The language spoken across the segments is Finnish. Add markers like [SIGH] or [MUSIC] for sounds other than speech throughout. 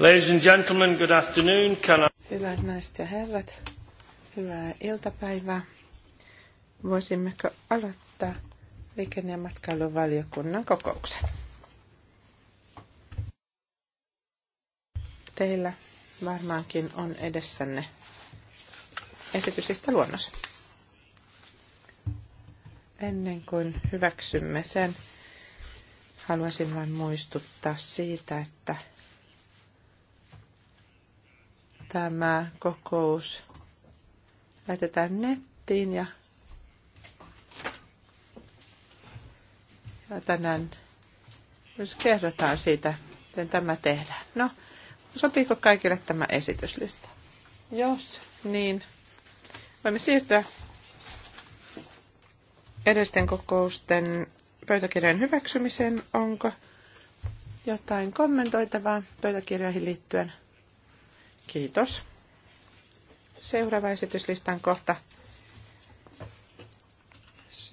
Ladies and gentlemen, good afternoon. Can I... Hyvät naiset ja herrat, hyvää iltapäivää. Voisimmeko aloittaa liikenne- ja matkailuvaliokunnan kokouksen? Teillä varmaankin on edessänne esityksistä luonnos. Ennen kuin hyväksymme sen, haluaisin vain muistuttaa siitä, että tämä kokous lähetetään nettiin ja, ja tänään myös kerrotaan siitä, miten tämä tehdään. No, sopiiko kaikille tämä esityslista? Jos niin, voimme siirtyä edellisten kokousten pöytäkirjan hyväksymiseen. Onko jotain kommentoitavaa pöytäkirjoihin liittyen? Kiitos. Seuraava esityslistan kohta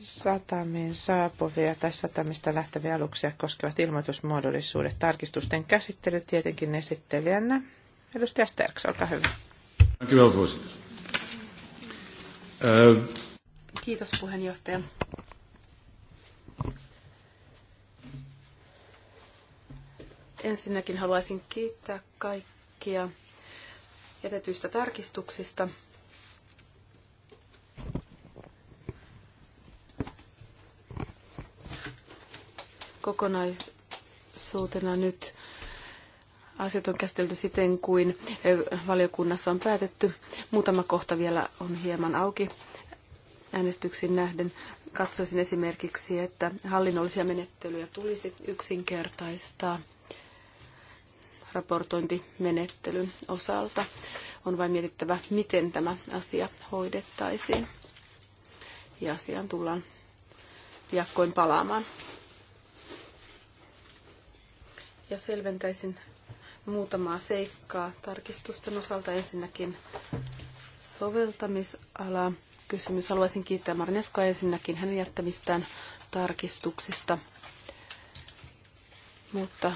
satamiin saapuvia tai satamista lähteviä aluksia koskevat ilmoitusmuodollisuudet. Tarkistusten käsittely tietenkin esittelijänä. Edustaja Sterks, olkaa hyvä. Uh, Kiitos puheenjohtaja. Ensinnäkin haluaisin kiittää kaikkia jätetyistä tarkistuksista. Kokonaisuutena nyt asiat on käsitelty siten kuin valiokunnassa on päätetty. Muutama kohta vielä on hieman auki äänestyksiin nähden. Katsoisin esimerkiksi, että hallinnollisia menettelyjä tulisi yksinkertaistaa – raportointimenettelyn osalta. On vain mietittävä, miten tämä asia hoidettaisiin. Ja asiaan tullaan piakkoin palaamaan. Ja selventäisin muutamaa seikkaa tarkistusten osalta. Ensinnäkin soveltamisala kysymys. Haluaisin kiittää Marineskoa ensinnäkin hänen jättämistään tarkistuksista. Mutta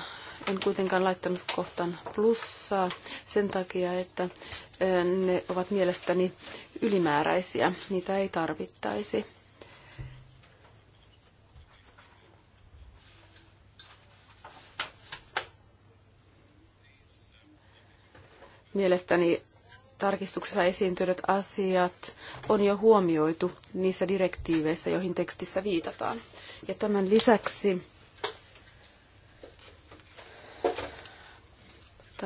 en kuitenkaan laittanut kohtaan plussaa sen takia, että ne ovat mielestäni ylimääräisiä. Niitä ei tarvittaisi. Mielestäni tarkistuksessa esiintyvät asiat on jo huomioitu niissä direktiiveissä, joihin tekstissä viitataan. Ja tämän lisäksi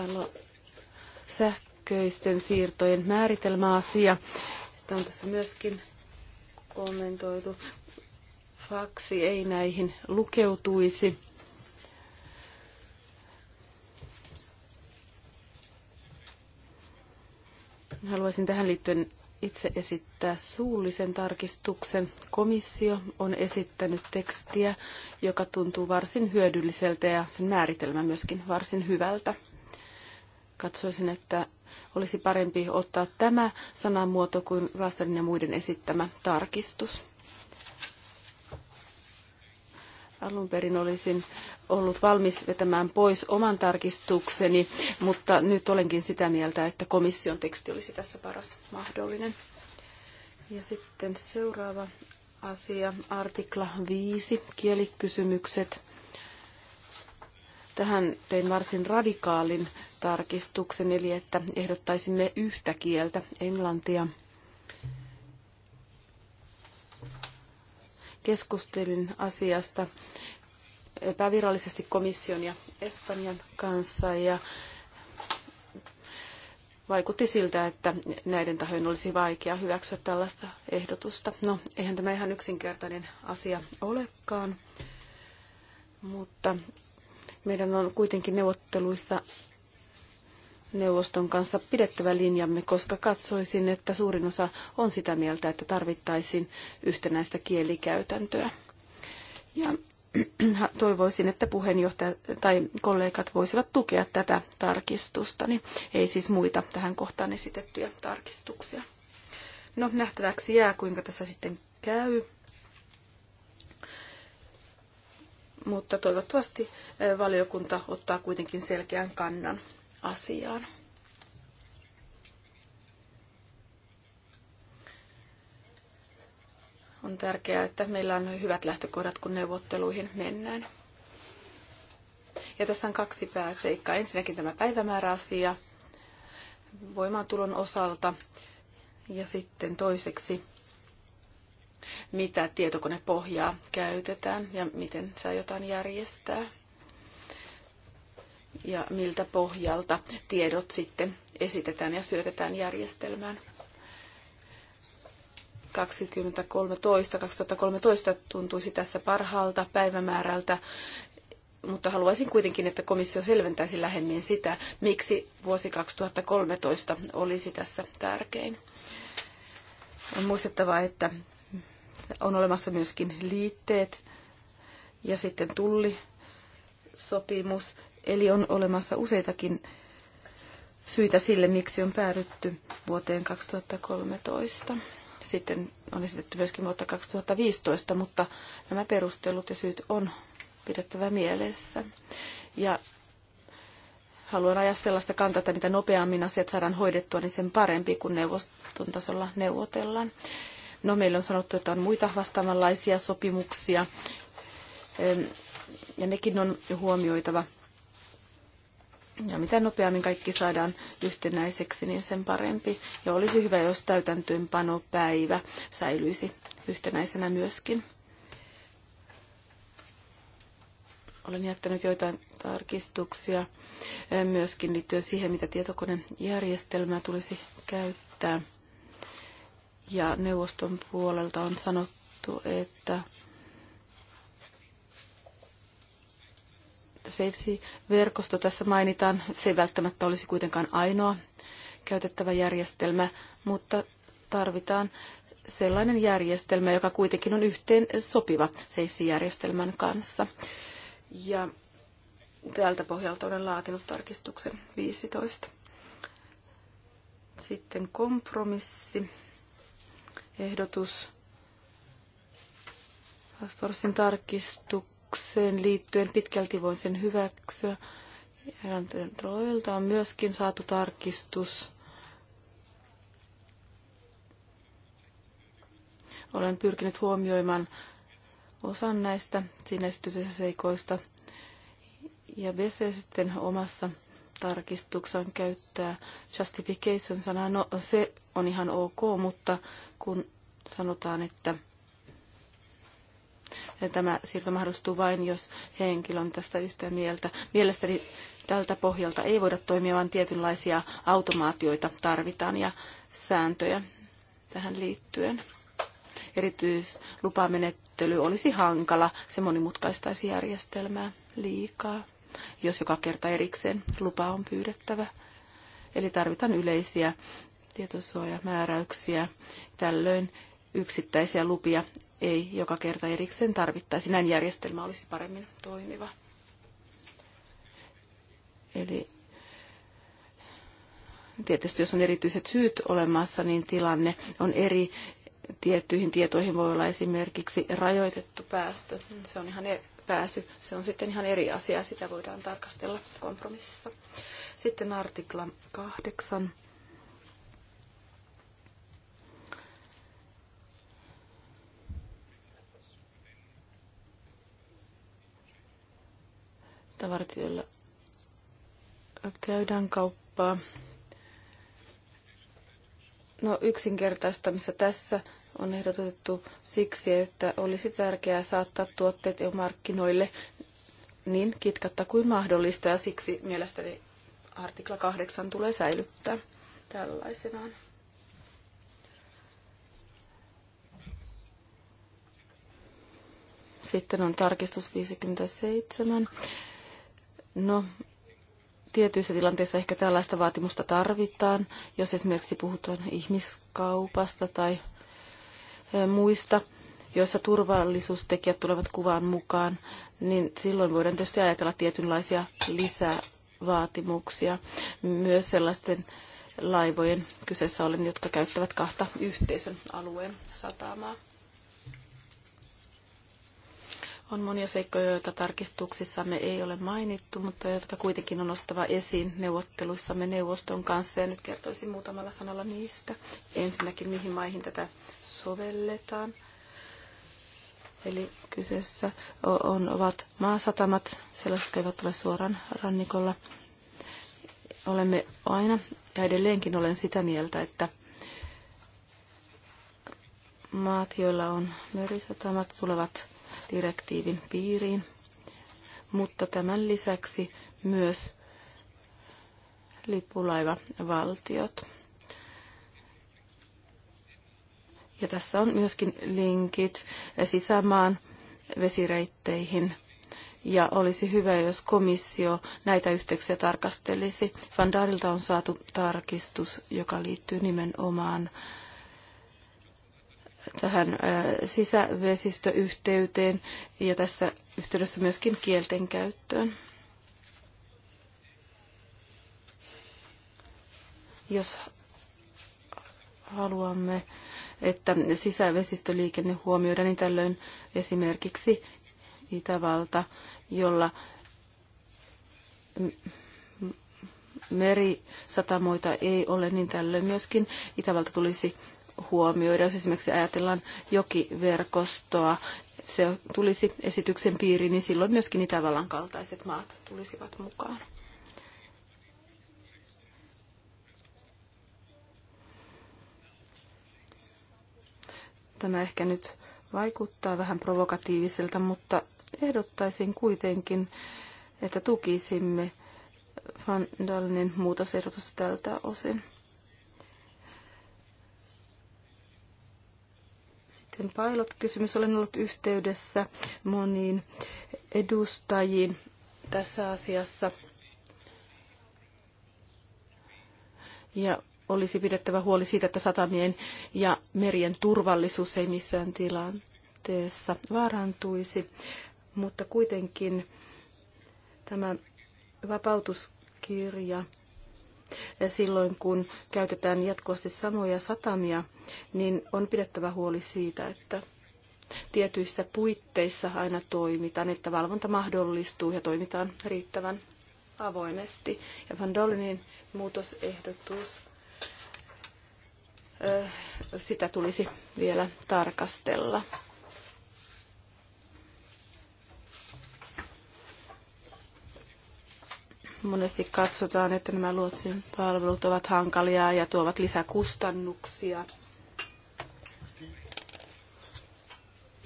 on sähköisten siirtojen määritelmäasia. Sitä on tässä myöskin kommentoitu. Faksi ei näihin lukeutuisi. Haluaisin tähän liittyen itse esittää suullisen tarkistuksen. Komissio on esittänyt tekstiä, joka tuntuu varsin hyödylliseltä ja sen määritelmä myöskin varsin hyvältä katsoisin, että olisi parempi ottaa tämä sanamuoto kuin Vastarin ja muiden esittämä tarkistus. Alun perin olisin ollut valmis vetämään pois oman tarkistukseni, mutta nyt olenkin sitä mieltä, että komission teksti olisi tässä paras mahdollinen. Ja sitten seuraava asia, artikla 5, kielikysymykset. Tähän tein varsin radikaalin tarkistuksen, eli että ehdottaisimme yhtä kieltä, englantia. Keskustelin asiasta epävirallisesti komission ja Espanjan kanssa ja vaikutti siltä, että näiden tahojen olisi vaikea hyväksyä tällaista ehdotusta. No, eihän tämä ihan yksinkertainen asia olekaan, mutta meidän on kuitenkin neuvotteluissa neuvoston kanssa pidettävä linjamme, koska katsoisin, että suurin osa on sitä mieltä, että tarvittaisiin yhtenäistä kielikäytäntöä. Ja [CLEARS THROAT] toivoisin, että puheenjohtaja tai kollegat voisivat tukea tätä tarkistusta, niin ei siis muita tähän kohtaan esitettyjä tarkistuksia. No, nähtäväksi jää, kuinka tässä sitten käy. Mutta toivottavasti valiokunta ottaa kuitenkin selkeän kannan asiaan. On tärkeää, että meillä on hyvät lähtökohdat, kun neuvotteluihin mennään. Ja tässä on kaksi pääseikkaa. Ensinnäkin tämä päivämääräasia voimaantulon osalta ja sitten toiseksi, mitä tietokonepohjaa käytetään ja miten se jotain järjestää ja miltä pohjalta tiedot sitten esitetään ja syötetään järjestelmään. 2013, 2013 tuntuisi tässä parhaalta päivämäärältä, mutta haluaisin kuitenkin, että komissio selventäisi lähemmin sitä, miksi vuosi 2013 olisi tässä tärkein. On muistettava, että on olemassa myöskin liitteet ja sitten tullisopimus Eli on olemassa useitakin syitä sille, miksi on päädytty vuoteen 2013. Sitten on esitetty myöskin vuotta 2015, mutta nämä perustelut ja syyt on pidettävä mielessä. Ja haluan ajaa sellaista kantaa, että mitä nopeammin asiat saadaan hoidettua, niin sen parempi, kun neuvoston tasolla neuvotellaan. No, meillä on sanottu, että on muita vastaavanlaisia sopimuksia, ja nekin on huomioitava ja mitä nopeammin kaikki saadaan yhtenäiseksi, niin sen parempi. Ja olisi hyvä, jos täytäntöönpanopäivä säilyisi yhtenäisenä myöskin. Olen jättänyt joitain tarkistuksia eh, myöskin liittyen siihen, mitä tietokonejärjestelmää tulisi käyttää. Ja neuvoston puolelta on sanottu, että että SafeSea-verkosto tässä mainitaan. Se ei välttämättä olisi kuitenkaan ainoa käytettävä järjestelmä, mutta tarvitaan sellainen järjestelmä, joka kuitenkin on yhteen sopiva SafeSea-järjestelmän kanssa. Ja tältä pohjalta olen laatinut tarkistuksen 15. Sitten kompromissi, ehdotus Pastorsin tarkistuksen ehdotukseen liittyen pitkälti voin sen hyväksyä. troilta on myöskin saatu tarkistus. Olen pyrkinyt huomioimaan osan näistä siinä esitetyistä seikoista. Ja BC sitten omassa tarkistuksessaan käyttää justification-sanaa. No se on ihan ok, mutta kun sanotaan, että Tämä siirto mahdollistuu vain, jos henkilö on tästä yhtä mieltä. Mielestäni tältä pohjalta ei voida toimia, vaan tietynlaisia automaatioita tarvitaan ja sääntöjä tähän liittyen. Erityislupamenettely olisi hankala, se monimutkaistaisi järjestelmää liikaa, jos joka kerta erikseen lupa on pyydettävä. Eli tarvitaan yleisiä tietosuojamääräyksiä. Tällöin yksittäisiä lupia ei joka kerta erikseen tarvittaisi. Näin järjestelmä olisi paremmin toimiva. Eli tietysti jos on erityiset syyt olemassa, niin tilanne on eri. Tiettyihin tietoihin voi olla esimerkiksi rajoitettu päästö. Se on ihan e- pääsy. Se on sitten ihan eri asia. Sitä voidaan tarkastella kompromississa. Sitten artikla 8. tavarat, käydään kauppaa. No missä tässä on ehdotettu siksi, että olisi tärkeää saattaa tuotteet jo markkinoille niin kitkatta kuin mahdollista ja siksi mielestäni artikla 8 tulee säilyttää tällaisenaan. Sitten on tarkistus 57 No, tietyissä tilanteissa ehkä tällaista vaatimusta tarvitaan, jos esimerkiksi puhutaan ihmiskaupasta tai muista, joissa turvallisuustekijät tulevat kuvaan mukaan, niin silloin voidaan tietysti ajatella tietynlaisia lisävaatimuksia myös sellaisten laivojen kyseessä ollen, jotka käyttävät kahta yhteisön alueen satamaa. On monia seikkoja, joita tarkistuksissamme ei ole mainittu, mutta jotka kuitenkin on nostava esiin neuvotteluissamme neuvoston kanssa. Ja nyt kertoisin muutamalla sanalla niistä. Ensinnäkin, mihin maihin tätä sovelletaan. Eli kyseessä on, ovat maasatamat, sellaiset, jotka eivät ole suoraan rannikolla. Olemme aina ja edelleenkin olen sitä mieltä, että maat, joilla on merisatamat, tulevat direktiivin piiriin, mutta tämän lisäksi myös lippulaivavaltiot. Ja tässä on myöskin linkit sisämaan vesireitteihin. Ja olisi hyvä, jos komissio näitä yhteyksiä tarkastelisi. Van on saatu tarkistus, joka liittyy nimenomaan omaan tähän sisävesistöyhteyteen ja tässä yhteydessä myöskin kielten käyttöön. Jos haluamme, että sisävesistöliikenne huomioidaan, niin tällöin esimerkiksi Itävalta, jolla merisatamoita ei ole, niin tällöin myöskin Itävalta tulisi huomioida. Jos esimerkiksi ajatellaan jokiverkostoa, se tulisi esityksen piiriin, niin silloin myöskin Itävallan kaltaiset maat tulisivat mukaan. Tämä ehkä nyt vaikuttaa vähän provokatiiviselta, mutta ehdottaisin kuitenkin, että tukisimme Van Dalenin muutosehdotusta tältä osin. Sitten pilot-kysymys. Olen ollut yhteydessä moniin edustajiin tässä asiassa. Ja olisi pidettävä huoli siitä, että satamien ja merien turvallisuus ei missään tilanteessa vaarantuisi. Mutta kuitenkin tämä vapautuskirja silloin, kun käytetään jatkuvasti samoja satamia, niin on pidettävä huoli siitä, että tietyissä puitteissa aina toimitaan, että valvonta mahdollistuu ja toimitaan riittävän avoimesti. Ja Van Dolinin muutosehdotus, sitä tulisi vielä tarkastella. Monesti katsotaan, että nämä luotsin palvelut ovat hankalia ja tuovat lisäkustannuksia.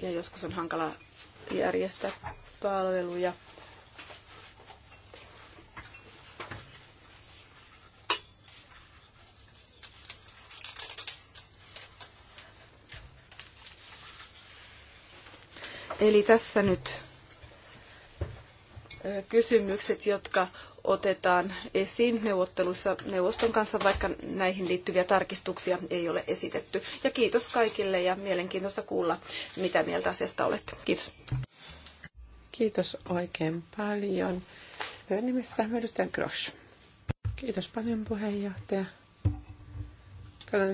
Ja joskus on hankala järjestää palveluja. Eli tässä nyt kysymykset, jotka otetaan esiin neuvotteluissa neuvoston kanssa, vaikka näihin liittyviä tarkistuksia ei ole esitetty. Ja kiitos kaikille ja mielenkiintoista kuulla, mitä mieltä asiasta olette. Kiitos. Kiitos oikein paljon. Hyvän nimessä edustaja Grosch. Kiitos paljon puheenjohtaja.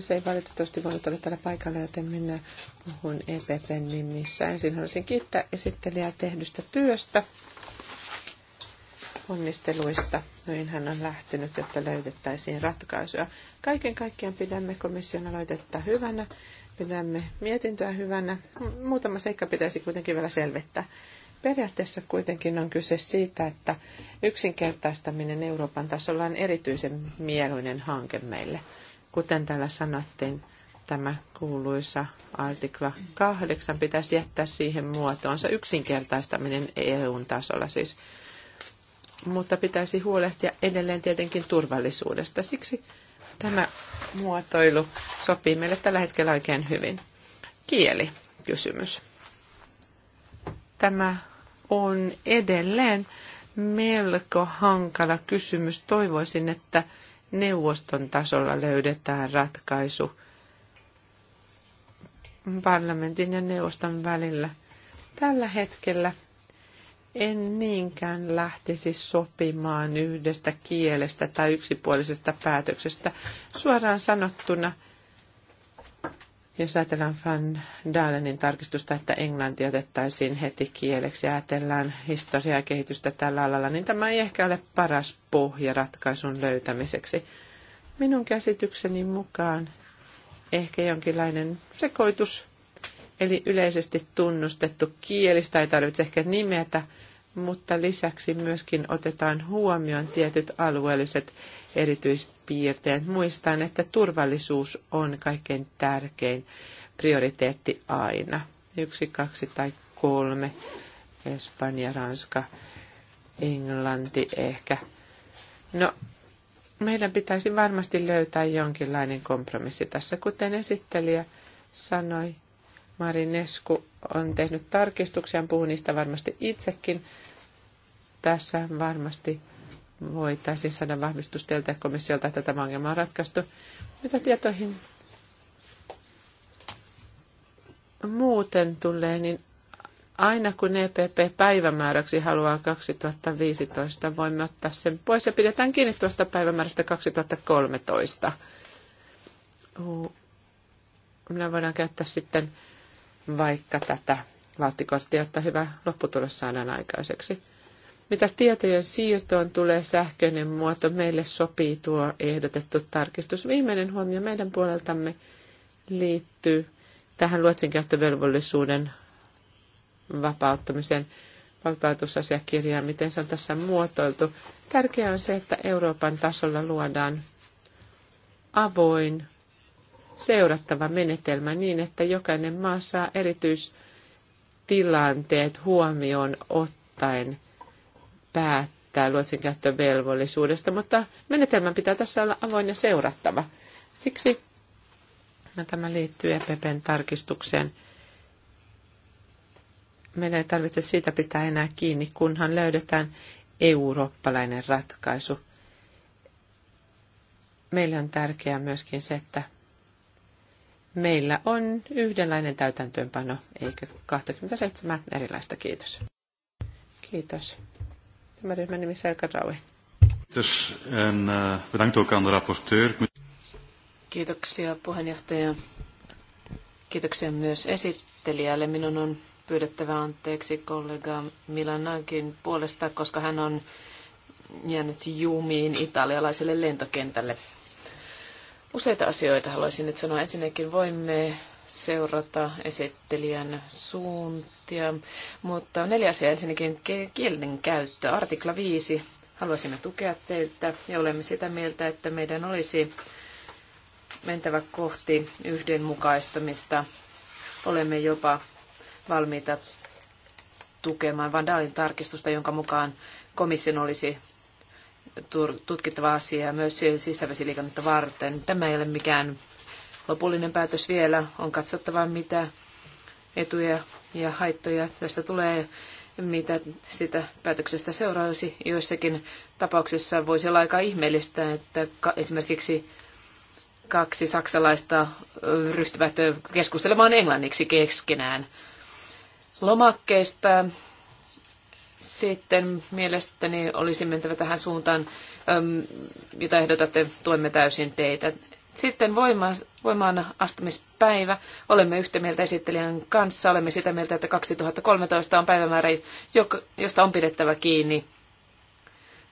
se ei valitettavasti voinut olla täällä paikalla, joten minä puhun EPPn nimissä. Ensin haluaisin kiittää esittelijää tehdystä työstä ponnisteluista, joihin hän on lähtenyt, jotta löydettäisiin ratkaisuja. Kaiken kaikkiaan pidämme komission aloitetta hyvänä, pidämme mietintöä hyvänä. Muutama seikka pitäisi kuitenkin vielä selvittää. Periaatteessa kuitenkin on kyse siitä, että yksinkertaistaminen Euroopan tasolla on erityisen mieluinen hanke meille. Kuten täällä sanottiin, tämä kuuluisa artikla 8 pitäisi jättää siihen muotoonsa yksinkertaistaminen EUn tasolla. Siis mutta pitäisi huolehtia edelleen tietenkin turvallisuudesta. Siksi tämä muotoilu sopii meille tällä hetkellä oikein hyvin. Kieli kysymys. Tämä on edelleen melko hankala kysymys. Toivoisin, että neuvoston tasolla löydetään ratkaisu parlamentin ja neuvoston välillä. Tällä hetkellä en niinkään lähtisi sopimaan yhdestä kielestä tai yksipuolisesta päätöksestä. Suoraan sanottuna, jos ajatellaan Van Dalenin tarkistusta, että englanti otettaisiin heti kieleksi ja ajatellaan historiaa ja kehitystä tällä alalla, niin tämä ei ehkä ole paras pohja ratkaisun löytämiseksi. Minun käsitykseni mukaan ehkä jonkinlainen sekoitus, eli yleisesti tunnustettu kielistä ei tarvitse ehkä nimetä, mutta lisäksi myöskin otetaan huomioon tietyt alueelliset erityispiirteet. Muistan, että turvallisuus on kaikkein tärkein prioriteetti aina. Yksi, kaksi tai kolme. Espanja, Ranska, Englanti ehkä. No, meidän pitäisi varmasti löytää jonkinlainen kompromissi tässä. Kuten esittelijä sanoi, Marinesku on tehnyt tarkistuksia, puhun niistä varmasti itsekin. Tässä varmasti voitaisiin saada vahvistus teiltä ja komissiolta, että tämä ongelma on ratkaistu. Mitä tietoihin muuten tulee, niin aina kun EPP päivämääräksi haluaa 2015, voimme ottaa sen pois ja pidetään kiinni tuosta päivämäärästä 2013. Minä voidaan käyttää sitten vaikka tätä valtikorttia, jotta hyvä lopputulos saadaan aikaiseksi. Mitä tietojen siirtoon tulee sähköinen muoto, meille sopii tuo ehdotettu tarkistus. Viimeinen huomio meidän puoleltamme liittyy tähän luotsinkäyttövelvollisuuden vapauttamisen vapautusasiakirjaan, miten se on tässä muotoiltu. Tärkeää on se, että Euroopan tasolla luodaan avoin, seurattava menetelmä niin, että jokainen maa saa erityistilanteet huomioon ottaen päättää luotsin käyttövelvollisuudesta, mutta menetelmän pitää tässä olla avoin ja seurattava. Siksi no, tämä liittyy EPPn tarkistukseen. Meidän ei tarvitse siitä pitää enää kiinni, kunhan löydetään eurooppalainen ratkaisu. Meille on tärkeää myöskin se, että meillä on yhdenlainen täytäntöönpano, eikä 27 erilaista. Kiitos. Kiitos. Ryhmän nimissä äh, bedankt ook aan de rapporteur. Kiitoksia puheenjohtaja. Kiitoksia myös esittelijälle. Minun on pyydettävä anteeksi kollega Milanankin puolesta, koska hän on jäänyt jumiin italialaiselle lentokentälle. Useita asioita haluaisin nyt sanoa. Ensinnäkin voimme seurata esittelijän suuntia, mutta neljä asiaa ensinnäkin kielen käyttö. Artikla 5. Haluaisimme tukea teiltä ja olemme sitä mieltä, että meidän olisi mentävä kohti yhdenmukaistamista. Olemme jopa valmiita tukemaan Vandaalin tarkistusta, jonka mukaan komission olisi tutkittava asia myös sisävesiliikennettä varten. Tämä ei ole mikään lopullinen päätös vielä. On katsottava, mitä etuja ja haittoja tästä tulee, mitä sitä päätöksestä seuraisi. Joissakin tapauksissa voisi olla aika ihmeellistä, että esimerkiksi kaksi saksalaista ryhtyvät keskustelemaan englanniksi keskenään lomakkeista. Sitten mielestäni olisi mentävä tähän suuntaan, jota ehdotatte, tuemme täysin teitä. Sitten voimaan, voimaan astumispäivä. Olemme yhtä mieltä esittelijän kanssa. Olemme sitä mieltä, että 2013 on päivämäärä, josta on pidettävä kiinni.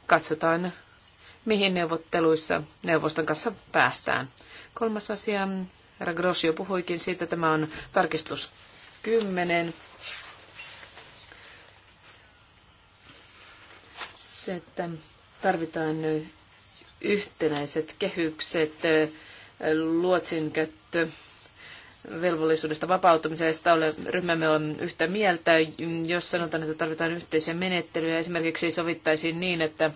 Katsotaan, mihin neuvotteluissa neuvoston kanssa päästään. Kolmas asia, herra Grosio puhuikin siitä, tämä on tarkistus 10. Se, että tarvitaan yhtenäiset kehykset luotsin käyttö velvollisuudesta vapautumisesta ole, ryhmämme on yhtä mieltä. Jos sanotaan, että tarvitaan yhteisiä menettelyjä, esimerkiksi sovittaisiin niin, että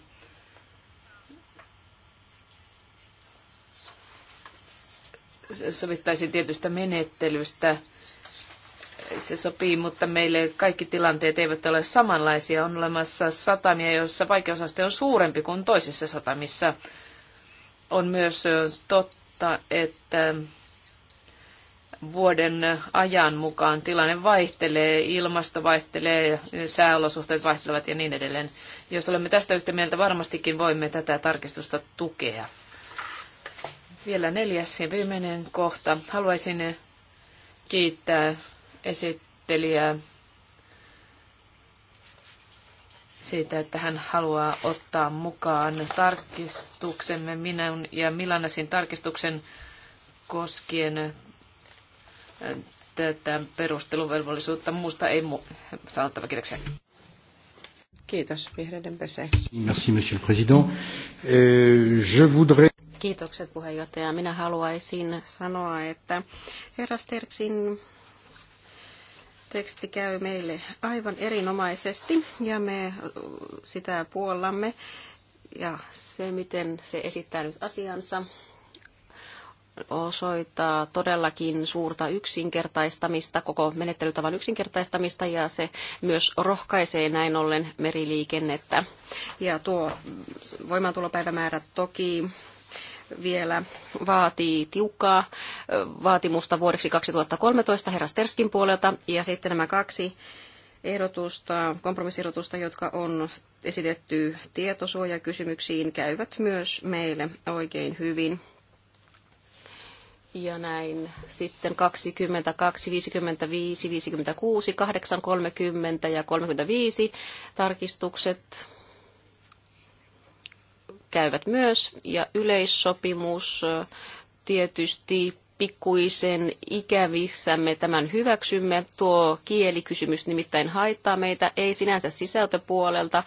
sovittaisiin tietystä menettelystä. Se sopii, mutta meille kaikki tilanteet eivät ole samanlaisia. On olemassa satamia, joissa vaikeusaste on suurempi kuin toisissa satamissa. On myös totta, mutta että vuoden ajan mukaan tilanne vaihtelee, ilmasto vaihtelee, sääolosuhteet vaihtelevat ja niin edelleen. Jos olemme tästä yhtä mieltä, varmastikin voimme tätä tarkistusta tukea. Vielä neljäs ja viimeinen kohta. Haluaisin kiittää esittelijää siitä, että hän haluaa ottaa mukaan tarkistuksemme minun ja Milanasin tarkistuksen koskien äh, tätä perusteluvelvollisuutta. Muusta ei mu- sanottava. kirjaksen. Kiitos. Vihreiden pese. Merci, monsieur le président. Euh, je voudrais... Kiitokset puheenjohtaja. Minä haluaisin sanoa, että herra Sterksin teksti käy meille aivan erinomaisesti ja me sitä puollamme. Ja se, miten se esittää nyt asiansa, osoittaa todellakin suurta yksinkertaistamista, koko menettelytavan yksinkertaistamista ja se myös rohkaisee näin ollen meriliikennettä. Ja tuo voimaantulopäivämäärä toki vielä vaatii tiukkaa vaatimusta vuodeksi 2013 herra Sterskin puolelta. Ja sitten nämä kaksi ehdotusta, kompromissiehdotusta, jotka on esitetty tietosuojakysymyksiin, käyvät myös meille oikein hyvin. Ja näin sitten 22, 55, 56, 8, 30 ja 35 tarkistukset käyvät myös, ja yleissopimus tietysti pikkuisen ikävissämme tämän hyväksymme. Tuo kielikysymys nimittäin haittaa meitä, ei sinänsä sisältöpuolelta.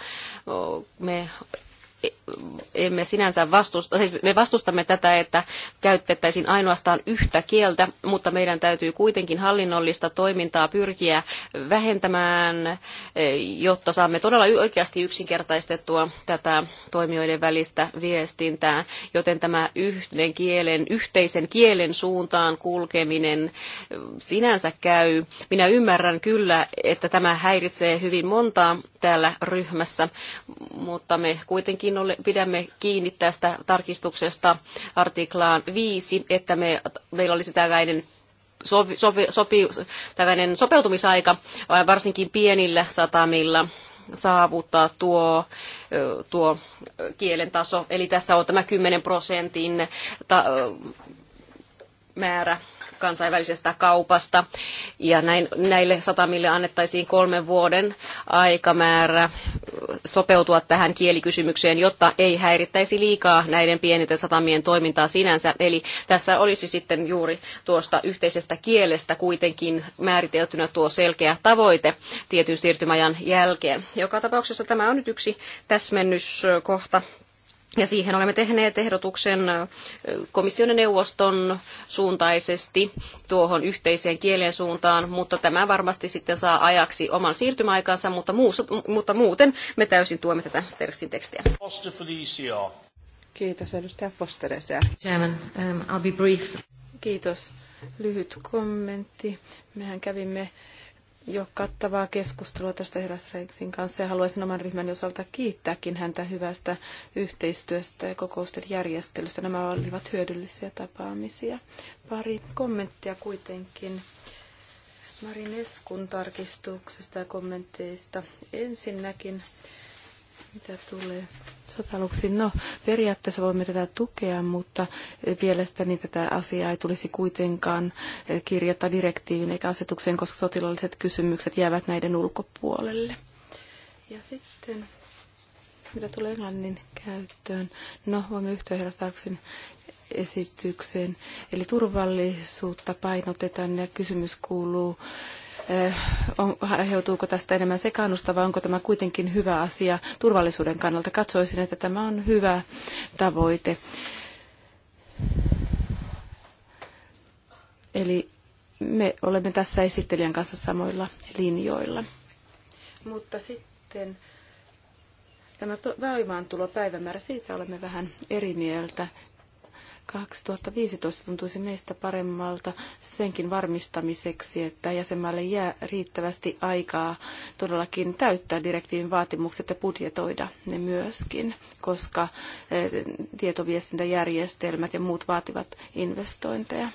Me emme sinänsä vastusta, siis me vastustamme tätä, että käytettäisiin ainoastaan yhtä kieltä, mutta meidän täytyy kuitenkin hallinnollista toimintaa pyrkiä vähentämään, e, jotta saamme todella oikeasti yksinkertaistettua tätä toimijoiden välistä viestintää, joten tämä yhden kielen, yhteisen kielen suuntaan kulkeminen e, sinänsä käy. Minä ymmärrän kyllä, että tämä häiritsee hyvin montaa täällä ryhmässä, mutta me kuitenkin ole, pidämme kiinni tästä tarkistuksesta artiklaan 5, että me, meillä olisi tällainen sovi, sovi, sopi, tällainen sopeutumisaika varsinkin pienillä satamilla saavuttaa tuo, tuo kielen taso. Eli tässä on tämä 10 prosentin ta, määrä kansainvälisestä kaupasta. Ja näin, näille satamille annettaisiin kolmen vuoden aikamäärä sopeutua tähän kielikysymykseen, jotta ei häirittäisi liikaa näiden pienten satamien toimintaa sinänsä. Eli tässä olisi sitten juuri tuosta yhteisestä kielestä kuitenkin määriteltynä tuo selkeä tavoite tietyn siirtymäajan jälkeen. Joka tapauksessa tämä on nyt yksi täsmennyskohta ja siihen olemme tehneet ehdotuksen komission neuvoston suuntaisesti tuohon yhteiseen kielen suuntaan, mutta tämä varmasti sitten saa ajaksi oman siirtymäaikansa, mutta, muussa, mutta muuten me täysin tuemme tätä Sterksin tekstiä. E Kiitos edustaja Foster. E Chairman, um, I'll be brief. Kiitos. Lyhyt kommentti. Mehän kävimme jo kattavaa keskustelua tästä Heräs Reiksin kanssa ja haluaisin oman ryhmän osalta kiittääkin häntä hyvästä yhteistyöstä ja kokousten järjestelystä. Nämä olivat hyödyllisiä tapaamisia. Pari kommenttia kuitenkin Marineskun tarkistuksesta ja kommenteista. Ensinnäkin mitä tulee sotaluksiin? No, periaatteessa voimme tätä tukea, mutta mielestäni tätä asiaa ei tulisi kuitenkaan kirjata direktiivin eikä asetukseen, koska sotilaalliset kysymykset jäävät näiden ulkopuolelle. Ja sitten mitä tulee englannin käyttöön. No, voimme yhtyä Herastarksin esitykseen. Eli turvallisuutta painotetaan ja kysymys kuuluu, on, aiheutuuko tästä enemmän sekaannusta vai onko tämä kuitenkin hyvä asia turvallisuuden kannalta. Katsoisin, että tämä on hyvä tavoite. Eli me olemme tässä esittelijän kanssa samoilla linjoilla. Mutta sitten tämä päivämäärä siitä olemme vähän eri mieltä. 2015 tuntuisi meistä paremmalta senkin varmistamiseksi, että jäsenmaalle jää riittävästi aikaa todellakin täyttää direktiivin vaatimukset ja budjetoida ne myöskin, koska eh, tietoviestintäjärjestelmät ja muut vaativat investointeja.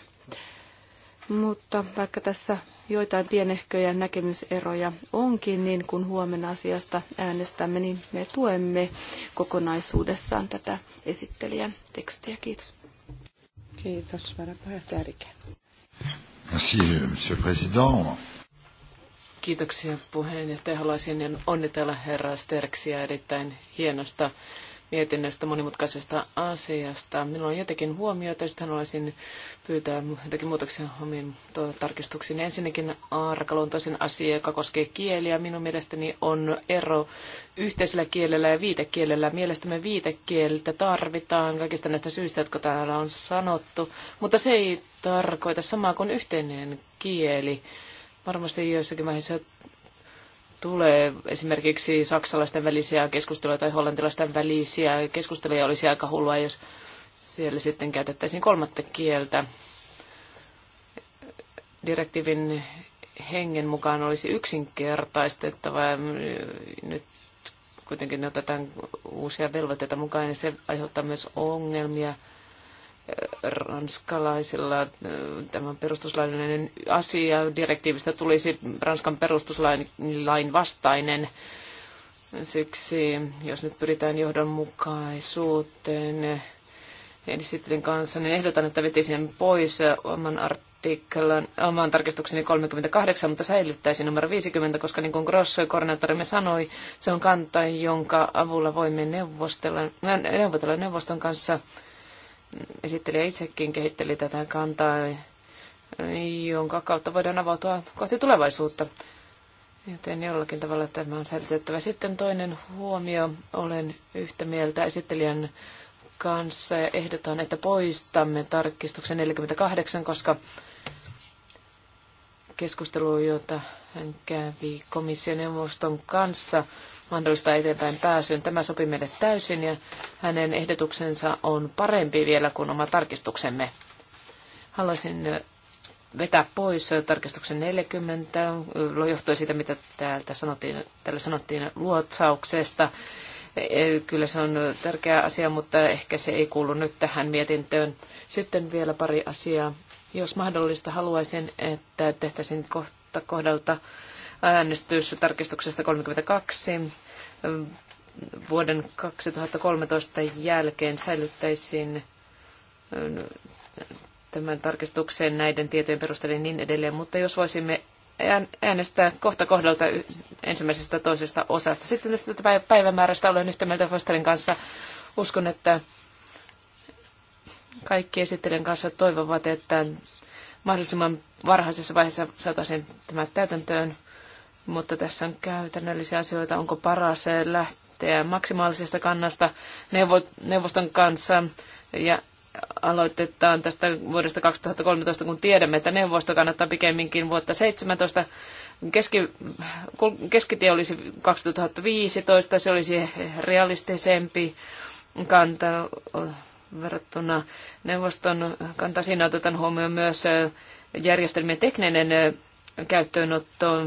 Mutta vaikka tässä joitain pienehköjä näkemyseroja onkin, niin kun huomenna asiasta äänestämme, niin me tuemme kokonaisuudessaan tätä esittelijän tekstiä. Kiitos. Kiitos, varapuheenjohtaja Rike. Merci, monsieur le président. Kiitoksia puheenjohtaja. Haluaisin onnitella herra Sterksiä erittäin hienosta mietinnöstä monimutkaisesta asiasta. Minulla on jotakin huomioita, josta haluaisin pyytää jotakin muutoksia omiin tuota, tarkistuksiin. Ensinnäkin arkaluontoisen asia, joka koskee kieliä, minun mielestäni on ero yhteisellä kielellä ja viitekielellä. Mielestämme viitekieltä tarvitaan kaikista näistä syistä, jotka täällä on sanottu, mutta se ei tarkoita samaa kuin yhteinen kieli varmasti joissakin vaiheissa tulee esimerkiksi saksalaisten välisiä keskusteluja tai hollantilaisten välisiä keskusteluja, olisi aika hullua, jos siellä sitten käytettäisiin kolmatta kieltä. Direktiivin hengen mukaan olisi yksinkertaistettava. Nyt kuitenkin otetaan uusia velvoitteita mukaan ja se aiheuttaa myös ongelmia – ranskalaisilla äh, tämä perustuslaillinen asia. Direktiivistä tulisi Ranskan perustuslain vastainen. Siksi, jos nyt pyritään johdonmukaisuuteen edistettyjen kanssa, niin ehdotan, että vetisin pois oman artikkelan, oman tarkistukseni 38, mutta säilyttäisin numero 50, koska niin kuin Gross koordinaattorimme sanoi, se on kanta, jonka avulla voimme neuvostella, neuvotella neuvoston kanssa esittelijä itsekin kehitteli tätä kantaa, jonka kautta voidaan avautua kohti tulevaisuutta. Joten jollakin tavalla tämä on säilytettävä. Sitten toinen huomio. Olen yhtä mieltä esittelijän kanssa ja ehdotan, että poistamme tarkistuksen 48, koska keskustelu, jota hän kävi komissioneuvoston kanssa, mahdollista eteenpäin pääsyyn. Tämä sopi meille täysin ja hänen ehdotuksensa on parempi vielä kuin oma tarkistuksemme. Haluaisin vetää pois tarkistuksen 40, johtuen siitä, mitä täältä sanottiin, täällä sanottiin luotsauksesta. E, e, kyllä se on tärkeä asia, mutta ehkä se ei kuulu nyt tähän mietintöön. Sitten vielä pari asiaa. Jos mahdollista, haluaisin, että tehtäisiin kohta kohdalta äänestystarkistuksesta tarkistuksesta 32 vuoden 2013 jälkeen säilyttäisiin äh, tämän tarkistuksen näiden tietojen perusteella niin edelleen, mutta jos voisimme äänestää kohta kohdalta ensimmäisestä toisesta osasta. Sitten tästä päivämäärästä olen yhtä mieltä Fosterin kanssa. Uskon, että kaikki esittelijän kanssa toivovat, että mahdollisimman varhaisessa vaiheessa saataisiin tämä täytäntöön mutta tässä on käytännöllisiä asioita. Onko paras lähteä maksimaalisesta kannasta neuvoston kanssa ja aloitetaan tästä vuodesta 2013, kun tiedämme, että neuvosto kannattaa pikemminkin vuotta 2017. Keski, keskitie olisi 2015, se olisi realistisempi kanta verrattuna neuvoston kanta. Siinä otetaan huomioon myös järjestelmien tekninen käyttöönotto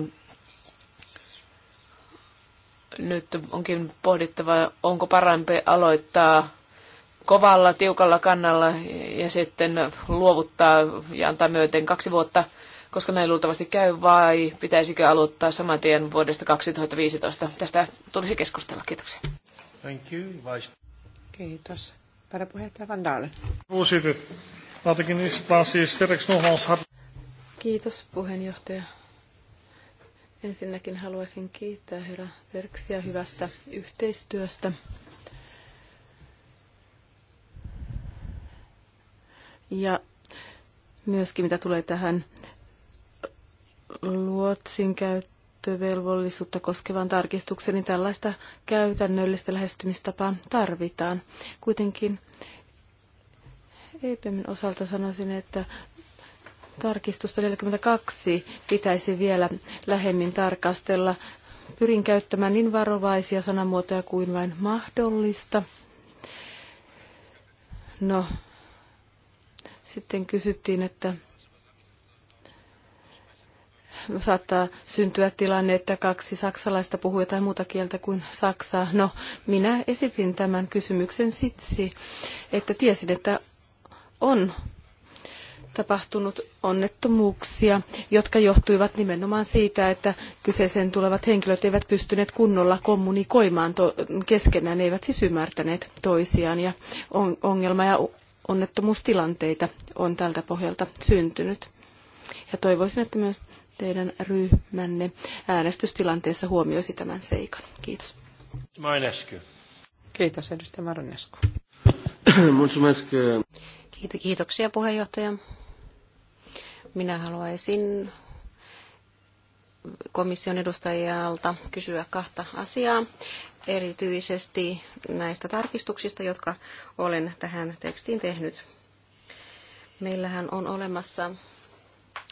nyt onkin pohdittava, onko parempi aloittaa kovalla, tiukalla kannalla ja sitten luovuttaa ja antaa myöten kaksi vuotta, koska näin luultavasti käy, vai pitäisikö aloittaa saman tien vuodesta 2015? Tästä tulisi keskustella. Kiitoksia. Thank you, Vice. Kiitos. Varapuheenjohtaja Van Dalen. Kiitos puheenjohtaja. Ensinnäkin haluaisin kiittää herra Verksiä hyvästä yhteistyöstä. Ja myöskin mitä tulee tähän luotsin käyttövelvollisuutta koskevan tarkistuksen, niin tällaista käytännöllistä lähestymistapaa tarvitaan. Kuitenkin EPMin osalta sanoisin, että tarkistusta 42 pitäisi vielä lähemmin tarkastella. Pyrin käyttämään niin varovaisia sanamuotoja kuin vain mahdollista. No, sitten kysyttiin, että saattaa syntyä tilanne, että kaksi saksalaista puhuu jotain muuta kieltä kuin saksaa. No, minä esitin tämän kysymyksen siksi, että tiesin, että on tapahtunut onnettomuuksia, jotka johtuivat nimenomaan siitä, että kyseeseen tulevat henkilöt eivät pystyneet kunnolla kommunikoimaan keskenään, eivät siis ymmärtäneet toisiaan ja on- ongelma- ja onnettomuustilanteita on tältä pohjalta syntynyt. Ja toivoisin, että myös teidän ryhmänne äänestystilanteessa huomioisi tämän seikan. Kiitos. Mainescu. Kiitos, edustaja Maronescu. Kiitoksia puheenjohtaja. Minä haluaisin komission edustajalta kysyä kahta asiaa, erityisesti näistä tarkistuksista, jotka olen tähän tekstiin tehnyt. Meillähän on olemassa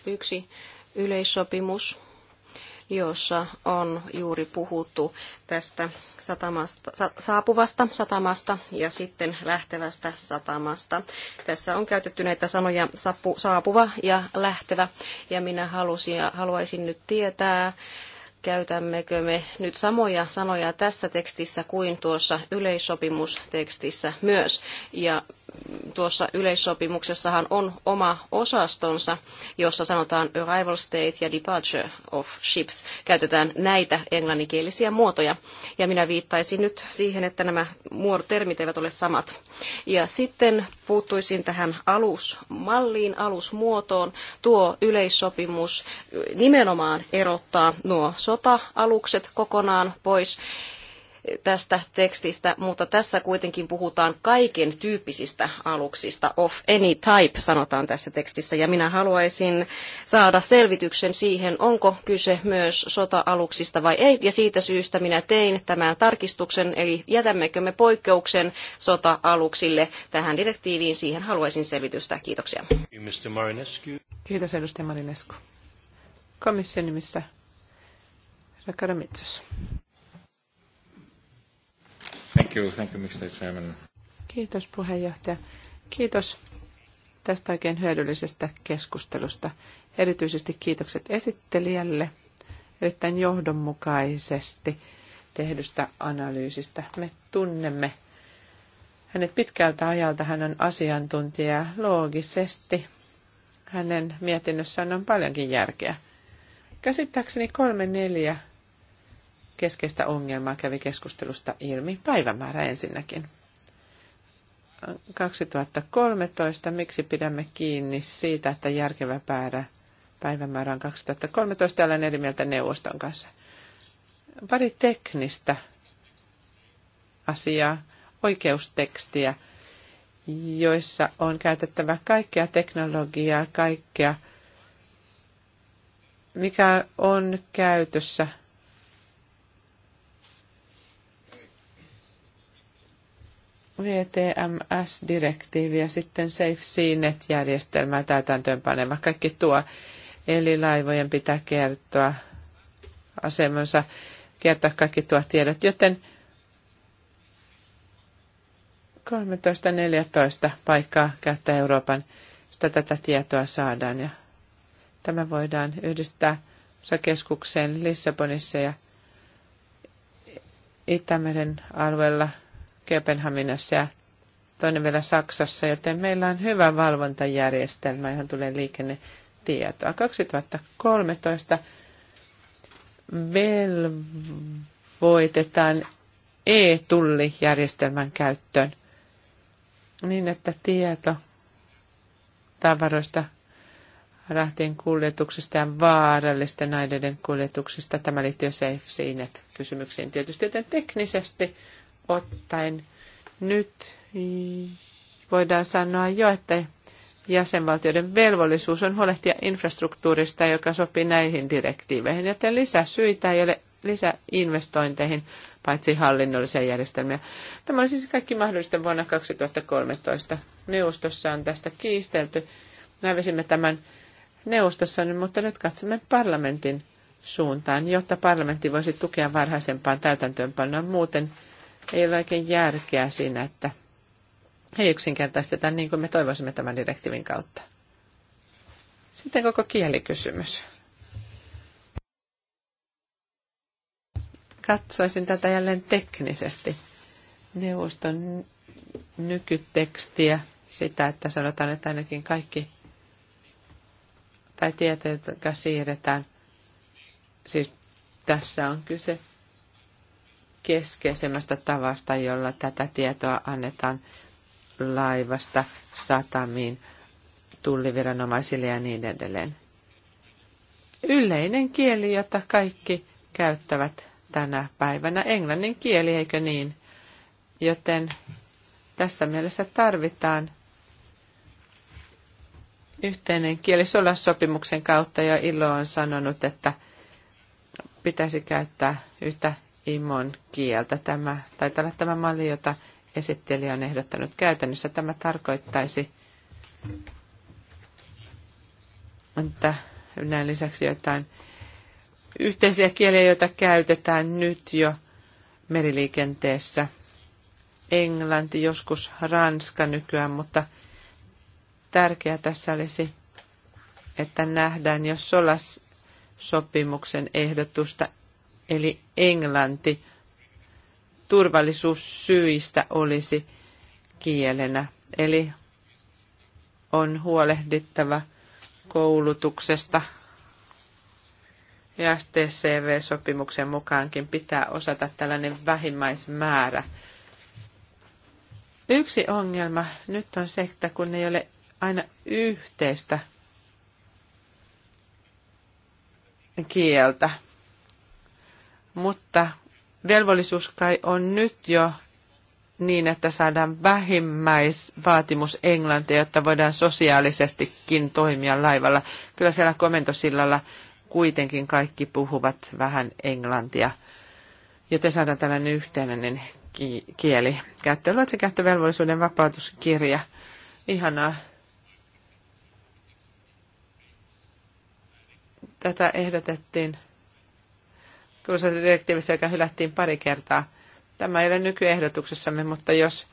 yksi yleissopimus jossa on juuri puhuttu tästä satamasta, saapuvasta satamasta ja sitten lähtevästä satamasta. Tässä on käytetty näitä sanoja sapu, saapuva ja lähtevä, ja minä halusin, haluaisin nyt tietää, käytämmekö me nyt samoja sanoja tässä tekstissä kuin tuossa yleissopimustekstissä myös, ja tuossa yleissopimuksessahan on oma osastonsa, jossa sanotaan arrival state ja departure of ships. Käytetään näitä englanninkielisiä muotoja. Ja minä viittaisin nyt siihen, että nämä termit eivät ole samat. Ja sitten puuttuisin tähän alusmalliin, alusmuotoon. Tuo yleissopimus nimenomaan erottaa nuo sota-alukset kokonaan pois tästä tekstistä, mutta tässä kuitenkin puhutaan kaiken tyyppisistä aluksista, of any type sanotaan tässä tekstissä, ja minä haluaisin saada selvityksen siihen, onko kyse myös sota-aluksista vai ei, ja siitä syystä minä tein tämän tarkistuksen, eli jätämmekö me poikkeuksen sota-aluksille tähän direktiiviin, siihen haluaisin selvitystä. Kiitoksia. Kiitos edustaja Marinescu. Komission nimissä Rakaramitsas. Thank you, thank you, Mr. Chairman. Kiitos puheenjohtaja. Kiitos tästä oikein hyödyllisestä keskustelusta. Erityisesti kiitokset esittelijälle erittäin johdonmukaisesti tehdystä analyysistä. Me tunnemme hänet pitkältä ajalta. Hän on asiantuntija loogisesti. Hänen mietinnössään on paljonkin järkeä. Käsittääkseni kolme neljä keskeistä ongelmaa kävi keskustelusta ilmi. Päivämäärä ensinnäkin. 2013, miksi pidämme kiinni siitä, että järkevä päivämäärä on 2013, olen eri mieltä neuvoston kanssa. Pari teknistä asiaa, oikeustekstiä, joissa on käytettävä kaikkea teknologiaa, kaikkea, mikä on käytössä – VTMS-direktiivi ja sitten Safe Seanet-järjestelmää täytäntöönpanema. Kaikki tuo, eli laivojen pitää kertoa asemansa, kertoa kaikki tuo tiedot, joten 13-14 paikkaa käyttää Euroopan, sitä tätä tietoa saadaan ja tämä voidaan yhdistää keskukseen Lissabonissa ja Itämeren alueella – Kööpenhaminassa ja toinen vielä Saksassa, joten meillä on hyvä valvontajärjestelmä, johon tulee liikennetietoa. 2013 velvoitetaan e-tullijärjestelmän käyttöön niin, että tieto tavaroista, rahtien kuljetuksista ja vaarallisten aineiden kuljetuksista. Tämä liittyy SafeSeanet kysymyksiin tietysti, joten teknisesti ottaen. Nyt voidaan sanoa jo, että jäsenvaltioiden velvollisuus on huolehtia infrastruktuurista, joka sopii näihin direktiiveihin, joten lisäsyitä ei ole lisäinvestointeihin, paitsi hallinnollisia järjestelmiä. Tämä oli siis kaikki mahdollista vuonna 2013. Neuvostossa on tästä kiistelty. Näivisimme tämän neuvostossa, mutta nyt katsomme parlamentin suuntaan, jotta parlamentti voisi tukea varhaisempaan täytäntöönpanoon. Muuten ei ole oikein järkeä siinä, että he yksinkertaistetaan niin kuin me toivoisimme tämän direktiivin kautta. Sitten koko kielikysymys. Katsoisin tätä jälleen teknisesti. Neuvoston nykytekstiä, sitä, että sanotaan, että ainakin kaikki tai tietoja, jotka siirretään. Siis tässä on kyse keskeisemmästä tavasta, jolla tätä tietoa annetaan laivasta satamiin, tulliviranomaisille ja niin edelleen. Yleinen kieli, jota kaikki käyttävät tänä päivänä, englannin kieli, eikö niin? Joten tässä mielessä tarvitaan yhteinen kieli. Solassopimuksen kautta ja Ilo on sanonut, että pitäisi käyttää yhtä imon kieltä. Tämä taitaa olla tämä malli, jota esittelijä on ehdottanut käytännössä. Tämä tarkoittaisi, että näin lisäksi jotain yhteisiä kieliä, joita käytetään nyt jo meriliikenteessä. Englanti, joskus Ranska nykyään, mutta tärkeää tässä olisi, että nähdään, jos solas sopimuksen ehdotusta eli englanti, turvallisuussyistä olisi kielenä. Eli on huolehdittava koulutuksesta. Ja STCV-sopimuksen mukaankin pitää osata tällainen vähimmäismäärä. Yksi ongelma nyt on se, että kun ei ole aina yhteistä kieltä, mutta velvollisuus kai on nyt jo niin, että saadaan vähimmäisvaatimus Englantia, jotta voidaan sosiaalisestikin toimia laivalla. Kyllä siellä komentosillalla kuitenkin kaikki puhuvat vähän englantia, joten saadaan tällainen yhteinen kieli. Käyttöluvat ja käyttövelvollisuuden vapautuskirja. Ihanaa. Tätä ehdotettiin tuossa direktiivissä, joka hylättiin pari kertaa. Tämä ei ole nykyehdotuksessamme, mutta jos,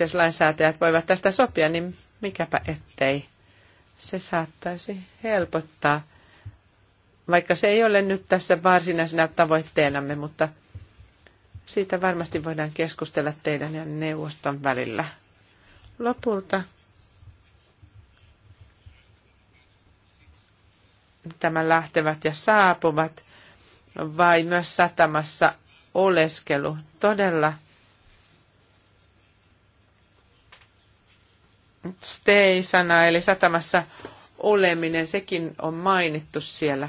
jos lainsäätäjät voivat tästä sopia, niin mikäpä ettei. Se saattaisi helpottaa, vaikka se ei ole nyt tässä varsinaisena tavoitteenamme, mutta siitä varmasti voidaan keskustella teidän ja neuvoston välillä. Lopulta tämän lähtevät ja saapuvat, vai myös satamassa oleskelu. Todella stay-sana, eli satamassa oleminen, sekin on mainittu siellä.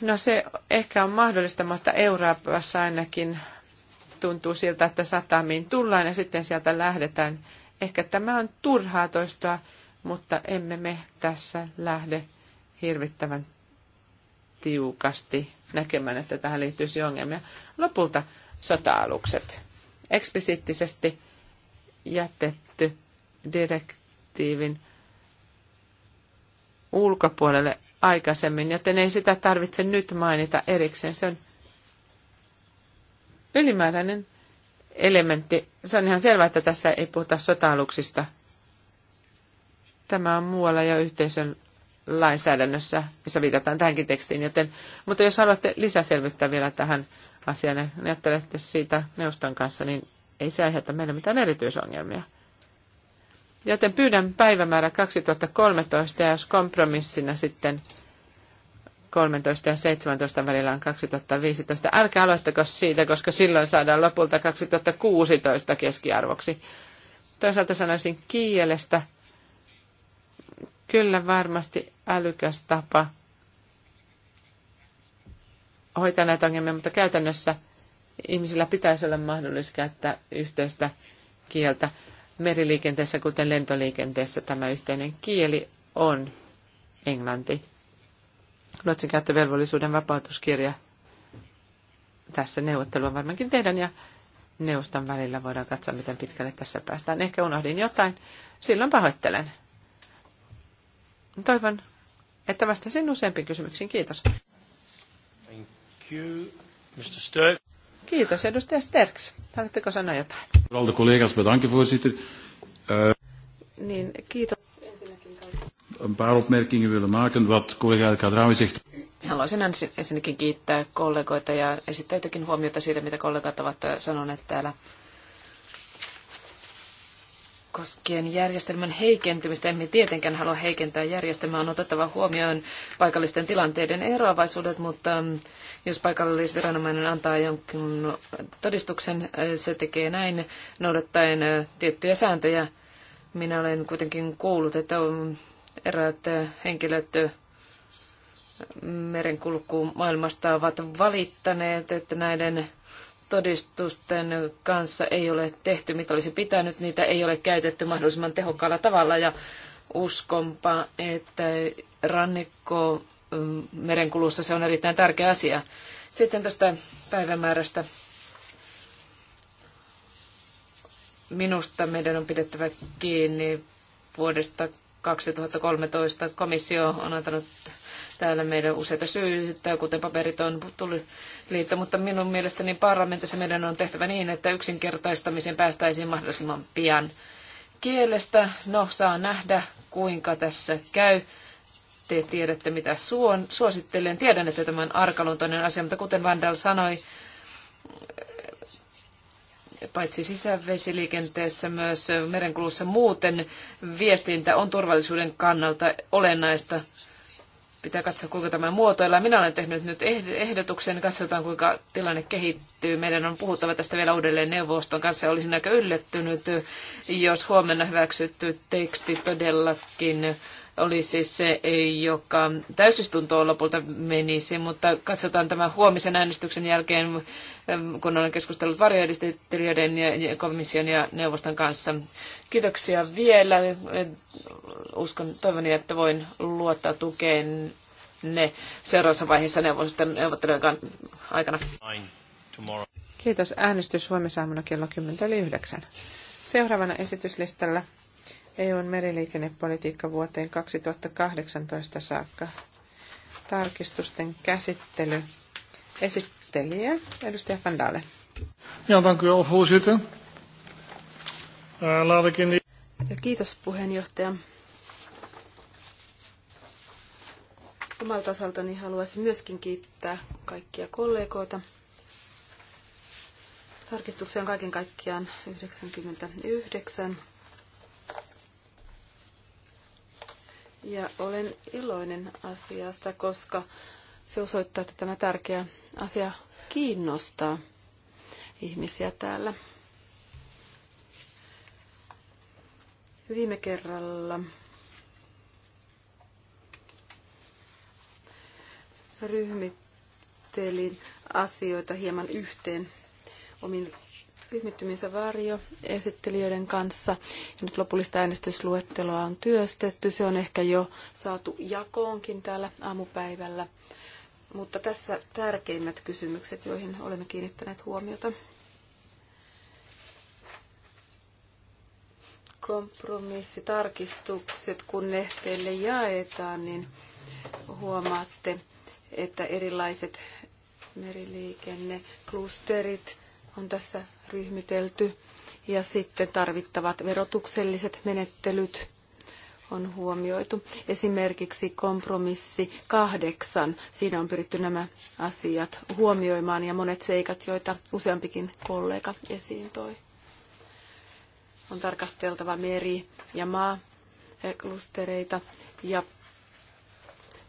No se ehkä on mahdollista, mutta Euroopassa ainakin tuntuu siltä, että satamiin tullaan ja sitten sieltä lähdetään. Ehkä tämä on turhaa toistoa mutta emme me tässä lähde hirvittävän tiukasti näkemään, että tähän liittyisi ongelmia. Lopulta sota-alukset. Eksplisiittisesti jätetty direktiivin ulkopuolelle aikaisemmin, joten ei sitä tarvitse nyt mainita erikseen. Se on ylimääräinen elementti. Se on ihan selvää, että tässä ei puhuta sota-aluksista Tämä on muualla ja yhteisön lainsäädännössä, missä viitataan tähänkin tekstiin. Joten, mutta jos haluatte lisäselvyttää vielä tähän asiaan ja niin ajattelette siitä neuvoston kanssa, niin ei se aiheuta meille mitään erityisongelmia. Joten pyydän päivämäärä 2013 ja jos kompromissina sitten 13 ja 17 välillä on 2015. Älkää aloittako siitä, koska silloin saadaan lopulta 2016 keskiarvoksi. Toisaalta sanoisin kielestä kyllä varmasti älykäs tapa hoitaa näitä ongelmia, mutta käytännössä ihmisillä pitäisi olla mahdollisuus käyttää yhteistä kieltä. Meriliikenteessä, kuten lentoliikenteessä, tämä yhteinen kieli on englanti. Ruotsin käyttövelvollisuuden vapautuskirja tässä neuvottelua varmaankin tehdään ja neuvoston välillä voidaan katsoa, miten pitkälle tässä päästään. Ehkä unohdin jotain, silloin pahoittelen. Toivon, että vastasin useampiin kysymyksiin. Kiitos. Thank you, Mr. Sturk. Kiitos, edustaja Sterks. Haluatteko sanoa jotain? Alle collega's bedanken, voorzitter. Eh, niin, kiitos een paar opmerkingen willen maken wat collega El Kadrawi zegt. Haluaisin ensinnäkin kiittää kollegoita ja esittää jotakin huomiota siitä, mitä kollegat ovat eh, sanoneet täällä koskien järjestelmän heikentymistä. Emme tietenkään halua heikentää järjestelmää. On otettava huomioon paikallisten tilanteiden eroavaisuudet, mutta jos paikallisviranomainen antaa jonkin todistuksen, se tekee näin noudattaen tiettyjä sääntöjä. Minä olen kuitenkin kuullut, että eräät henkilöt merenkulkumaailmasta ovat valittaneet, että näiden todistusten kanssa ei ole tehty, mitä olisi pitänyt, niitä ei ole käytetty mahdollisimman tehokkaalla tavalla ja uskonpa, että rannikko mm, merenkulussa se on erittäin tärkeä asia. Sitten tästä päivämäärästä. Minusta meidän on pidettävä kiinni vuodesta 2013. Komissio on antanut Täällä meidän useita syitä, kuten paperit on liitto, mutta minun mielestäni parlamentissa meidän on tehtävä niin, että yksinkertaistamiseen päästäisiin mahdollisimman pian kielestä. No, saa nähdä, kuinka tässä käy. Te tiedätte, mitä suon, suosittelen. Tiedän, että tämä on arkaluontoinen asia, mutta kuten Vandal sanoi, paitsi sisävesiliikenteessä myös merenkulussa muuten viestintä on turvallisuuden kannalta olennaista pitää katsoa, kuinka tämä muotoilla. Minä olen tehnyt nyt ehdotuksen, katsotaan kuinka tilanne kehittyy. Meidän on puhuttava tästä vielä uudelleen neuvoston kanssa. Olisin aika yllättynyt, jos huomenna hyväksytty teksti todellakin oli siis se, joka täysistuntoon lopulta menisi, mutta katsotaan tämä huomisen äänestyksen jälkeen, kun olen keskustellut varjoedistelijöiden ja komission ja neuvoston kanssa. Kiitoksia vielä. Uskon, toivon, että voin luottaa tukeen ne seuraavassa vaiheessa neuvoston neuvottelujen aikana. Kiitos. Äänestys huomisaamuna kello 10.09. Seuraavana esityslistalla EUn meriliikennepolitiikka vuoteen 2018 saakka. Tarkistusten käsittely. Esittelijä, edustaja Van Dale. Ja, dank u wel, voorzitter. Eh, kiitos puheenjohtaja. Omalta osaltani haluaisin myöskin kiittää kaikkia kollegoita. Tarkistuksia on kaiken kaikkiaan 99. Ja olen iloinen asiasta, koska se osoittaa, että tämä tärkeä asia kiinnostaa ihmisiä täällä. Viime kerralla ryhmittelin asioita hieman yhteen omin ryhmittymisen varjo esittelijöiden kanssa. Ja nyt lopullista äänestysluetteloa on työstetty. Se on ehkä jo saatu jakoonkin täällä aamupäivällä. Mutta tässä tärkeimmät kysymykset, joihin olemme kiinnittäneet huomiota. Kompromissitarkistukset, kun ne teille jaetaan, niin huomaatte, että erilaiset meriliikenneklusterit – on tässä ryhmitelty. Ja sitten tarvittavat verotukselliset menettelyt on huomioitu. Esimerkiksi kompromissi kahdeksan, siinä on pyritty nämä asiat huomioimaan ja monet seikat, joita useampikin kollega esiin toi. On tarkasteltava meri- ja maaklustereita eh, ja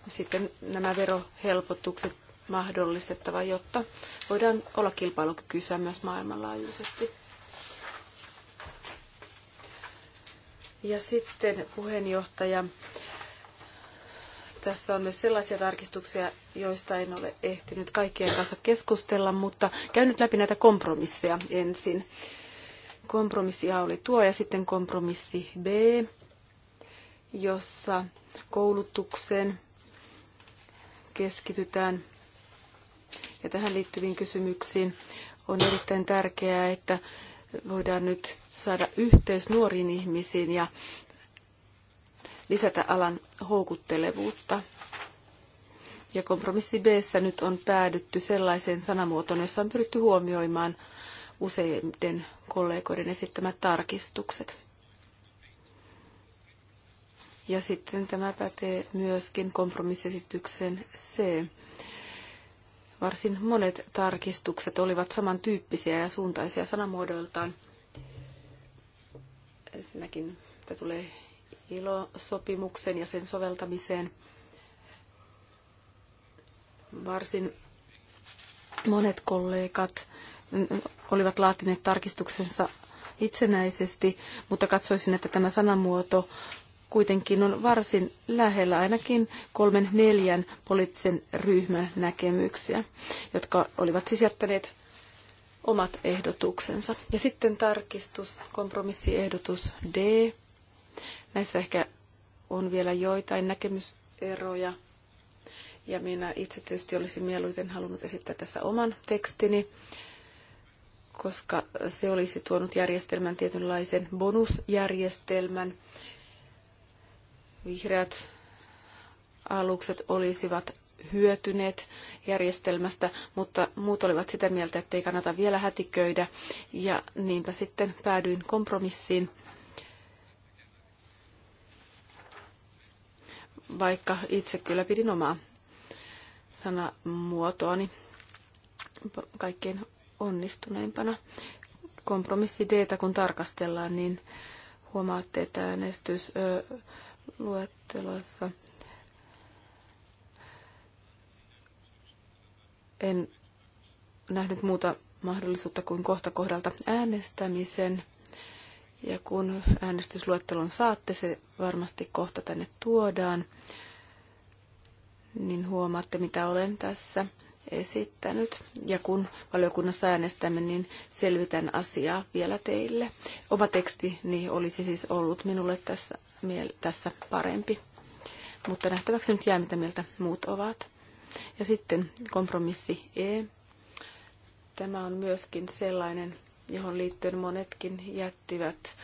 sitten nämä verohelpotukset mahdollistettava, jotta voidaan olla kilpailukykyisiä myös maailmanlaajuisesti. Ja sitten puheenjohtaja, tässä on myös sellaisia tarkistuksia, joista en ole ehtinyt kaikkien kanssa keskustella, mutta käyn nyt läpi näitä kompromisseja ensin. Kompromissi A oli tuo ja sitten kompromissi B, jossa koulutuksen keskitytään ja tähän liittyviin kysymyksiin. On erittäin tärkeää, että voidaan nyt saada yhteys nuoriin ihmisiin ja lisätä alan houkuttelevuutta. Ja kompromissi b nyt on päädytty sellaiseen sanamuotoon, jossa on pyritty huomioimaan useiden kollegoiden esittämät tarkistukset. Ja sitten tämä pätee myöskin kompromissiesitykseen C, Varsin monet tarkistukset olivat samantyyppisiä ja suuntaisia sanamuodoiltaan. Ensinnäkin mitä tulee ilosopimuksen ja sen soveltamiseen. Varsin monet kollegat olivat laatineet tarkistuksensa itsenäisesti, mutta katsoisin, että tämä sanamuoto kuitenkin on varsin lähellä ainakin kolmen neljän poliittisen ryhmän näkemyksiä, jotka olivat siis jättäneet omat ehdotuksensa. Ja sitten tarkistus, kompromissiehdotus D. Näissä ehkä on vielä joitain näkemyseroja. Ja minä itse tietysti olisin mieluiten halunnut esittää tässä oman tekstini, koska se olisi tuonut järjestelmän tietynlaisen bonusjärjestelmän, vihreät alukset olisivat hyötyneet järjestelmästä, mutta muut olivat sitä mieltä, että ei kannata vielä hätiköidä, ja niinpä sitten päädyin kompromissiin. Vaikka itse kyllä pidin omaa sanamuotoani kaikkein onnistuneimpana. Kompromissi d kun tarkastellaan, niin huomaatte, että äänestys luettelossa. En nähnyt muuta mahdollisuutta kuin kohta kohdalta äänestämisen. Ja kun äänestysluettelon saatte, se varmasti kohta tänne tuodaan, niin huomaatte mitä olen tässä esittänyt. Ja kun valiokunnassa äänestämme, niin selvitän asiaa vielä teille. Oma niin olisi siis ollut minulle tässä, tässä parempi. Mutta nähtäväksi nyt jää, mitä mieltä muut ovat. Ja sitten kompromissi E. Tämä on myöskin sellainen, johon liittyen monetkin jättivät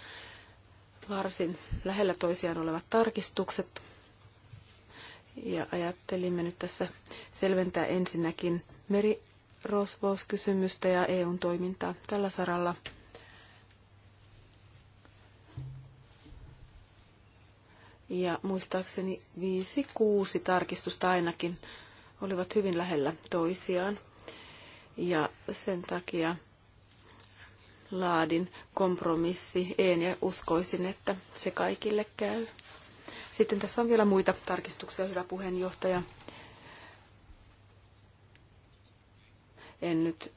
varsin lähellä toisiaan olevat tarkistukset ja ajattelimme nyt tässä selventää ensinnäkin Meri Rosvos-kysymystä ja EUn toimintaa tällä saralla. Ja muistaakseni viisi, kuusi tarkistusta ainakin olivat hyvin lähellä toisiaan. Ja sen takia laadin kompromissi en ja uskoisin, että se kaikille käy. Sitten tässä on vielä muita tarkistuksia, hyvä puheenjohtaja. En nyt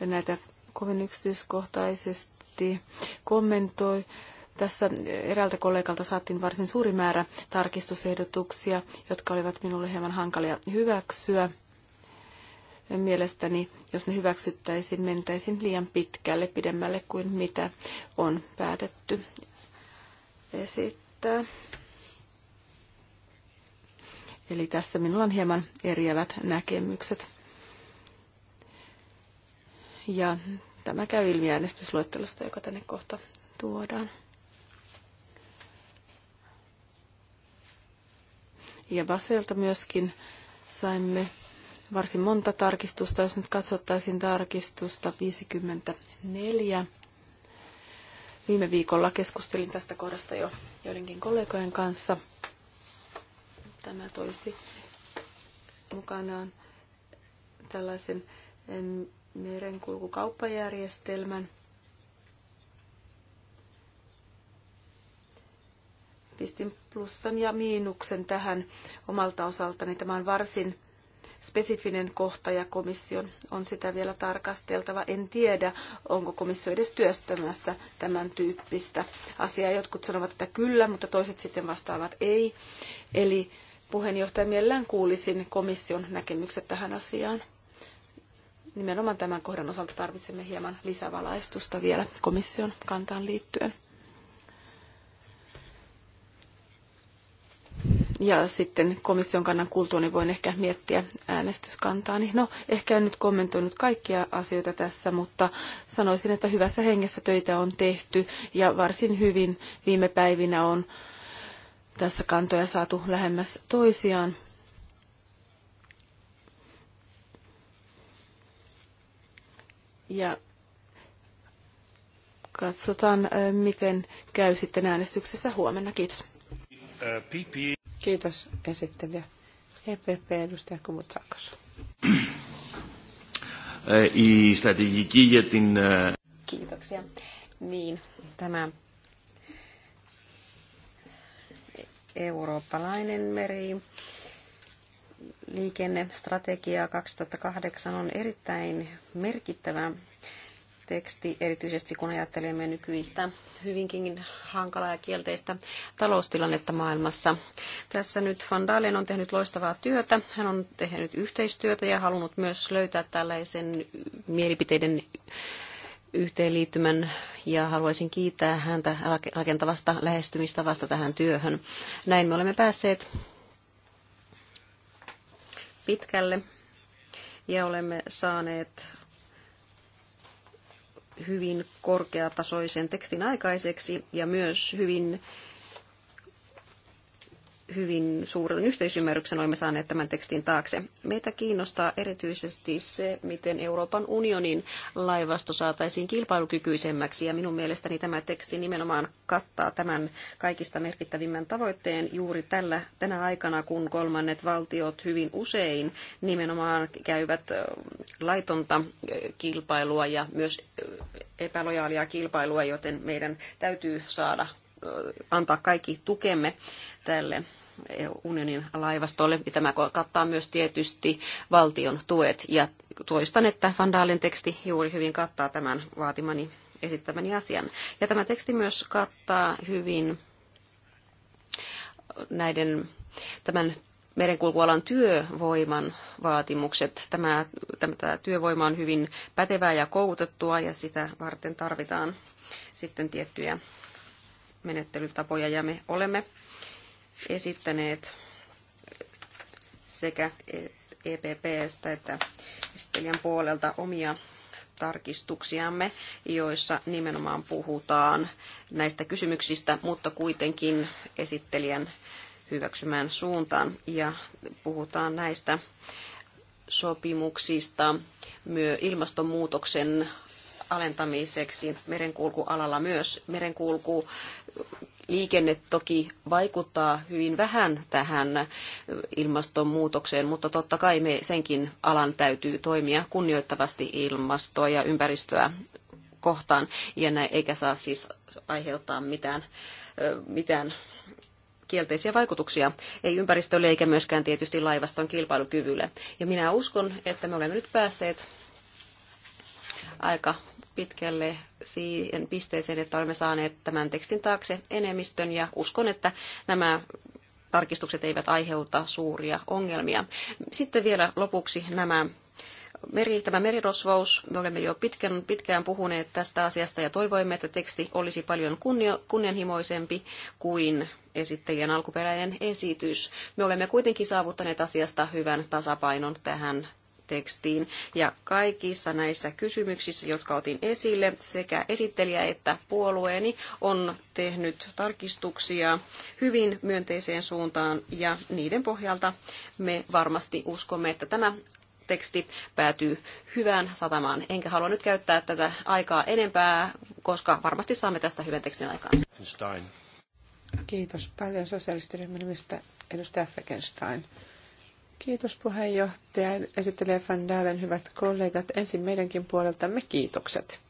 näitä kovin yksityiskohtaisesti kommentoi. Tässä eräältä kollegalta saatiin varsin suuri määrä tarkistusehdotuksia, jotka olivat minulle hieman hankalia hyväksyä. Mielestäni, jos ne hyväksyttäisiin, mentäisiin liian pitkälle, pidemmälle kuin mitä on päätetty esittää päättää. Eli tässä minulla on hieman eriävät näkemykset. Ja tämä käy ilmi äänestysluettelosta, joka tänne kohta tuodaan. Ja Baselta myöskin saimme varsin monta tarkistusta. Jos nyt katsottaisiin tarkistusta 54, Viime viikolla keskustelin tästä kohdasta jo joidenkin kollegojen kanssa. Tämä toisi mukanaan tällaisen merenkulkukauppajärjestelmän. Pistin plussan ja miinuksen tähän omalta osaltani. Tämä on varsin spesifinen kohta ja komission on sitä vielä tarkasteltava. En tiedä, onko komissio edes työstämässä tämän tyyppistä asiaa. Jotkut sanovat, että kyllä, mutta toiset sitten vastaavat ei. Eli puheenjohtaja mielellään kuulisin komission näkemykset tähän asiaan. Nimenomaan tämän kohdan osalta tarvitsemme hieman lisävalaistusta vielä komission kantaan liittyen. Ja sitten komission kannan kuultua, niin voin ehkä miettiä äänestyskantaani. No, ehkä en nyt kommentoinut kaikkia asioita tässä, mutta sanoisin, että hyvässä hengessä töitä on tehty ja varsin hyvin viime päivinä on tässä kantoja saatu lähemmäs toisiaan. Ja katsotaan, miten käy sitten äänestyksessä huomenna. Kiitos. Kiitos esittelijä. EPP-edustaja Kumutsakos. Η στρατηγική Kiitoksia. Niin, tämä eurooppalainen meri liikennestrategia 2008 on erittäin merkittävä teksti, erityisesti kun ajattelemme nykyistä hyvinkin hankalaa ja kielteistä taloustilannetta maailmassa. Tässä nyt Van Dalen on tehnyt loistavaa työtä. Hän on tehnyt yhteistyötä ja halunnut myös löytää tällaisen mielipiteiden yhteenliittymän ja haluaisin kiittää häntä rakentavasta lähestymistavasta tähän työhön. Näin me olemme päässeet pitkälle ja olemme saaneet hyvin korkeatasoisen tekstin aikaiseksi ja myös hyvin hyvin suuren yhteisymmärryksen olemme saaneet tämän tekstin taakse. Meitä kiinnostaa erityisesti se, miten Euroopan unionin laivasto saataisiin kilpailukykyisemmäksi, ja minun mielestäni tämä teksti nimenomaan kattaa tämän kaikista merkittävimmän tavoitteen juuri tällä, tänä aikana, kun kolmannet valtiot hyvin usein nimenomaan käyvät laitonta kilpailua ja myös epälojaalia kilpailua, joten meidän täytyy saada antaa kaikki tukemme tälle unionin laivastolle. Tämä kattaa myös tietysti valtion tuet. Ja toistan, että Vandaalin teksti juuri hyvin kattaa tämän vaatimani esittämäni asian. Ja tämä teksti myös kattaa hyvin näiden tämän merenkulkualan työvoiman vaatimukset. Tämä, tämä, tämä työvoima on hyvin pätevää ja koulutettua ja sitä varten tarvitaan sitten tiettyjä menettelytapoja ja me olemme esittäneet sekä EPPstä että esittelijän puolelta omia tarkistuksiamme, joissa nimenomaan puhutaan näistä kysymyksistä, mutta kuitenkin esittelijän hyväksymään suuntaan. Ja puhutaan näistä sopimuksista myös ilmastonmuutoksen alentamiseksi merenkulkualalla myös. Merenkulku Liikenne toki vaikuttaa hyvin vähän tähän ilmastonmuutokseen, mutta totta kai me senkin alan täytyy toimia kunnioittavasti ilmastoa ja ympäristöä kohtaan, ja näin eikä saa siis aiheuttaa mitään, mitään kielteisiä vaikutuksia, ei ympäristölle eikä myöskään tietysti laivaston kilpailukyvylle. Ja minä uskon, että me olemme nyt päässeet aika pitkälle siihen pisteeseen, että olemme saaneet tämän tekstin taakse enemmistön ja uskon, että nämä tarkistukset eivät aiheuta suuria ongelmia. Sitten vielä lopuksi nämä meri, tämä merirosvous, me olemme jo pitkän, pitkään puhuneet tästä asiasta ja toivoimme, että teksti olisi paljon kunnio, kunnianhimoisempi kuin esittäjän alkuperäinen esitys. Me olemme kuitenkin saavuttaneet asiasta hyvän tasapainon tähän tekstiin. Ja kaikissa näissä kysymyksissä, jotka otin esille, sekä esittelijä että puolueeni on tehnyt tarkistuksia hyvin myönteiseen suuntaan ja niiden pohjalta me varmasti uskomme, että tämä teksti päätyy hyvään satamaan. Enkä halua nyt käyttää tätä aikaa enempää, koska varmasti saamme tästä hyvän tekstin aikaan. Stein. Kiitos paljon sosialistiryhmän nimestä edustaja Fleckenstein. Kiitos puheenjohtaja, esittelee Van Dalen hyvät kollegat. Ensin meidänkin puoleltamme kiitokset.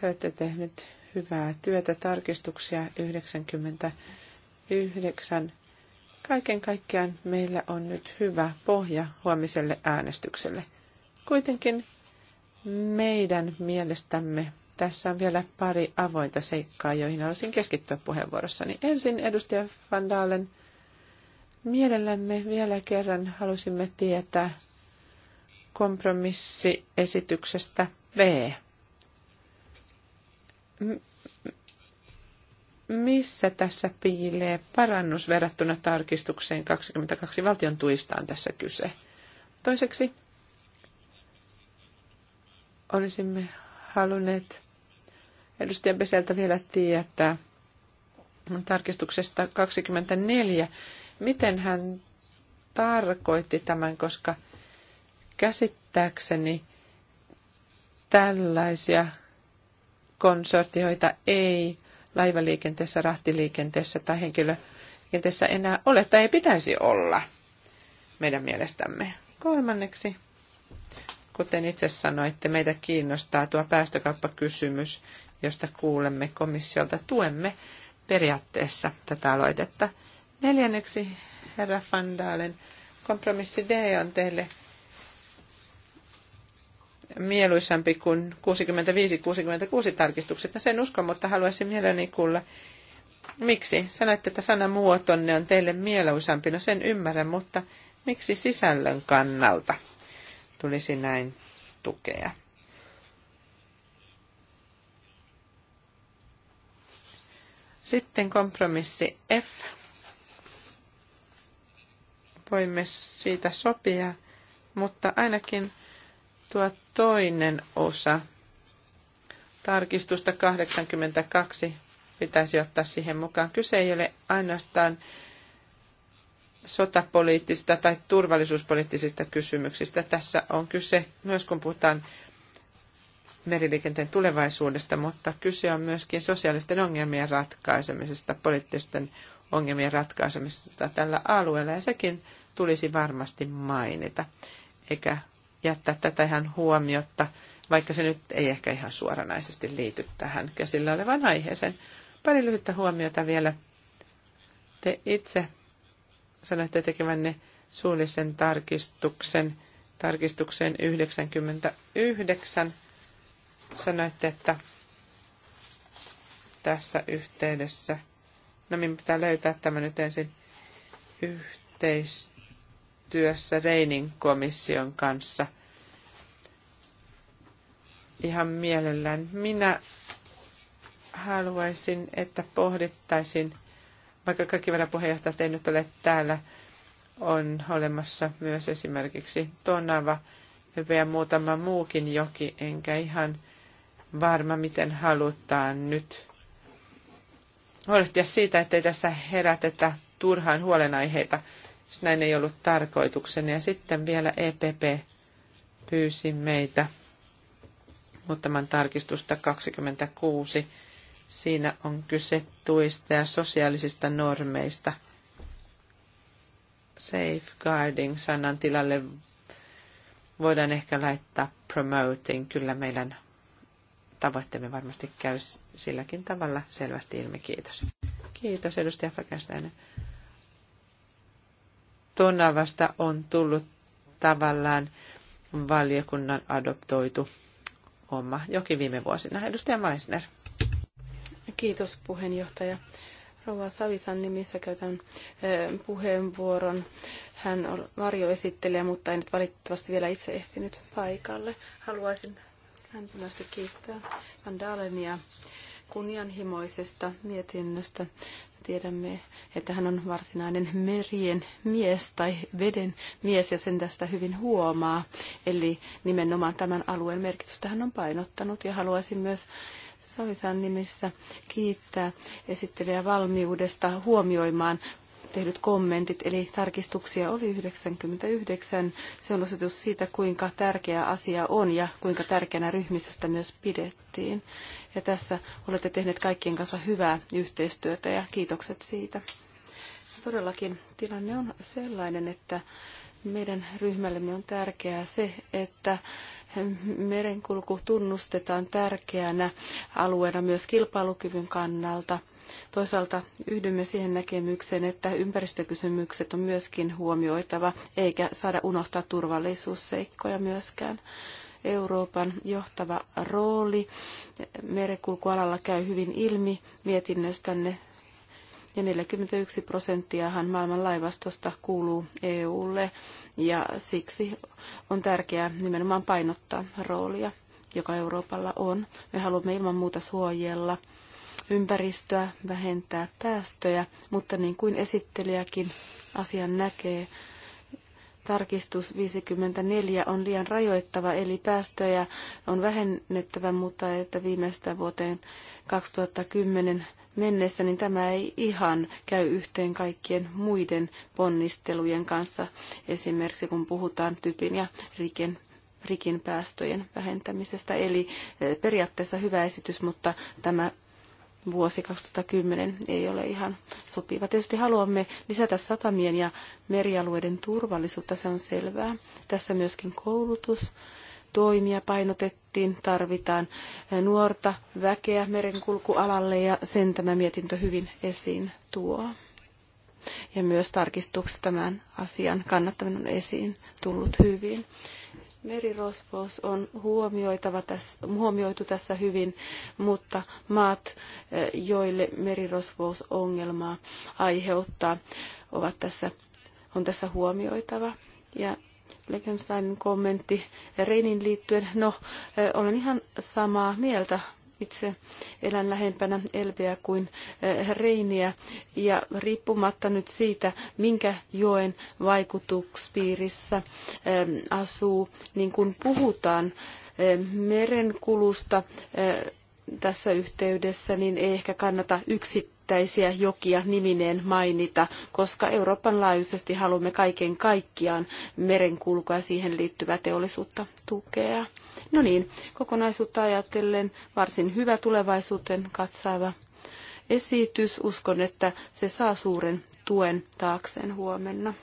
Te olette tehneet hyvää työtä, tarkistuksia 99. Kaiken kaikkiaan meillä on nyt hyvä pohja huomiselle äänestykselle. Kuitenkin meidän mielestämme tässä on vielä pari avointa seikkaa, joihin haluaisin keskittyä puheenvuorossani. Ensin edustaja Van Dalen Mielellämme vielä kerran halusimme tietää kompromissiesityksestä B. missä tässä piilee parannus verrattuna tarkistukseen 22 valtion tuista on tässä kyse? Toiseksi olisimme halunneet edustaja Peseltä vielä tietää tarkistuksesta 24 Miten hän tarkoitti tämän, koska käsittääkseni tällaisia konsortioita ei laivaliikenteessä, rahtiliikenteessä tai henkilöliikenteessä enää ole tai ei pitäisi olla meidän mielestämme. Kolmanneksi, kuten itse sanoitte, meitä kiinnostaa tuo päästökauppakysymys, josta kuulemme komissiolta. Tuemme periaatteessa tätä aloitetta. Neljänneksi, herra Van Dalen, kompromissi D on teille mieluisampi kuin 65-66 tarkistukset. No sen uskon, mutta haluaisin mielelläni kuulla, miksi sanoitte, että sana muotonne on teille mieluisampi. No sen ymmärrän, mutta miksi sisällön kannalta tulisi näin tukea? Sitten kompromissi F voimme siitä sopia, mutta ainakin tuo toinen osa tarkistusta 82 pitäisi ottaa siihen mukaan. Kyse ei ole ainoastaan sotapoliittisista tai turvallisuuspoliittisista kysymyksistä. Tässä on kyse myös, kun puhutaan meriliikenteen tulevaisuudesta, mutta kyse on myöskin sosiaalisten ongelmien ratkaisemisesta, poliittisten ongelmien ratkaisemista tällä alueella, ja sekin tulisi varmasti mainita, eikä jättää tätä ihan huomiota, vaikka se nyt ei ehkä ihan suoranaisesti liity tähän käsillä olevan aiheeseen. Pari lyhyttä huomiota vielä. Te itse sanoitte tekevänne suullisen tarkistuksen tarkistukseen 99. Sanoitte, että tässä yhteydessä – No minun niin, pitää löytää tämä nyt ensin yhteistyössä Reinin komission kanssa. Ihan mielellään. Minä haluaisin, että pohdittaisin, vaikka kaikki puheenjohtajat ei nyt ole täällä, on olemassa myös esimerkiksi Tonava ja vielä muutama muukin joki, enkä ihan varma, miten halutaan nyt huolehtia siitä, ettei tässä herätetä turhaan huolenaiheita, jos näin ei ollut tarkoituksena. Ja sitten vielä EPP pyysi meitä muuttamaan tarkistusta 26. Siinä on kyse tuista ja sosiaalisista normeista. Safeguarding sanan tilalle voidaan ehkä laittaa promoting. Kyllä meidän tavoitteemme varmasti käy silläkin tavalla selvästi ilmi. Kiitos. Kiitos edustaja Fäkästäinen. Tonavasta on tullut tavallaan valiokunnan adoptoitu oma jokin viime vuosina. Edustaja Meisner. Kiitos puheenjohtaja. Rouva Savisan nimissä käytän puheenvuoron. Hän on varjoesittelijä, mutta ei nyt valitettavasti vielä itse ehtinyt paikalle. Haluaisin hän puolesta kiittää Van Dalenia kunnianhimoisesta mietinnöstä. Tiedämme, että hän on varsinainen merien mies tai veden mies ja sen tästä hyvin huomaa. Eli nimenomaan tämän alueen merkitystä hän on painottanut ja haluaisin myös Savisan nimissä kiittää esittelijä valmiudesta huomioimaan tehdyt kommentit, eli tarkistuksia oli 99. Se on osoitus siitä, kuinka tärkeä asia on ja kuinka tärkeänä ryhmissä sitä myös pidettiin. Ja tässä olette tehneet kaikkien kanssa hyvää yhteistyötä ja kiitokset siitä. Todellakin tilanne on sellainen, että meidän ryhmällemme on tärkeää se, että merenkulku tunnustetaan tärkeänä alueena myös kilpailukyvyn kannalta. Toisaalta yhdymme siihen näkemykseen, että ympäristökysymykset on myöskin huomioitava, eikä saada unohtaa turvallisuusseikkoja myöskään. Euroopan johtava rooli merenkulkualalla käy hyvin ilmi mietinnöstänne ja 41 prosenttiahan maailman laivastosta kuuluu EUlle ja siksi on tärkeää nimenomaan painottaa roolia, joka Euroopalla on. Me haluamme ilman muuta suojella ympäristöä, vähentää päästöjä, mutta niin kuin esittelijäkin asian näkee, tarkistus 54 on liian rajoittava, eli päästöjä on vähennettävä, mutta että viimeistään vuoteen 2010 mennessä, niin tämä ei ihan käy yhteen kaikkien muiden ponnistelujen kanssa, esimerkiksi kun puhutaan typin ja riken rikin päästöjen vähentämisestä. Eli eh, periaatteessa hyvä esitys, mutta tämä vuosi 2010 ei ole ihan sopiva. Tietysti haluamme lisätä satamien ja merialueiden turvallisuutta, se on selvää. Tässä myöskin koulutus toimia painotettiin, tarvitaan nuorta väkeä merenkulkualalle ja sen tämä mietintö hyvin esiin tuo. Ja myös tarkistukset tämän asian kannattaminen on esiin tullut hyvin. Merirosvous on huomioitava tässä, huomioitu tässä hyvin, mutta maat, eh, joille merirosvousongelmaa aiheuttaa, ovat tässä, on tässä huomioitava. Ja Legensteinin kommentti Reinin liittyen. No, olen ihan samaa mieltä itse elän lähempänä Elveä kuin Reiniä ja riippumatta nyt siitä, minkä joen vaikutuspiirissä asuu, niin kun puhutaan merenkulusta tässä yhteydessä, niin ei ehkä kannata yksittäin yksittäisiä jokia nimineen mainita, koska Euroopan laajuisesti haluamme kaiken kaikkiaan merenkulkua ja siihen liittyvää teollisuutta tukea. No niin, kokonaisuutta ajatellen varsin hyvä tulevaisuuteen katsaava esitys. Uskon, että se saa suuren tuen taakseen huomenna.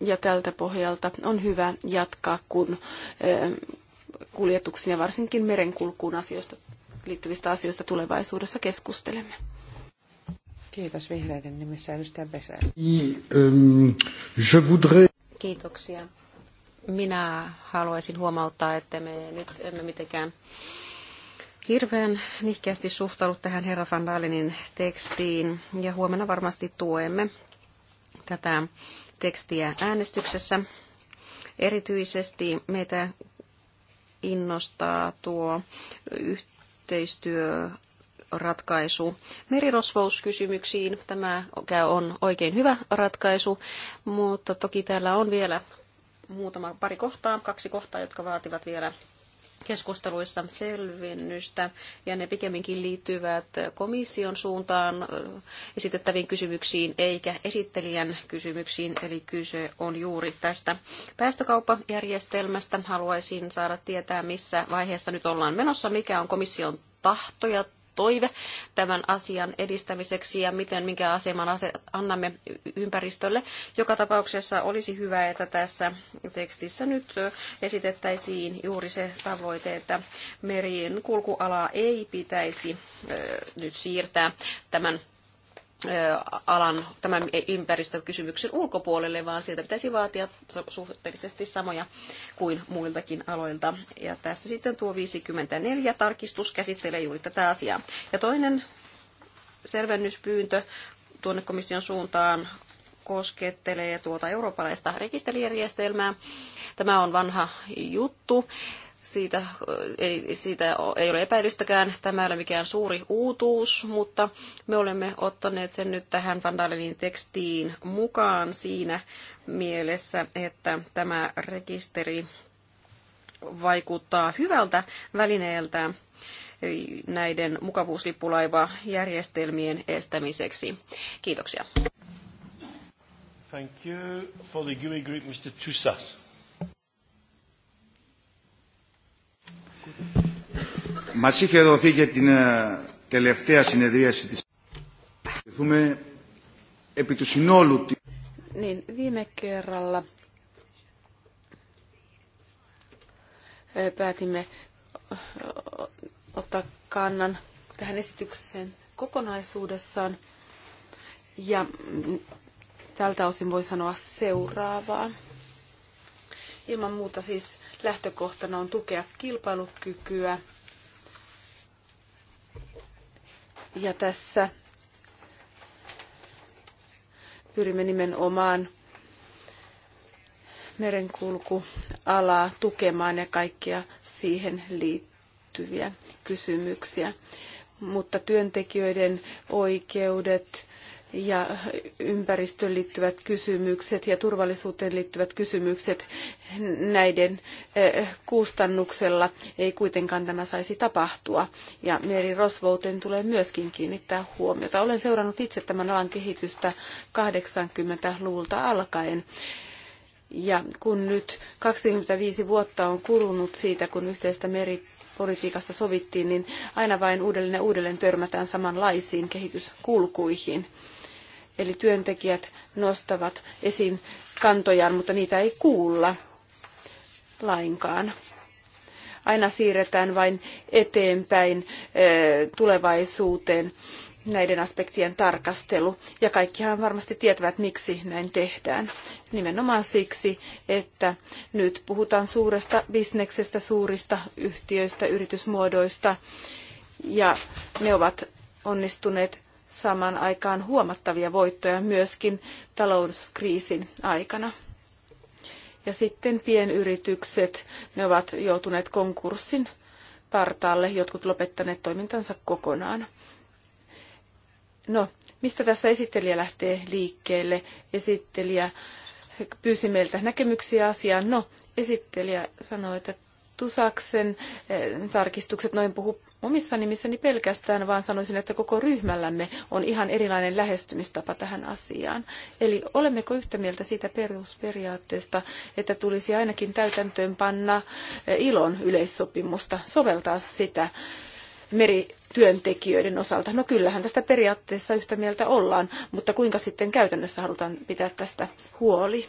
Ja tältä pohjalta on hyvä jatkaa, kun eh, kuljetuksen ja varsinkin merenkulkuun asioista liittyvistä asioista tulevaisuudessa keskustelemme. Kiitos vihreiden nimissä edustaja Besä. Kiitoksia. Minä haluaisin huomauttaa, että me nyt emme mitenkään hirveän nihkeästi suhtaudu tähän herra Van Dalenin tekstiin ja huomenna varmasti tuemme tätä tekstiä äänestyksessä. Erityisesti meitä innostaa tuo yhteistyö ratkaisu. Merirosvouskysymyksiin tämä on oikein hyvä ratkaisu, mutta toki täällä on vielä muutama pari kohtaa, kaksi kohtaa, jotka vaativat vielä keskusteluissa selvennystä, ja ne pikemminkin liittyvät komission suuntaan esitettäviin kysymyksiin, eikä esittelijän kysymyksiin, eli kyse on juuri tästä päästökauppajärjestelmästä. Haluaisin saada tietää, missä vaiheessa nyt ollaan menossa, mikä on komission tahto ja toive tämän asian edistämiseksi ja miten, minkä aseman ase- annamme ympäristölle. Joka tapauksessa olisi hyvä, että tässä tekstissä nyt esitettäisiin juuri se tavoite, että merien kulkualaa ei pitäisi nyt siirtää tämän alan tämän ympäristökysymyksen ulkopuolelle, vaan sieltä pitäisi vaatia suhteellisesti samoja kuin muiltakin aloilta. Ja tässä sitten tuo 54 tarkistus käsittelee juuri tätä asiaa. Ja toinen selvennyspyyntö tuonne komission suuntaan koskettelee tuota eurooppalaista rekisterijärjestelmää. Tämä on vanha juttu. Siitä ei, siitä ei ole epäilystäkään. Tämä ei ole mikään suuri uutuus, mutta me olemme ottaneet sen nyt tähän Vandalinin tekstiin mukaan siinä mielessä, että tämä rekisteri vaikuttaa hyvältä välineeltä näiden mukavuuslippulaiva-järjestelmien estämiseksi. Kiitoksia. Thank you for the GUI group, Mr. Tussas. Μας είχε δοθεί και την τελευταία συνεδρίαση της Δούμε επί του συνόλου... Niin, viime kerralla päätimme ottaa kannan tähän esitykseen kokonaisuudessaan. Ja mm, tältä osin voi sanoa seuraavaa. Ilman muuta siis Lähtökohtana on tukea kilpailukykyä. Ja tässä pyrimme nimenomaan merenkulkualaa tukemaan ja kaikkia siihen liittyviä kysymyksiä. Mutta työntekijöiden oikeudet, ja ympäristöön liittyvät kysymykset ja turvallisuuteen liittyvät kysymykset näiden eh, kustannuksella ei kuitenkaan tämä saisi tapahtua. Ja Meri Rosvouteen tulee myöskin kiinnittää huomiota. Olen seurannut itse tämän alan kehitystä 80-luvulta alkaen. Ja kun nyt 25 vuotta on kulunut siitä, kun yhteistä meri politiikasta sovittiin, niin aina vain uudelleen ja uudelleen törmätään samanlaisiin kehityskulkuihin. Eli työntekijät nostavat esiin kantojaan, mutta niitä ei kuulla lainkaan. Aina siirretään vain eteenpäin tulevaisuuteen näiden aspektien tarkastelu. Ja kaikkihan varmasti tietävät, miksi näin tehdään. Nimenomaan siksi, että nyt puhutaan suuresta bisneksestä, suurista yhtiöistä, yritysmuodoista. Ja ne ovat onnistuneet saamaan aikaan huomattavia voittoja myöskin talouskriisin aikana. Ja sitten pienyritykset, ne ovat joutuneet konkurssin partaalle, jotkut lopettaneet toimintansa kokonaan. No, mistä tässä esittelijä lähtee liikkeelle? Esittelijä pyysi meiltä näkemyksiä asiaan. No, esittelijä sanoi, että Tusaksen eh, tarkistukset, noin puhu omissa nimissäni pelkästään, vaan sanoisin, että koko ryhmällämme on ihan erilainen lähestymistapa tähän asiaan. Eli olemmeko yhtä mieltä siitä perusperiaatteesta, että tulisi ainakin täytäntöönpanna eh, ilon yleissopimusta, soveltaa sitä merityöntekijöiden osalta. No kyllähän tästä periaatteessa yhtä mieltä ollaan, mutta kuinka sitten käytännössä halutaan pitää tästä huoli?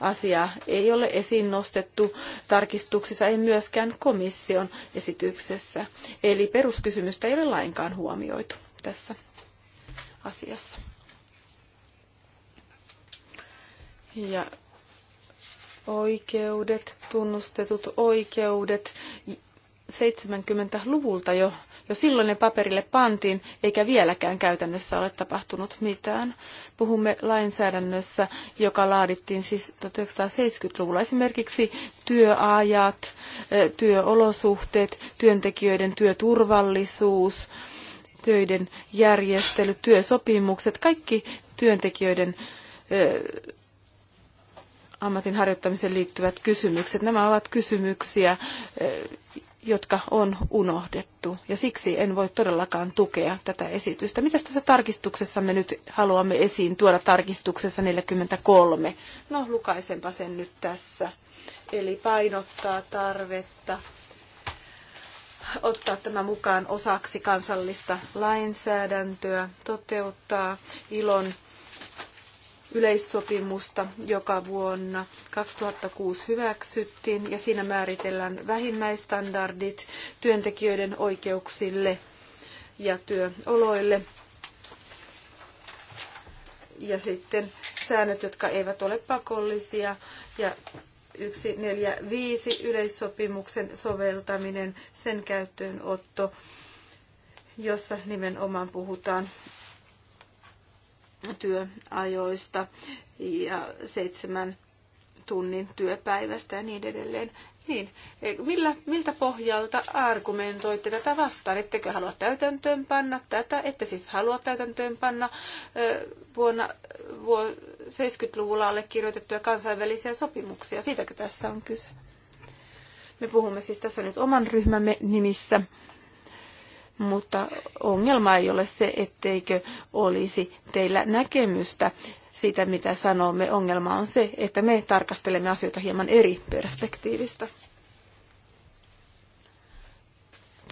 Asia ei ole esiin nostettu tarkistuksissa, ei myöskään komission esityksessä. Eli peruskysymystä ei ole lainkaan huomioitu tässä asiassa. Ja oikeudet, tunnustetut oikeudet, 70-luvulta jo jo silloin ne paperille pantiin, eikä vieläkään käytännössä ole tapahtunut mitään. Puhumme lainsäädännössä, joka laadittiin siis 1970-luvulla. Esimerkiksi työajat, työolosuhteet, työntekijöiden työturvallisuus, töiden järjestely, työsopimukset, kaikki työntekijöiden ammatin harjoittamiseen liittyvät kysymykset. Nämä ovat kysymyksiä, jotka on unohdettu. Ja siksi en voi todellakaan tukea tätä esitystä. Mitä tässä tarkistuksessa me nyt haluamme esiin tuoda tarkistuksessa 43? No, lukaisenpa sen nyt tässä. Eli painottaa tarvetta ottaa tämä mukaan osaksi kansallista lainsäädäntöä, toteuttaa ilon yleissopimusta, joka vuonna 2006 hyväksyttiin, ja siinä määritellään vähimmäistandardit työntekijöiden oikeuksille ja työoloille. Ja sitten säännöt, jotka eivät ole pakollisia, ja 145 yleissopimuksen soveltaminen, sen käyttöönotto, jossa nimenomaan puhutaan työajoista ja seitsemän tunnin työpäivästä ja niin edelleen. Niin. Millä, miltä pohjalta argumentoitte tätä vastaan? Ettekö halua täytäntöönpanna tätä? Ette siis halua täytäntöönpanna vuonna vuo, 70-luvulla allekirjoitettuja kansainvälisiä sopimuksia? Siitäkö tässä on kyse? Me puhumme siis tässä nyt oman ryhmämme nimissä mutta ongelma ei ole se, etteikö olisi teillä näkemystä siitä, mitä sanomme. Ongelma on se, että me tarkastelemme asioita hieman eri perspektiivistä.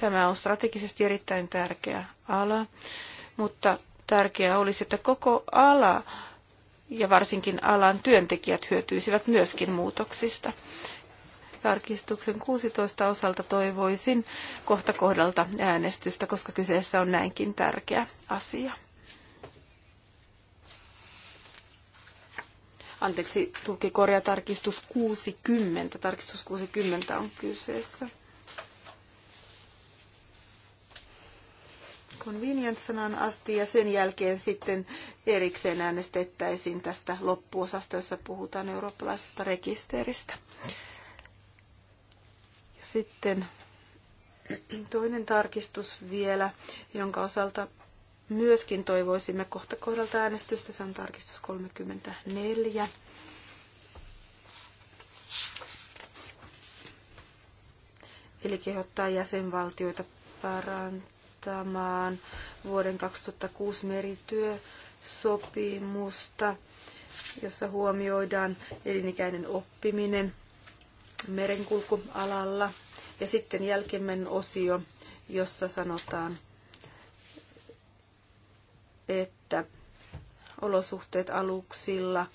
Tämä on strategisesti erittäin tärkeä ala, mutta tärkeää olisi, että koko ala ja varsinkin alan työntekijät hyötyisivät myöskin muutoksista tarkistuksen 16 osalta toivoisin kohta kohdalta äänestystä, koska kyseessä on näinkin tärkeä asia. Anteeksi, tulki korjaa tarkistus 60. Tarkistus 60 on kyseessä. convenience-sanan asti ja sen jälkeen sitten erikseen äänestettäisiin tästä loppuosasta, jossa puhutaan eurooppalaisesta rekisteristä. Sitten toinen tarkistus vielä, jonka osalta myöskin toivoisimme kohta kohdalta äänestystä. Se on tarkistus 34. Eli kehottaa jäsenvaltioita parantamaan vuoden 2006 merityösopimusta, jossa huomioidaan elinikäinen oppiminen – merenkulkualalla. Ja sitten jälkimmäinen osio, jossa sanotaan, että olosuhteet aluksilla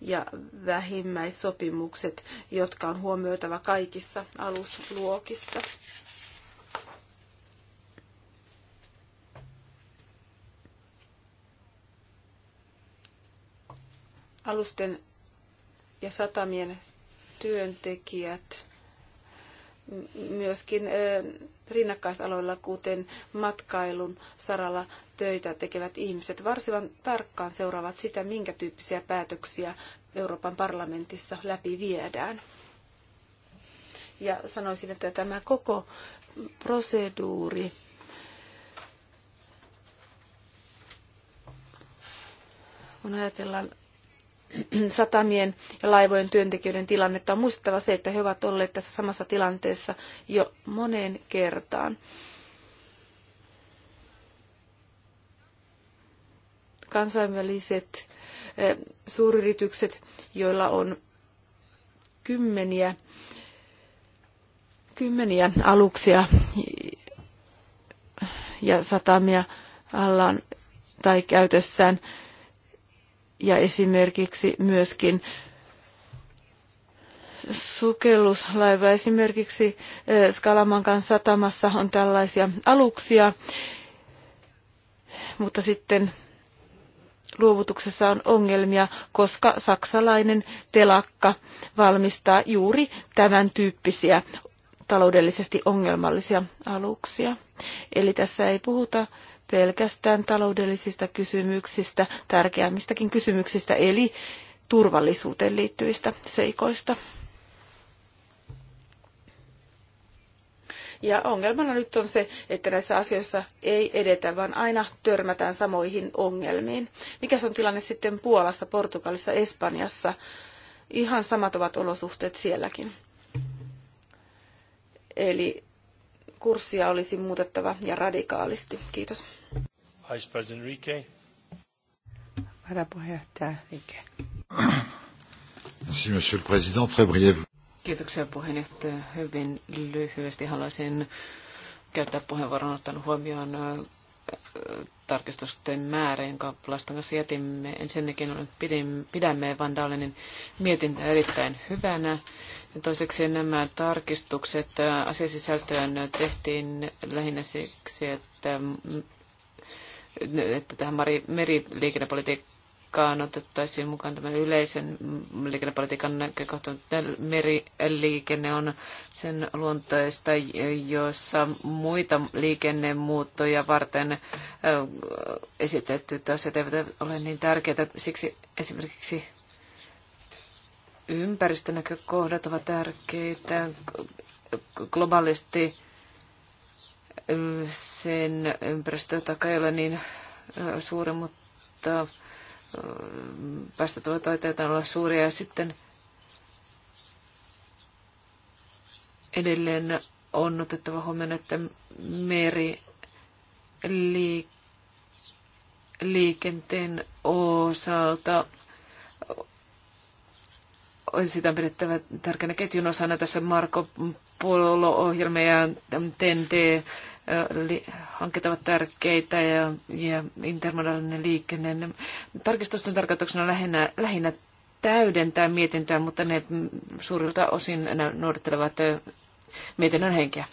ja vähimmäissopimukset, jotka on huomioitava kaikissa alusluokissa. Alusten ja satamien työntekijät myöskin rinnakkaisaloilla, kuten matkailun saralla töitä tekevät ihmiset, varsin tarkkaan seuraavat sitä, minkä tyyppisiä päätöksiä Euroopan parlamentissa läpi viedään. Ja sanoisin, että tämä koko proseduuri kun ajatellaan [CLEARS THROAT] satamien ja laivojen työntekijöiden tilannetta. On muistettava se, että he ovat olleet tässä samassa tilanteessa jo moneen kertaan. Kansainväliset eh, suuryritykset, joilla on kymmeniä, kymmeniä aluksia ja satamia allaan tai käytössään, ja esimerkiksi myöskin sukelluslaiva. Esimerkiksi Skalamankan satamassa on tällaisia aluksia, mutta sitten luovutuksessa on ongelmia, koska saksalainen telakka valmistaa juuri tämän tyyppisiä taloudellisesti ongelmallisia aluksia. Eli tässä ei puhuta pelkästään taloudellisista kysymyksistä, tärkeämmistäkin kysymyksistä, eli turvallisuuteen liittyvistä seikoista. Ja ongelmana nyt on se, että näissä asioissa ei edetä, vaan aina törmätään samoihin ongelmiin. Mikä on tilanne sitten Puolassa, Portugalissa, Espanjassa? Ihan samat ovat olosuhteet sielläkin. Eli kurssia olisi muutettava ja radikaalisti. Kiitos. Vice President Rike. Varapuheenjohtaja Rike. Merci, Monsieur le Président. Très briève. Kiitoksia puheenjohtaja. Hyvin lyhyesti haluaisin käyttää puheenvuoron ottanut huomioon tarkistusten määrä, jonka lasten kanssa jätimme. Ensinnäkin pidämme Van Dalenin mietintä erittäin hyvänä Toiseksi nämä tarkistukset äh, asiasisältöön tehtiin lähinnä siksi, että, mm, että tähän meriliikennepolitiikkaan otettaisiin mukaan tämän yleisen liikennepolitiikan näkökohta. Meriliikenne on sen luontoista, jossa muita liikennemuuttoja varten äh, esitetty asiat eivät ole niin tärkeitä. Siksi esimerkiksi ympäristönäkökohdat ovat tärkeitä. Globaalisti sen ympäristötaka ei ole niin suuri, mutta päästöt voivat oikeastaan olla suuria. Ja sitten edelleen on otettava huomioon, että meri liikenteen osalta sitä on pidettävä tärkeänä ketjun osana tässä Marko Polo-ohjelma ja TNT hanket ovat tärkeitä ja, ja intermodaalinen liikenne. Tarkistusten tarkoituksena lähinnä, lähinnä täydentää mietintöä, mutta ne suurilta osin noudattelevat mietinnön henkeä.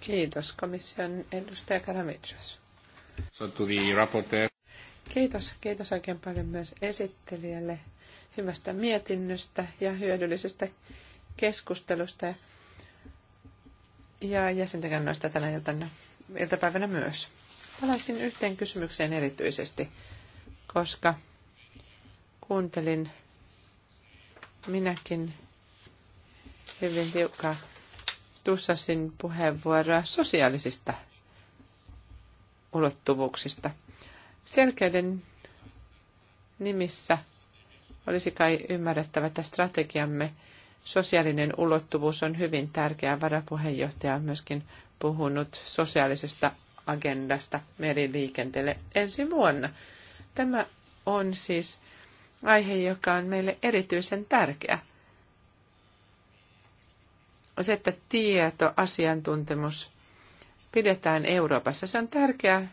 Kiitos komission edustaja Karamitsos. Kiitos, kiitos oikein paljon myös esittelijälle hyvästä mietinnöstä ja hyödyllisestä keskustelusta ja jäsenten kannoista tänä iltana, iltapäivänä myös. Palaisin yhteen kysymykseen erityisesti, koska kuuntelin minäkin hyvin tiukkaa Tussasin puheenvuoroa sosiaalisista ulottuvuuksista. Selkeyden nimissä – olisi kai ymmärrettävä, että strategiamme sosiaalinen ulottuvuus on hyvin tärkeä. Varapuheenjohtaja on myöskin puhunut sosiaalisesta agendasta meriliikenteelle ensi vuonna. Tämä on siis aihe, joka on meille erityisen tärkeä. On se, että tieto, asiantuntemus pidetään Euroopassa. Se on tärkeää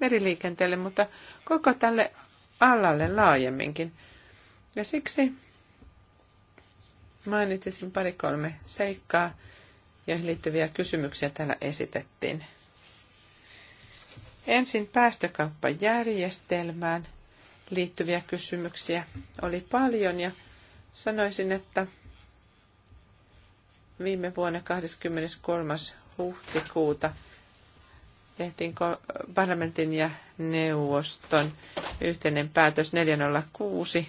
meriliikenteelle, mutta koko tälle alalle laajemminkin. Ja siksi mainitsisin pari kolme seikkaa, joihin liittyviä kysymyksiä täällä esitettiin. Ensin päästökauppajärjestelmään liittyviä kysymyksiä oli paljon ja sanoisin, että viime vuonna 23. huhtikuuta tehtiin parlamentin ja neuvoston yhteinen päätös 406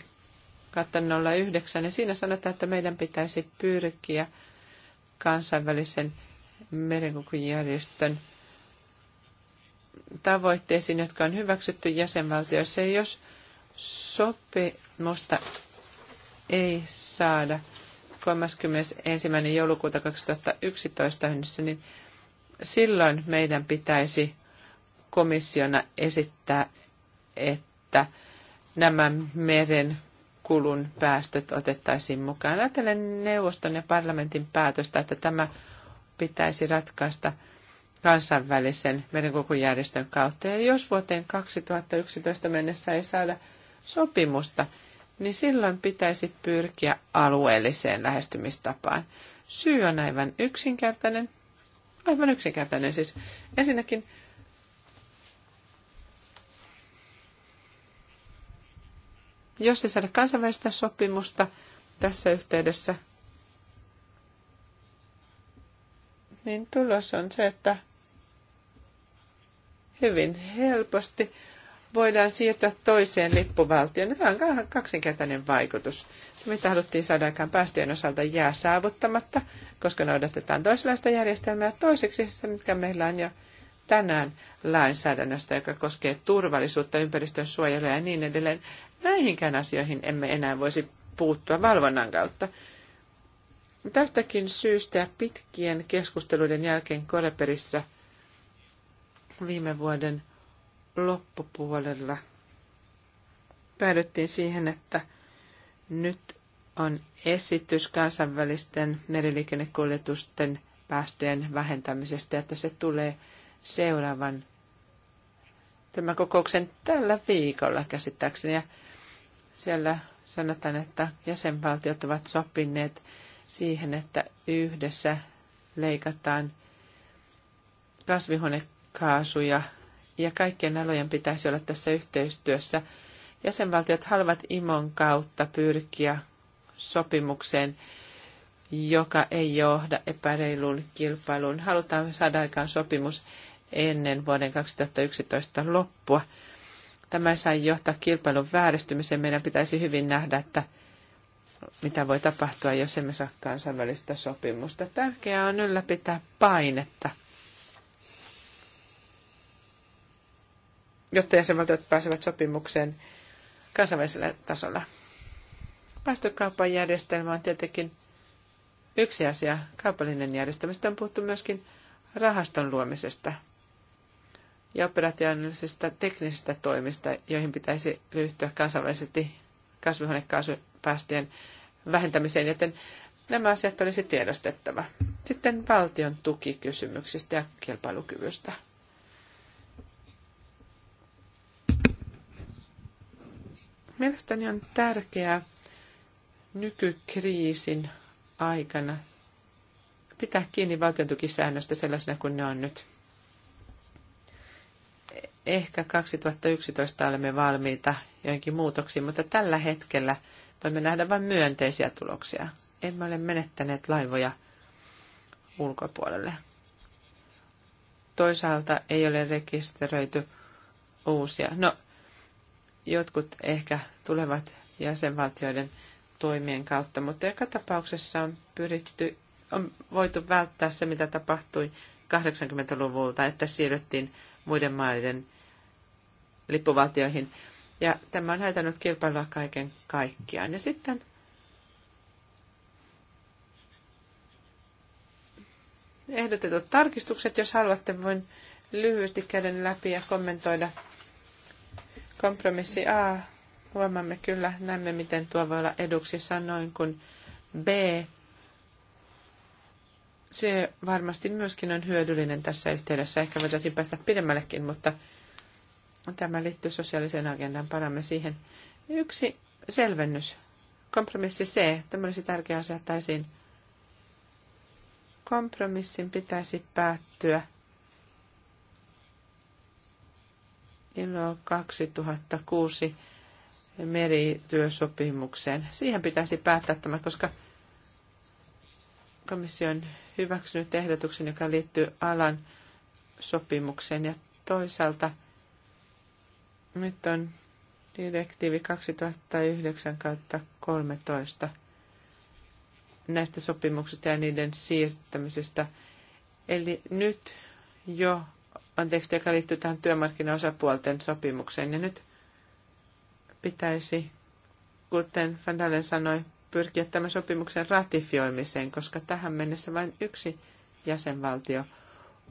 2009, ja siinä sanotaan, että meidän pitäisi pyrkiä kansainvälisen merenkulkujärjestön tavoitteisiin, jotka on hyväksytty jäsenvaltioissa. Ja jos sopimusta ei saada 31. joulukuuta 2011 yhdessä, niin silloin meidän pitäisi komissiona esittää, että nämä meren kulun päästöt otettaisiin mukaan. Ajattelen neuvoston ja parlamentin päätöstä, että tämä pitäisi ratkaista kansainvälisen merenkulkujärjestön kautta. Ja jos vuoteen 2011 mennessä ei saada sopimusta, niin silloin pitäisi pyrkiä alueelliseen lähestymistapaan. Syy on aivan yksinkertainen. Aivan yksinkertainen siis. Ensinnäkin Jos ei saada kansainvälistä sopimusta tässä yhteydessä, niin tulos on se, että hyvin helposti voidaan siirtää toiseen lippuvaltioon. Tämä on kaksinkertainen vaikutus. Se, mitä haluttiin saada aikaan päästöjen osalta, jää saavuttamatta, koska noudatetaan toisenlaista järjestelmää. Toiseksi se, mitkä meillä on jo tänään lainsäädännöstä, joka koskee turvallisuutta, ympäristön suojelua ja niin edelleen. Näihinkään asioihin emme enää voisi puuttua valvonnan kautta. Tästäkin syystä pitkien keskusteluiden jälkeen Koreperissä viime vuoden loppupuolella päädyttiin siihen, että nyt on esitys kansainvälisten meriliikennekuljetusten päästöjen vähentämisestä, että se tulee seuraavan tämän kokouksen tällä viikolla käsittääkseni. Ja siellä sanotaan, että jäsenvaltiot ovat sopineet siihen, että yhdessä leikataan kasvihuonekaasuja ja kaikkien alojen pitäisi olla tässä yhteistyössä. Jäsenvaltiot halvat imon kautta pyrkiä sopimukseen, joka ei johda epäreiluun kilpailuun. Halutaan saada aikaan sopimus ennen vuoden 2011 loppua tämä sai johtaa kilpailun vääristymiseen. Meidän pitäisi hyvin nähdä, että mitä voi tapahtua, jos emme saa kansainvälistä sopimusta. Tärkeää on ylläpitää painetta, jotta jäsenvaltiot pääsevät sopimukseen kansainvälisellä tasolla. Päästökaupan järjestelmä on tietenkin yksi asia. Kaupallinen järjestelmä. Sitten on puhuttu myöskin rahaston luomisesta – ja operationaalisista teknisistä toimista, joihin pitäisi ryhtyä kansainvälisesti kasvihuonekaasupäästöjen vähentämiseen, joten nämä asiat olisi tiedostettava. Sitten valtion tukikysymyksistä ja kilpailukyvystä. Mielestäni on tärkeää nykykriisin aikana pitää kiinni valtiontukisäännöstä sellaisena kuin ne on nyt ehkä 2011 olemme valmiita joinkin muutoksiin, mutta tällä hetkellä voimme nähdä vain myönteisiä tuloksia. Emme ole menettäneet laivoja ulkopuolelle. Toisaalta ei ole rekisteröity uusia. No, jotkut ehkä tulevat jäsenvaltioiden toimien kautta, mutta joka tapauksessa on pyritty, on voitu välttää se, mitä tapahtui 80-luvulta, että siirryttiin muiden maiden lippuvaltioihin. Ja tämä on häitänyt kilpailua kaiken kaikkiaan. Ja sitten ehdotetut tarkistukset, jos haluatte, voin lyhyesti käydä läpi ja kommentoida. Kompromissi A, huomaamme kyllä, näemme miten tuo voi olla eduksi sanoin, kun B se varmasti myöskin on hyödyllinen tässä yhteydessä. Ehkä voitaisiin päästä pidemmällekin, mutta tämä liittyy sosiaaliseen agendaan. Paramme siihen. Yksi selvennys. Kompromissi C. Tämä olisi tärkeä asia esiin. Kompromissin pitäisi päättyä ILO 2006 merityösopimukseen. Siihen pitäisi päättää tämä, koska komission hyväksynyt ehdotuksen, joka liittyy alan sopimukseen ja toisaalta nyt on direktiivi 2009 13 näistä sopimuksista ja niiden siirtämisestä. Eli nyt jo on teksti, joka liittyy tähän työmarkkinaosapuolten sopimukseen. Ja nyt pitäisi, kuten Van Dalen sanoi, pyrkiä tämän sopimuksen ratifioimiseen, koska tähän mennessä vain yksi jäsenvaltio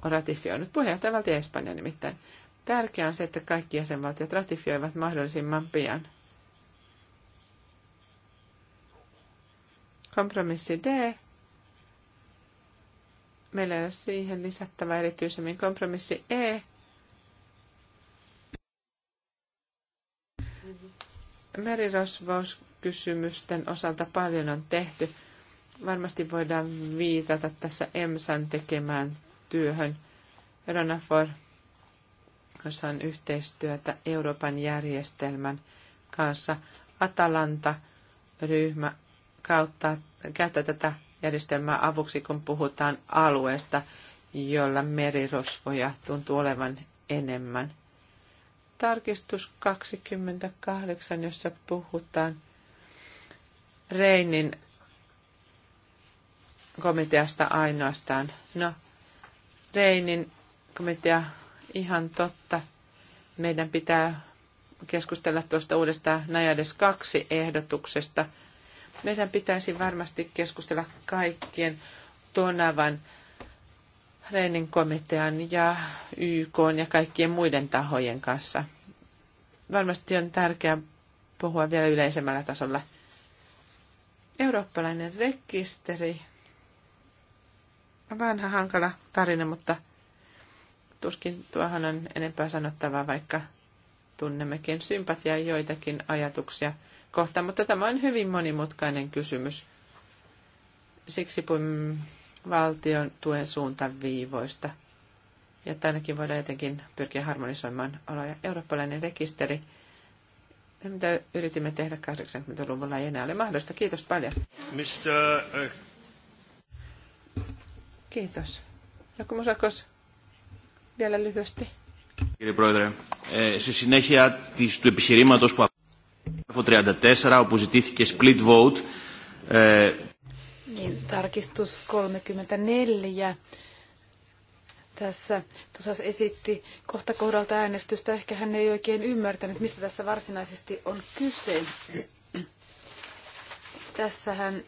on ratifioinut, puheenjohtajavaltio Espanja nimittäin. Tärkeää on se, että kaikki jäsenvaltiot ratifioivat mahdollisimman pian. Kompromissi D. Meillä ei ole siihen lisättävä erityisemmin kompromissi E. merirosvous kysymysten osalta paljon on tehty. Varmasti voidaan viitata tässä EMSAn tekemään työhön. Ronafor, jossa on yhteistyötä Euroopan järjestelmän kanssa. Atalanta-ryhmä kautta käyttää tätä järjestelmää avuksi, kun puhutaan alueesta, jolla merirosvoja tuntuu olevan enemmän. Tarkistus 28, jossa puhutaan Reinin komiteasta ainoastaan. No, Reinin komitea ihan totta. Meidän pitää keskustella tuosta uudesta Najades 2 ehdotuksesta. Meidän pitäisi varmasti keskustella kaikkien tuonavan Reinin komitean ja YK ja kaikkien muiden tahojen kanssa. Varmasti on tärkeää puhua vielä yleisemmällä tasolla – Eurooppalainen rekisteri. Vanha hankala tarina, mutta tuskin tuohon on enempää sanottavaa, vaikka tunnemmekin sympatiaa joitakin ajatuksia kohtaan, mutta tämä on hyvin monimutkainen kysymys. Siksi puhumme valtion tuen suuntaviivoista, ja ainakin voidaan jotenkin pyrkiä harmonisoimaan oloja. Eurooppalainen rekisteri – mitä yritimme tehdä 80-luvulla ei enää ole mahdollista. Kiitos paljon. Mr. Äh... Eh, Kiitos. Joku musakos vielä lyhyesti. Κύριε Πρόεδρε, ε, στη συνέχεια της, του επιχειρήματος που αφορά 34 όπου ζητήθηκε split vote. Ε... Niin, tarkistus 34 tässä Tosas esitti kohta kohdalta äänestystä. Ehkä hän ei oikein ymmärtänyt, mistä tässä varsinaisesti on kyse. Tässähän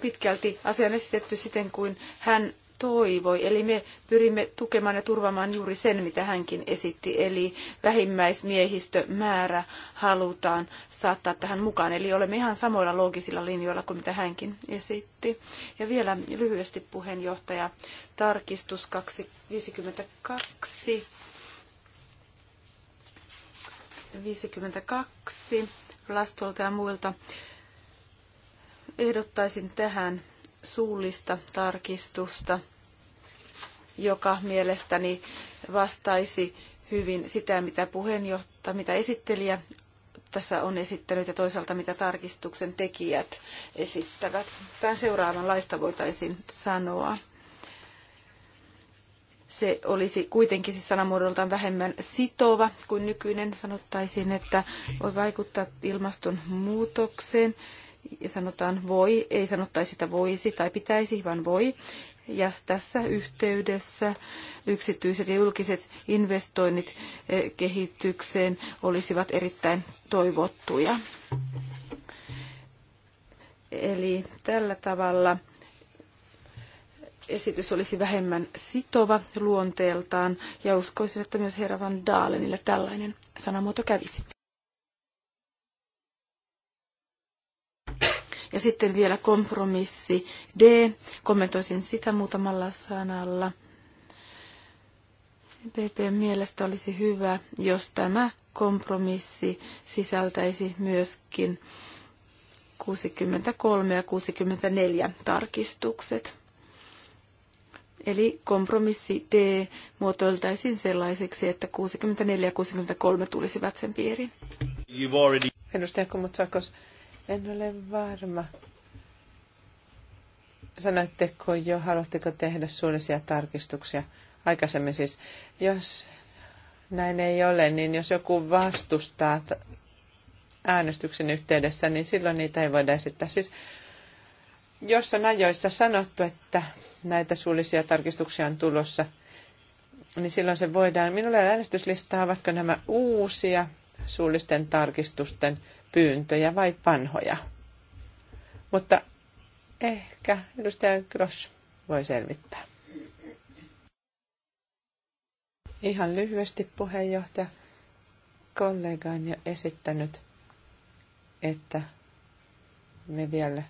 pitkälti asia on esitetty siten, kuin hän toivoi. Eli me pyrimme tukemaan ja turvamaan juuri sen, mitä hänkin esitti, eli vähimmäismiehistömäärä halutaan saattaa tähän mukaan. Eli olemme ihan samoilla loogisilla linjoilla kuin mitä hänkin esitti. Ja vielä lyhyesti puheenjohtaja, tarkistus 252. 52 Lastolta ja muilta ehdottaisin tähän suullista tarkistusta, joka mielestäni vastaisi hyvin sitä, mitä puheenjohtaja, mitä esittelijä tässä on esittänyt ja toisaalta mitä tarkistuksen tekijät esittävät. Tämän seuraavanlaista voitaisiin sanoa. Se olisi kuitenkin siis sanamuodoltaan vähemmän sitova kuin nykyinen. Sanottaisiin, että voi vaikuttaa ilmastonmuutokseen sanotaan voi, ei sanottaisi sitä voisi tai pitäisi, vaan voi. Ja tässä yhteydessä yksityiset ja julkiset investoinnit eh, kehitykseen olisivat erittäin toivottuja. Eli tällä tavalla esitys olisi vähemmän sitova luonteeltaan ja uskoisin, että myös herra Van Daalenille tällainen sanamuoto kävisi. Ja sitten vielä kompromissi D. Kommentoisin sitä muutamalla sanalla. PPn mielestä olisi hyvä, jos tämä kompromissi sisältäisi myöskin 63 ja 64 tarkistukset. Eli kompromissi D muotoiltaisiin sellaiseksi, että 64 ja 63 tulisivat sen piiriin. You've already... Edustaja Kumutsakos, en ole varma. Sanoitteko jo, haluatteko tehdä suullisia tarkistuksia aikaisemmin siis? Jos näin ei ole, niin jos joku vastustaa äänestyksen yhteydessä, niin silloin niitä ei voida esittää. Siis jos on ajoissa sanottu, että näitä suullisia tarkistuksia on tulossa, niin silloin se voidaan. Minulle äänestyslistaa, ovatko nämä uusia suullisten tarkistusten pyyntöjä vai vanhoja. Mutta ehkä edustaja Gross voi selvittää. Ihan lyhyesti puheenjohtaja kollega on jo esittänyt, että me vielä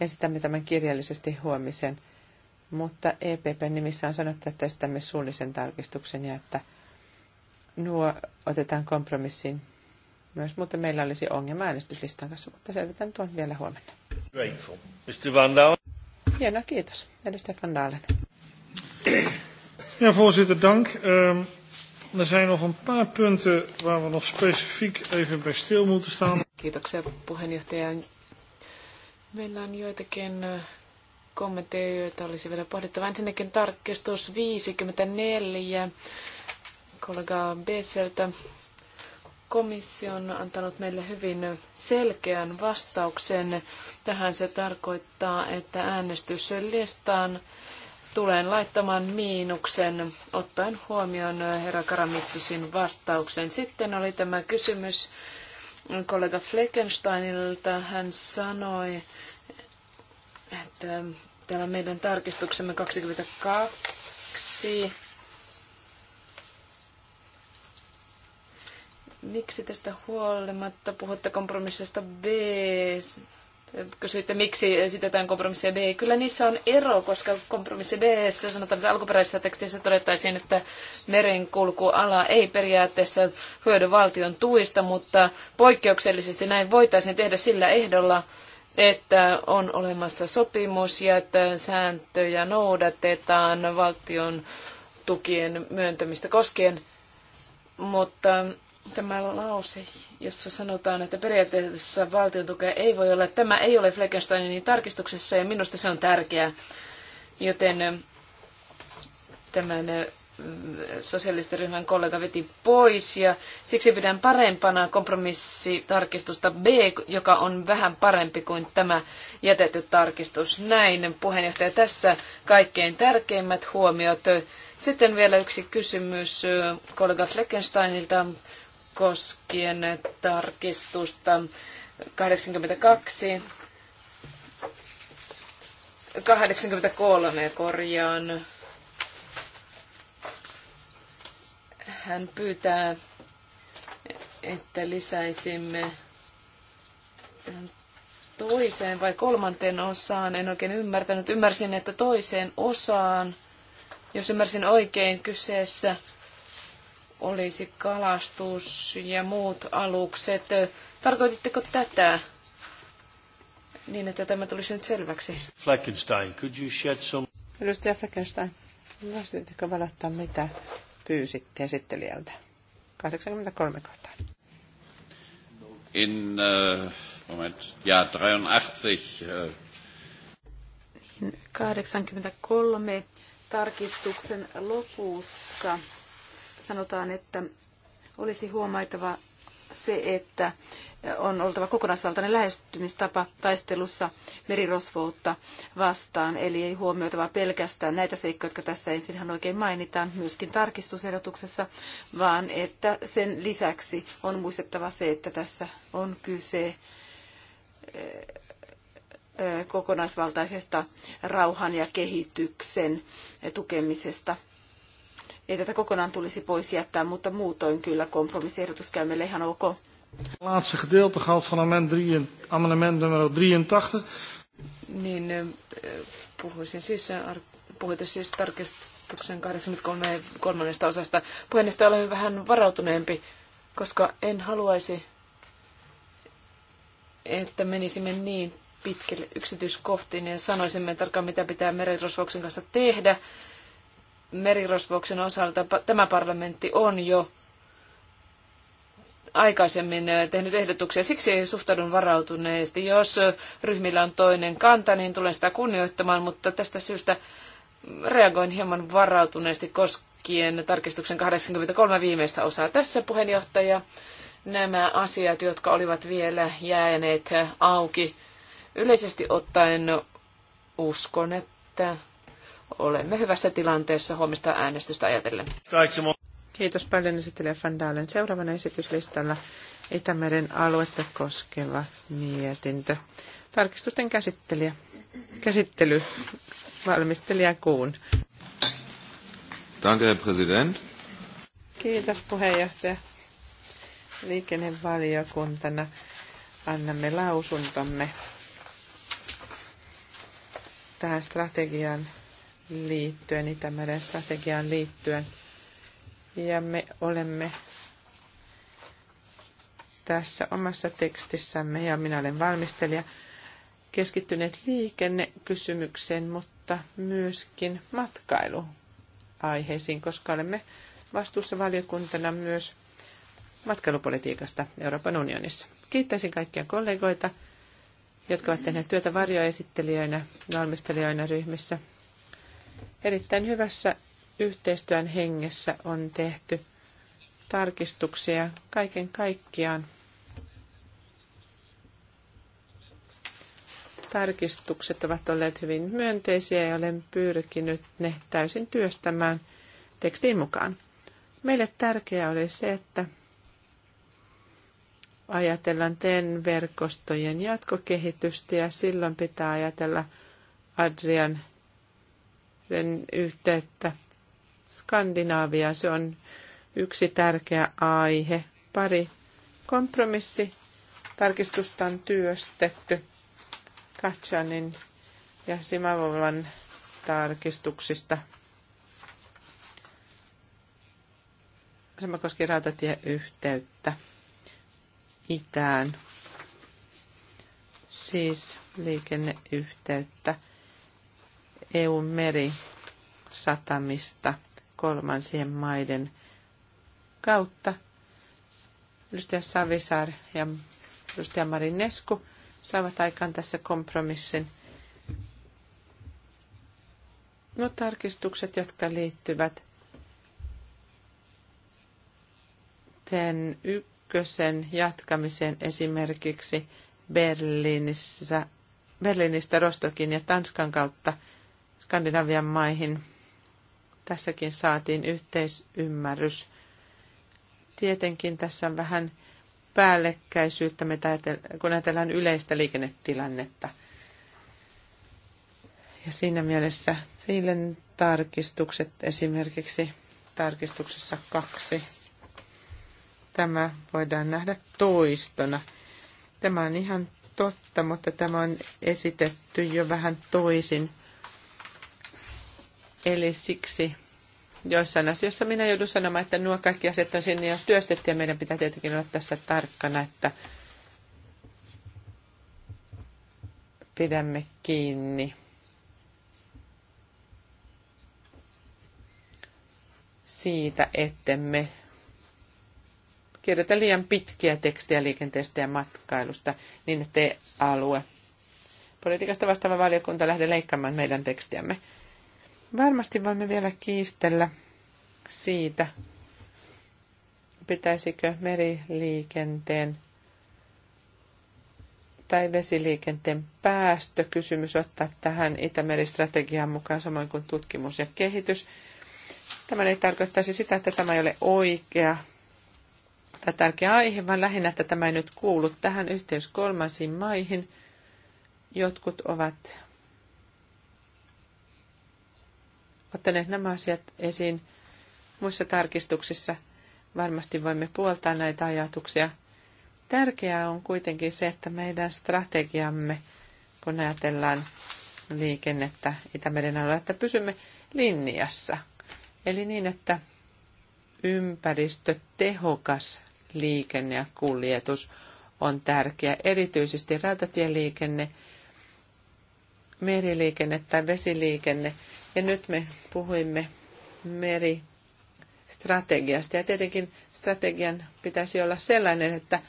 esitämme tämän kirjallisesti huomisen, mutta EPP-nimissä on sanottu, että esitämme suullisen tarkistuksen ja että nuo otetaan kompromissiin myös, muuten meillä olisi ongelma äänestyslistan kanssa, mutta selvitän tuon vielä huomenna. Grateful. Mr. Van Dalen. Hienoa, kiitos. Edustaja Van Dalen. Ja, voorzitter, dank. Um, er zijn nog een paar punten waar we nog specifiek even bij stil moeten staan. Kiitoksia puheenjohtaja. Meillä on joitakin eh, kommentteja, joita olisi vielä pohdittava. Ensinnäkin tarkistus 54 kollega Besseltä Komissio on antanut meille hyvin selkeän vastauksen. Tähän se tarkoittaa, että äänestyslistaan tulen laittamaan miinuksen, ottaen huomioon herra Karamitsisin vastauksen. Sitten oli tämä kysymys kollega Fleckensteinilta. Hän sanoi, että täällä meidän tarkistuksemme 22 Miksi tästä huolimatta puhutte kompromissista B? Kysyitte, miksi esitetään kompromissia B. Kyllä niissä on ero, koska kompromissi B, sanotaan, että alkuperäisessä tekstissä todettaisiin, että merenkulkuala ei periaatteessa hyödy valtion tuista, mutta poikkeuksellisesti näin voitaisiin tehdä sillä ehdolla, että on olemassa sopimus ja että sääntöjä noudatetaan valtion tukien myöntämistä koskien. Mutta tämä lause, jossa sanotaan, että periaatteessa valtiontukea ei voi olla. Tämä ei ole Fleckensteinin tarkistuksessa ja minusta se on tärkeää. Joten tämän sosialistiryhmän kollega veti pois ja siksi pidän parempana kompromissitarkistusta B, joka on vähän parempi kuin tämä jätetty tarkistus. Näin puheenjohtaja tässä kaikkein tärkeimmät huomiot. Sitten vielä yksi kysymys kollega Fleckensteinilta koskien tarkistusta 82, 83 korjaan. Hän pyytää, että lisäisimme toiseen vai kolmanteen osaan. En oikein ymmärtänyt. Ymmärsin, että toiseen osaan, jos ymmärsin oikein, kyseessä olisi kalastus ja muut alukset. Tarkoititteko tätä? Niin, että tämä tulisi nyt selväksi. Fleckenstein, could you shed some... Edustaja Fleckenstein, voisitteko valottaa mitä pyysitte esittelijältä? 83 kohtaa. In, uh, moment, ja 83. Uh... 83 tarkistuksen lopussa sanotaan, että olisi huomaitava se, että on oltava kokonaisvaltainen lähestymistapa taistelussa merirosvoutta vastaan, eli ei huomioitava pelkästään näitä seikkoja, jotka tässä ensinhan oikein mainitaan, myöskin tarkistusehdotuksessa, vaan että sen lisäksi on muistettava se, että tässä on kyse eh, eh, kokonaisvaltaisesta rauhan ja kehityksen tukemisesta ei tätä kokonaan tulisi pois jättää, mutta muutoin kyllä kompromissiehdotus käy meille ihan ok. Laatste gedeelte geldt van amendement numero 83. Niin, eh, puhuisin siis, eh, puhuitte siis tarkistuksen 83 kolmannesta osasta. Puheenjohtaja olen vähän varautuneempi, koska en haluaisi, että menisimme niin pitkälle yksityiskohtiin ja sanoisimme tarkkaan, mitä pitää merirosvouksen kanssa tehdä merirosvoksen osalta tämä parlamentti on jo aikaisemmin tehnyt ehdotuksia. Siksi ei suhtaudun varautuneesti. Jos ryhmillä on toinen kanta, niin tulen sitä kunnioittamaan, mutta tästä syystä reagoin hieman varautuneesti koskien tarkistuksen 83 viimeistä osaa. Tässä puheenjohtaja nämä asiat, jotka olivat vielä jääneet auki. Yleisesti ottaen uskon, että olemme hyvässä tilanteessa huomista äänestystä ajatellen. Kiitos paljon esittelijä Van Seuraavana esityslistalla Itämeren aluetta koskeva mietintö. Tarkistusten käsittelijä. Käsittely. Valmistelija Kuun. Danke, Herr Präsident. Kiitos puheenjohtaja. Liikennevaliokuntana annamme lausuntomme tähän strategian liittyen, Itämeren strategiaan liittyen. Ja me olemme tässä omassa tekstissämme, ja minä olen valmistelija, keskittyneet liikennekysymykseen, mutta myöskin matkailuaiheisiin, koska olemme vastuussa valiokuntana myös matkailupolitiikasta Euroopan unionissa. Kiittäisin kaikkia kollegoita, jotka ovat tehneet työtä varjoesittelijöinä, valmistelijoina ryhmissä. Erittäin hyvässä yhteistyön hengessä on tehty tarkistuksia kaiken kaikkiaan. Tarkistukset ovat olleet hyvin myönteisiä ja olen pyrkinyt ne täysin työstämään tekstin mukaan. Meille tärkeää oli se, että ajatellaan TEN-verkostojen jatkokehitystä ja silloin pitää ajatella Adrian yhteyttä Skandinaavia. Se on yksi tärkeä aihe. Pari kompromissi tarkistusta on työstetty Katsanin ja Simavovan tarkistuksista. Sama koski rautatieyhteyttä itään, siis liikenneyhteyttä EUn merisatamista kolmansien maiden kautta. Edustaja Savisaar ja edustaja Marinesku saavat aikaan tässä kompromissin. No tarkistukset, jotka liittyvät ten ykkösen jatkamiseen esimerkiksi Berliinissä, Berliinistä Rostokin ja Tanskan kautta – Skandinavian maihin. Tässäkin saatiin yhteisymmärrys. Tietenkin tässä on vähän päällekkäisyyttä, kun ajatellaan yleistä liikennetilannetta. Ja siinä mielessä Thielen tarkistukset esimerkiksi tarkistuksessa kaksi. Tämä voidaan nähdä toistona. Tämä on ihan totta, mutta tämä on esitetty jo vähän toisin. Eli siksi joissain asioissa minä joudun sanomaan, että nuo kaikki asiat on sinne jo työstetty ja meidän pitää tietenkin olla tässä tarkkana, että pidämme kiinni. siitä, ettemme kirjoita liian pitkiä tekstejä liikenteestä ja matkailusta, niin ettei alue politiikasta vastaava valiokunta lähde leikkaamaan meidän tekstiämme. Varmasti voimme vielä kiistellä siitä, pitäisikö meriliikenteen tai vesiliikenteen päästökysymys ottaa tähän Itämeri-strategiaan mukaan, samoin kuin tutkimus ja kehitys. Tämä ei tarkoittaisi sitä, että tämä ei ole oikea tai tärkeä aihe, vaan lähinnä, että tämä ei nyt kuulu tähän yhteys kolmansiin maihin. Jotkut ovat ottaneet nämä asiat esiin muissa tarkistuksissa. Varmasti voimme puoltaa näitä ajatuksia. Tärkeää on kuitenkin se, että meidän strategiamme, kun ajatellaan liikennettä Itämeren alueella, että pysymme linjassa. Eli niin, että ympäristötehokas liikenne ja kuljetus on tärkeä, erityisesti rautatieliikenne, meriliikenne tai vesiliikenne – ja nyt me puhuimme meristrategiasta. Ja tietenkin strategian pitäisi olla sellainen, että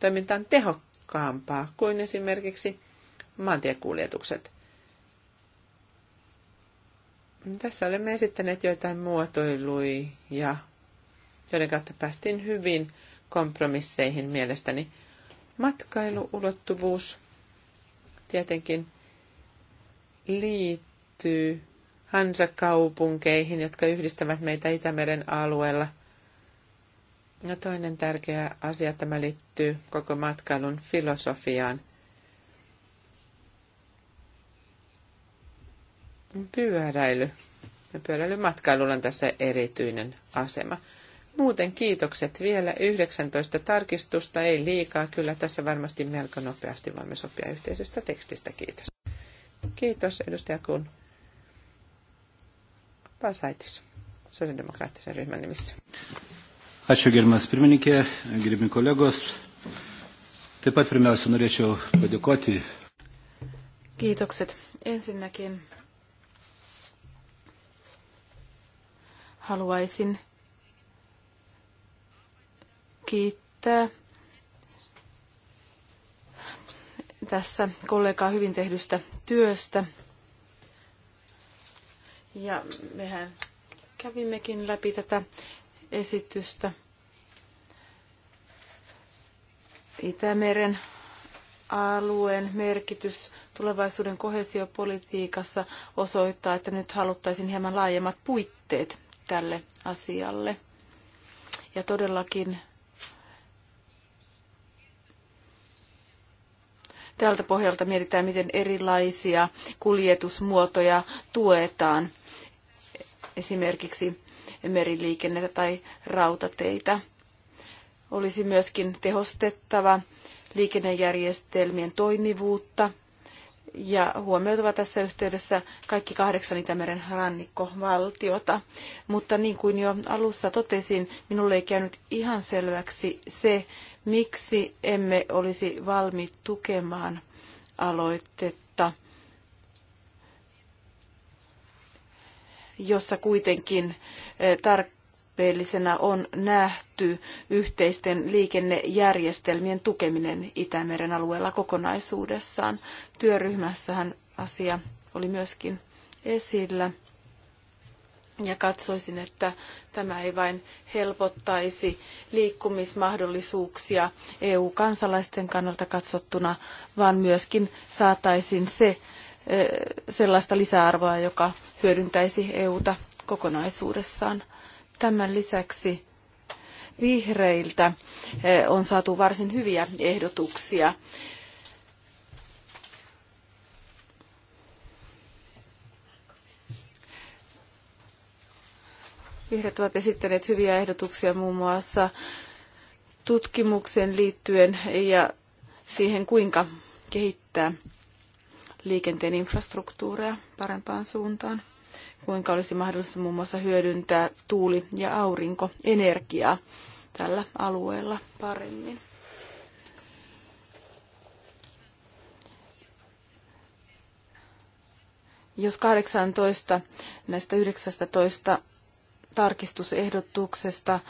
toiminta on tehokkaampaa kuin esimerkiksi maantiekuljetukset. Tässä olemme esittäneet joitain muotoiluja, joiden kautta päästiin hyvin kompromisseihin mielestäni. Matkailuulottuvuus tietenkin liittyy Hansa Hansa-kaupunkeihin, jotka yhdistävät meitä Itämeren alueella. Ja toinen tärkeä asia, tämä liittyy koko matkailun filosofiaan. Pyöräily. Ja pyöräilymatkailulla on tässä erityinen asema. Muuten kiitokset vielä. 19 tarkistusta, ei liikaa. Kyllä tässä varmasti melko nopeasti voimme sopia yhteisestä tekstistä. Kiitos. Kiitos edustaja Kun. Pasaitis, sosiaalidemokraattisen ryhmän nimissä. Ačiū gerbiamas pirmininkė, gerbiami kolegos. Taip pat pirmiausia norėčiau padėkoti. Kiitokset. Ensinnäkin haluaisin kiittää tässä kollegaa hyvin tehdystä työstä ja mehän kävimmekin läpi tätä esitystä Itämeren alueen merkitys tulevaisuuden kohesiopolitiikassa osoittaa, että nyt haluttaisiin hieman laajemmat puitteet tälle asialle. Ja todellakin tältä pohjalta mietitään, miten erilaisia kuljetusmuotoja tuetaan – esimerkiksi meriliikennettä tai rautateitä. Olisi myöskin tehostettava liikennejärjestelmien toimivuutta ja huomioitava tässä yhteydessä kaikki kahdeksan Itämeren rannikkovaltiota. Mutta niin kuin jo alussa totesin, minulle ei käynyt ihan selväksi se, miksi emme olisi valmiit tukemaan aloitetta jossa kuitenkin eh, tarpeellisena on nähty yhteisten liikennejärjestelmien tukeminen Itämeren alueella kokonaisuudessaan. Työryhmässähän asia oli myöskin esillä. Ja katsoisin, että tämä ei vain helpottaisi liikkumismahdollisuuksia EU-kansalaisten kannalta katsottuna, vaan myöskin saataisiin se sellaista lisäarvoa, joka hyödyntäisi EUta kokonaisuudessaan. Tämän lisäksi vihreiltä on saatu varsin hyviä ehdotuksia. Vihreät ovat esittäneet hyviä ehdotuksia muun muassa tutkimukseen liittyen ja siihen, kuinka kehittää liikenteen infrastruktuuria parempaan suuntaan, kuinka olisi mahdollista muun muassa hyödyntää tuuli- ja aurinkoenergiaa tällä alueella paremmin. Jos 18 näistä 19 tarkistusehdotuksesta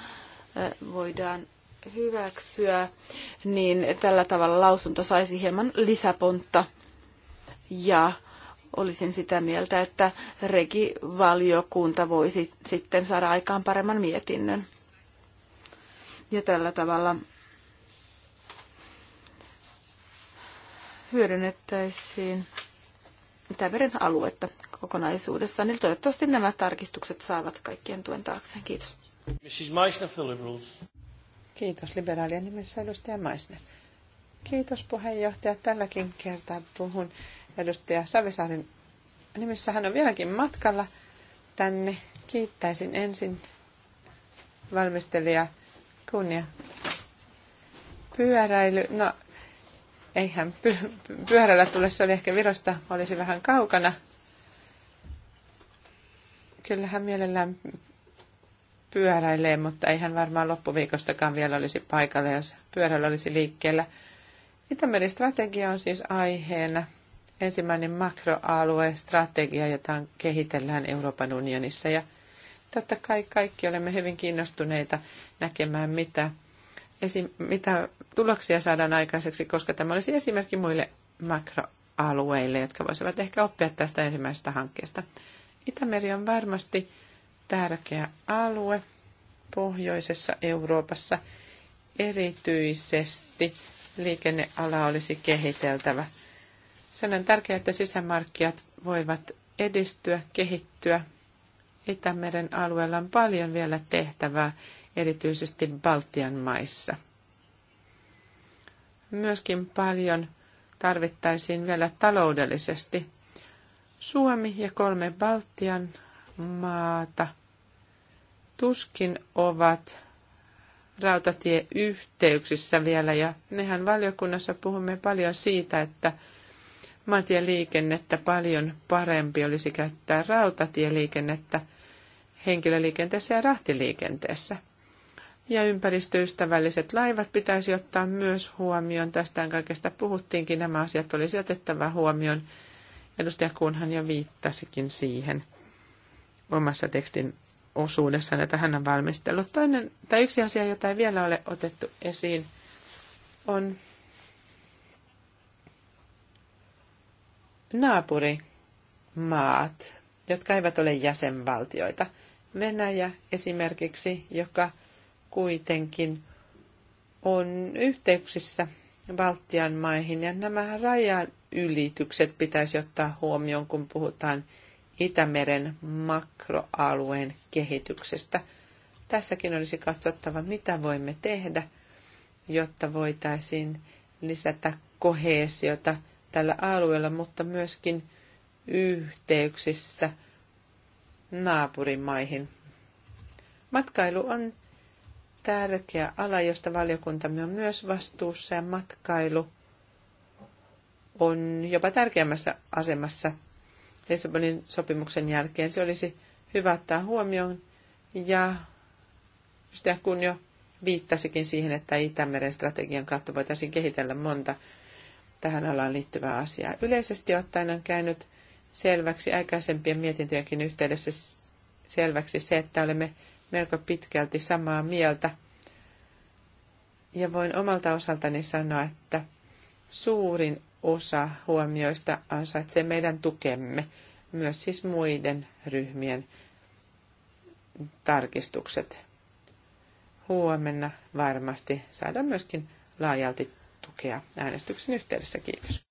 voidaan hyväksyä, niin tällä tavalla lausunto saisi hieman lisäpontta ja olisin sitä mieltä, että regivaliokunta voisi sitten saada aikaan paremman mietinnön. Ja tällä tavalla hyödynnettäisiin Itämeren aluetta kokonaisuudessaan. Eli toivottavasti nämä tarkistukset saavat kaikkien tuen taakseen. Kiitos. Mrs. Meissner for the Liberals. Kiitos liberaalien nimessä edustaja Meissner. Kiitos puheenjohtaja. Tälläkin kertaa puhun edustaja Savisaarin nimissä. Hän on vieläkin matkalla tänne. Kiittäisin ensin valmistelija kunnia. Pyöräily, no eihän py- pyörällä tule, se oli ehkä virosta, olisi vähän kaukana. Kyllähän mielellään pyöräilee, mutta eihän varmaan loppuviikostakaan vielä olisi paikalla, jos pyörällä olisi liikkeellä. Itämeri-strategia on siis aiheena ensimmäinen makroalue-strategia, jota kehitellään Euroopan unionissa. Ja totta kai kaikki olemme hyvin kiinnostuneita näkemään, mitä, esim, mitä tuloksia saadaan aikaiseksi, koska tämä olisi esimerkki muille makroalueille, jotka voisivat ehkä oppia tästä ensimmäisestä hankkeesta. Itämeri on varmasti tärkeä alue pohjoisessa Euroopassa. Erityisesti liikenneala olisi kehiteltävä – sen on tärkeää, että sisämarkkinat voivat edistyä, kehittyä. Itämeren alueella on paljon vielä tehtävää, erityisesti Baltian maissa. Myöskin paljon tarvittaisiin vielä taloudellisesti. Suomi ja kolme Baltian maata tuskin ovat rautatieyhteyksissä vielä, ja mehän valiokunnassa puhumme paljon siitä, että maantieliikennettä paljon parempi olisi käyttää rautatieliikennettä henkilöliikenteessä ja rahtiliikenteessä. Ja ympäristöystävälliset laivat pitäisi ottaa myös huomioon. Tästään kaikesta puhuttiinkin. Nämä asiat olisi otettava huomioon. Edustaja Kunhan jo viittasikin siihen omassa tekstin osuudessaan, että hän on valmistellut. Toinen, tai yksi asia, jota ei vielä ole otettu esiin, on naapurimaat, jotka eivät ole jäsenvaltioita. Venäjä esimerkiksi, joka kuitenkin on yhteyksissä Baltian maihin, ja nämä rajan ylitykset pitäisi ottaa huomioon, kun puhutaan Itämeren makroalueen kehityksestä. Tässäkin olisi katsottava, mitä voimme tehdä, jotta voitaisiin lisätä koheesiota tällä alueella, mutta myöskin yhteyksissä naapurimaihin. Matkailu on tärkeä ala, josta valiokuntamme on myös vastuussa ja matkailu on jopa tärkeämmässä asemassa Lissabonin sopimuksen jälkeen. Se olisi hyvä ottaa huomioon ja sitä kun jo viittasikin siihen, että Itämeren strategian kautta voitaisiin kehitellä monta tähän alaan liittyvää asiaa. Yleisesti ottaen on käynyt selväksi aikaisempien mietintöjenkin yhteydessä selväksi se, että olemme melko pitkälti samaa mieltä. Ja voin omalta osaltani sanoa, että suurin osa huomioista ansaitsee meidän tukemme, myös siis muiden ryhmien tarkistukset. Huomenna varmasti saadaan myöskin laajalti tukea äänestyksen yhteydessä. Kiitos.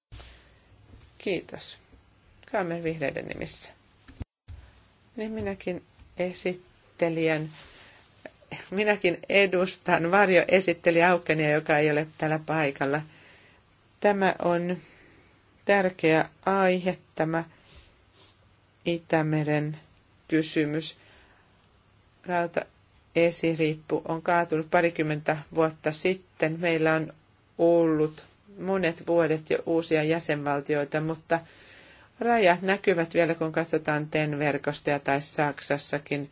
Kiitos. Kramer vihreiden nimissä. Niin minäkin esittelijän, minäkin edustan varjoesittelijä Aukkenia, joka ei ole täällä paikalla. Tämä on tärkeä aihe, tämä Itämeren kysymys. Rauta esiriippu on kaatunut parikymmentä vuotta sitten. Meillä on ollut monet vuodet jo uusia jäsenvaltioita, mutta rajat näkyvät vielä, kun katsotaan TEN-verkostoja tai Saksassakin.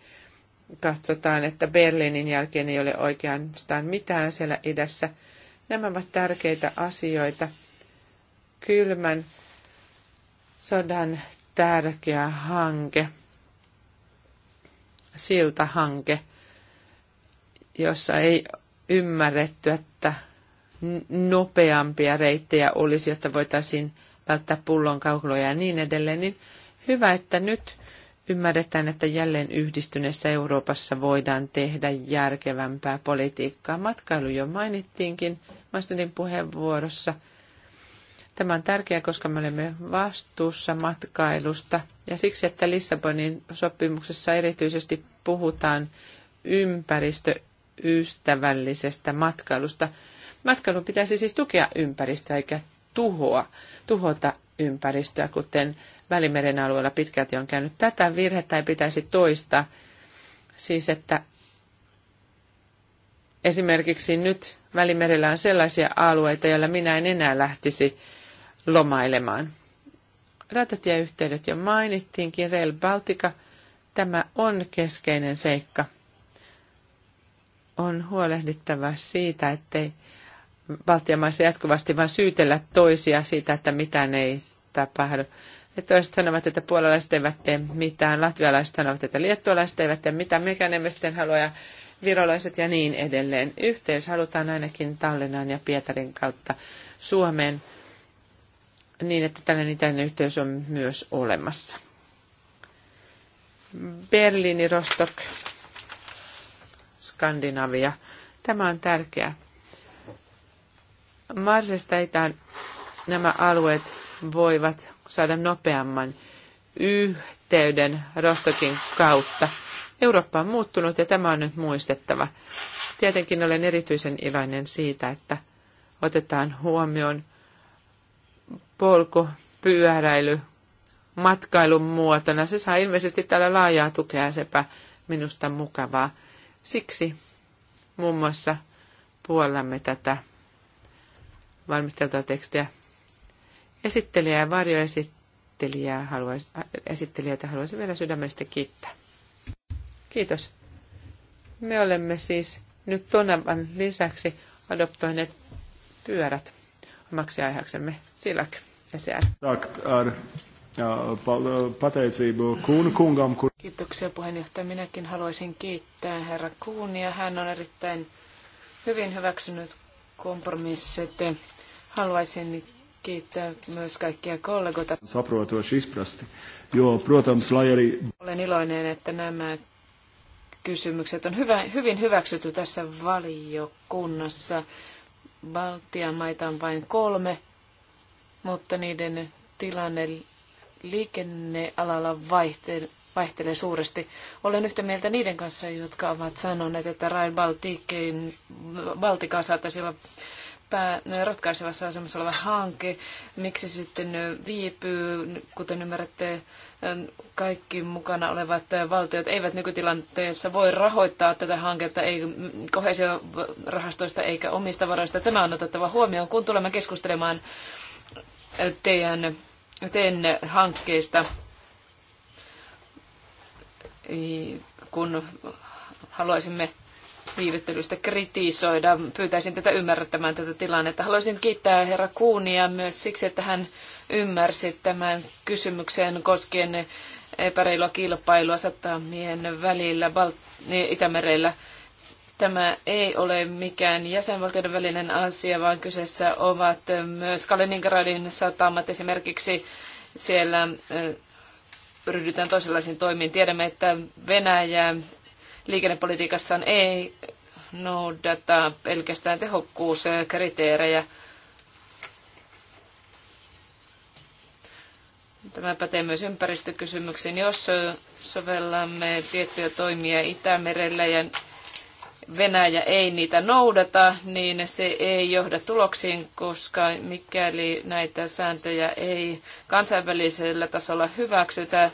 Katsotaan, että Berliinin jälkeen ei ole oikeastaan mitään siellä idässä. Nämä ovat tärkeitä asioita. Kylmän sodan tärkeä hanke, siltahanke, jossa ei ymmärretty, että nopeampia reittejä olisi, jotta voitaisiin välttää pullonkauloja ja niin edelleen, niin hyvä, että nyt ymmärretään, että jälleen yhdistyneessä Euroopassa voidaan tehdä järkevämpää politiikkaa. Matkailu jo mainittiinkin Mastonin puheenvuorossa. Tämä on tärkeää, koska me olemme vastuussa matkailusta ja siksi, että Lissabonin sopimuksessa erityisesti puhutaan ympäristöystävällisestä matkailusta – Matkailun pitäisi siis tukea ympäristöä eikä tuhoa, tuhota ympäristöä, kuten Välimeren alueella pitkälti on käynyt. Tätä virhettä ei pitäisi toista. Siis, että esimerkiksi nyt Välimerellä on sellaisia alueita, joilla minä en enää lähtisi lomailemaan. Ratatieyhteydet jo mainittiinkin, Rail Baltica, tämä on keskeinen seikka. On huolehdittava siitä, ettei maissa jatkuvasti vain syytellä toisia siitä, että mitään ei tapahdu. Ja toiset sanovat, että puolalaiset eivät tee mitään, latvialaiset sanovat, että liettualaiset eivät tee mitään, mekään emme sitten halua, ja virolaiset ja niin edelleen. Yhteys halutaan ainakin Tallinnan ja Pietarin kautta Suomeen niin, että tällainen itäinen yhteys on myös olemassa. Berliini, Rostock, Skandinavia. Tämä on tärkeää Marsesta itään nämä alueet voivat saada nopeamman yhteyden Rostokin kautta. Eurooppa on muuttunut ja tämä on nyt muistettava. Tietenkin olen erityisen iloinen siitä, että otetaan huomioon polku, pyöräily, matkailun muotona. Se saa ilmeisesti täällä laajaa tukea sepä minusta mukavaa. Siksi muun muassa puollamme tätä valmisteltua tekstiä. Esittelijä ja varjoesittelijä haluais, äh, esittelijöitä haluaisin vielä sydämestä kiittää. Kiitos. Me olemme siis nyt Tonavan lisäksi adoptoineet pyörät omaksi aiheeksemme Silak SR. Kiitoksia puheenjohtaja. Minäkin haluaisin kiittää herra Kuunia. Hän on erittäin hyvin hyväksynyt kompromissit Haluaisin kiittää myös kaikkia kollegoita. Joo, protams, lajeri. Olen iloinen, että nämä kysymykset on hyvä, hyvin hyväksytty tässä valiokunnassa. Baltian maita on vain kolme, mutta niiden tilanne liikennealalla vaihtelee, vaihtelee suuresti. Olen yhtä mieltä niiden kanssa, jotka ovat sanoneet, että Rail Baltikin, Baltikaa saattaisi olla pää, no, ratkaisevassa asemassa oleva hanke. Miksi sitten viipyy, kuten ymmärrätte, kaikki mukana olevat valtiot eivät nykytilanteessa voi rahoittaa tätä hanketta, ei kohesiorahastoista eikä omista varoista. Tämä on otettava huomioon, kun tulemme keskustelemaan teidän, teidän hankkeista, kun haluaisimme viivyttelystä kritisoida. Pyytäisin tätä ymmärtämään tätä tilannetta. Haluaisin kiittää herra Kuunia myös siksi, että hän ymmärsi tämän kysymyksen koskien epäreilua kilpailua satamien välillä Balt- niin Itämerellä. Tämä ei ole mikään jäsenvaltioiden välinen asia, vaan kyseessä ovat myös Kaliningradin satamat esimerkiksi siellä eh, ryhdytään toisenlaisiin toimiin. Tiedämme, että Venäjä Liikennepolitiikassa ei noudata pelkästään tehokkuuskriteerejä. Tämä pätee myös ympäristökysymyksiin. Jos sovellamme tiettyjä toimia Itämerellä ja Venäjä ei niitä noudata, niin se ei johda tuloksiin, koska mikäli näitä sääntöjä ei kansainvälisellä tasolla hyväksytä,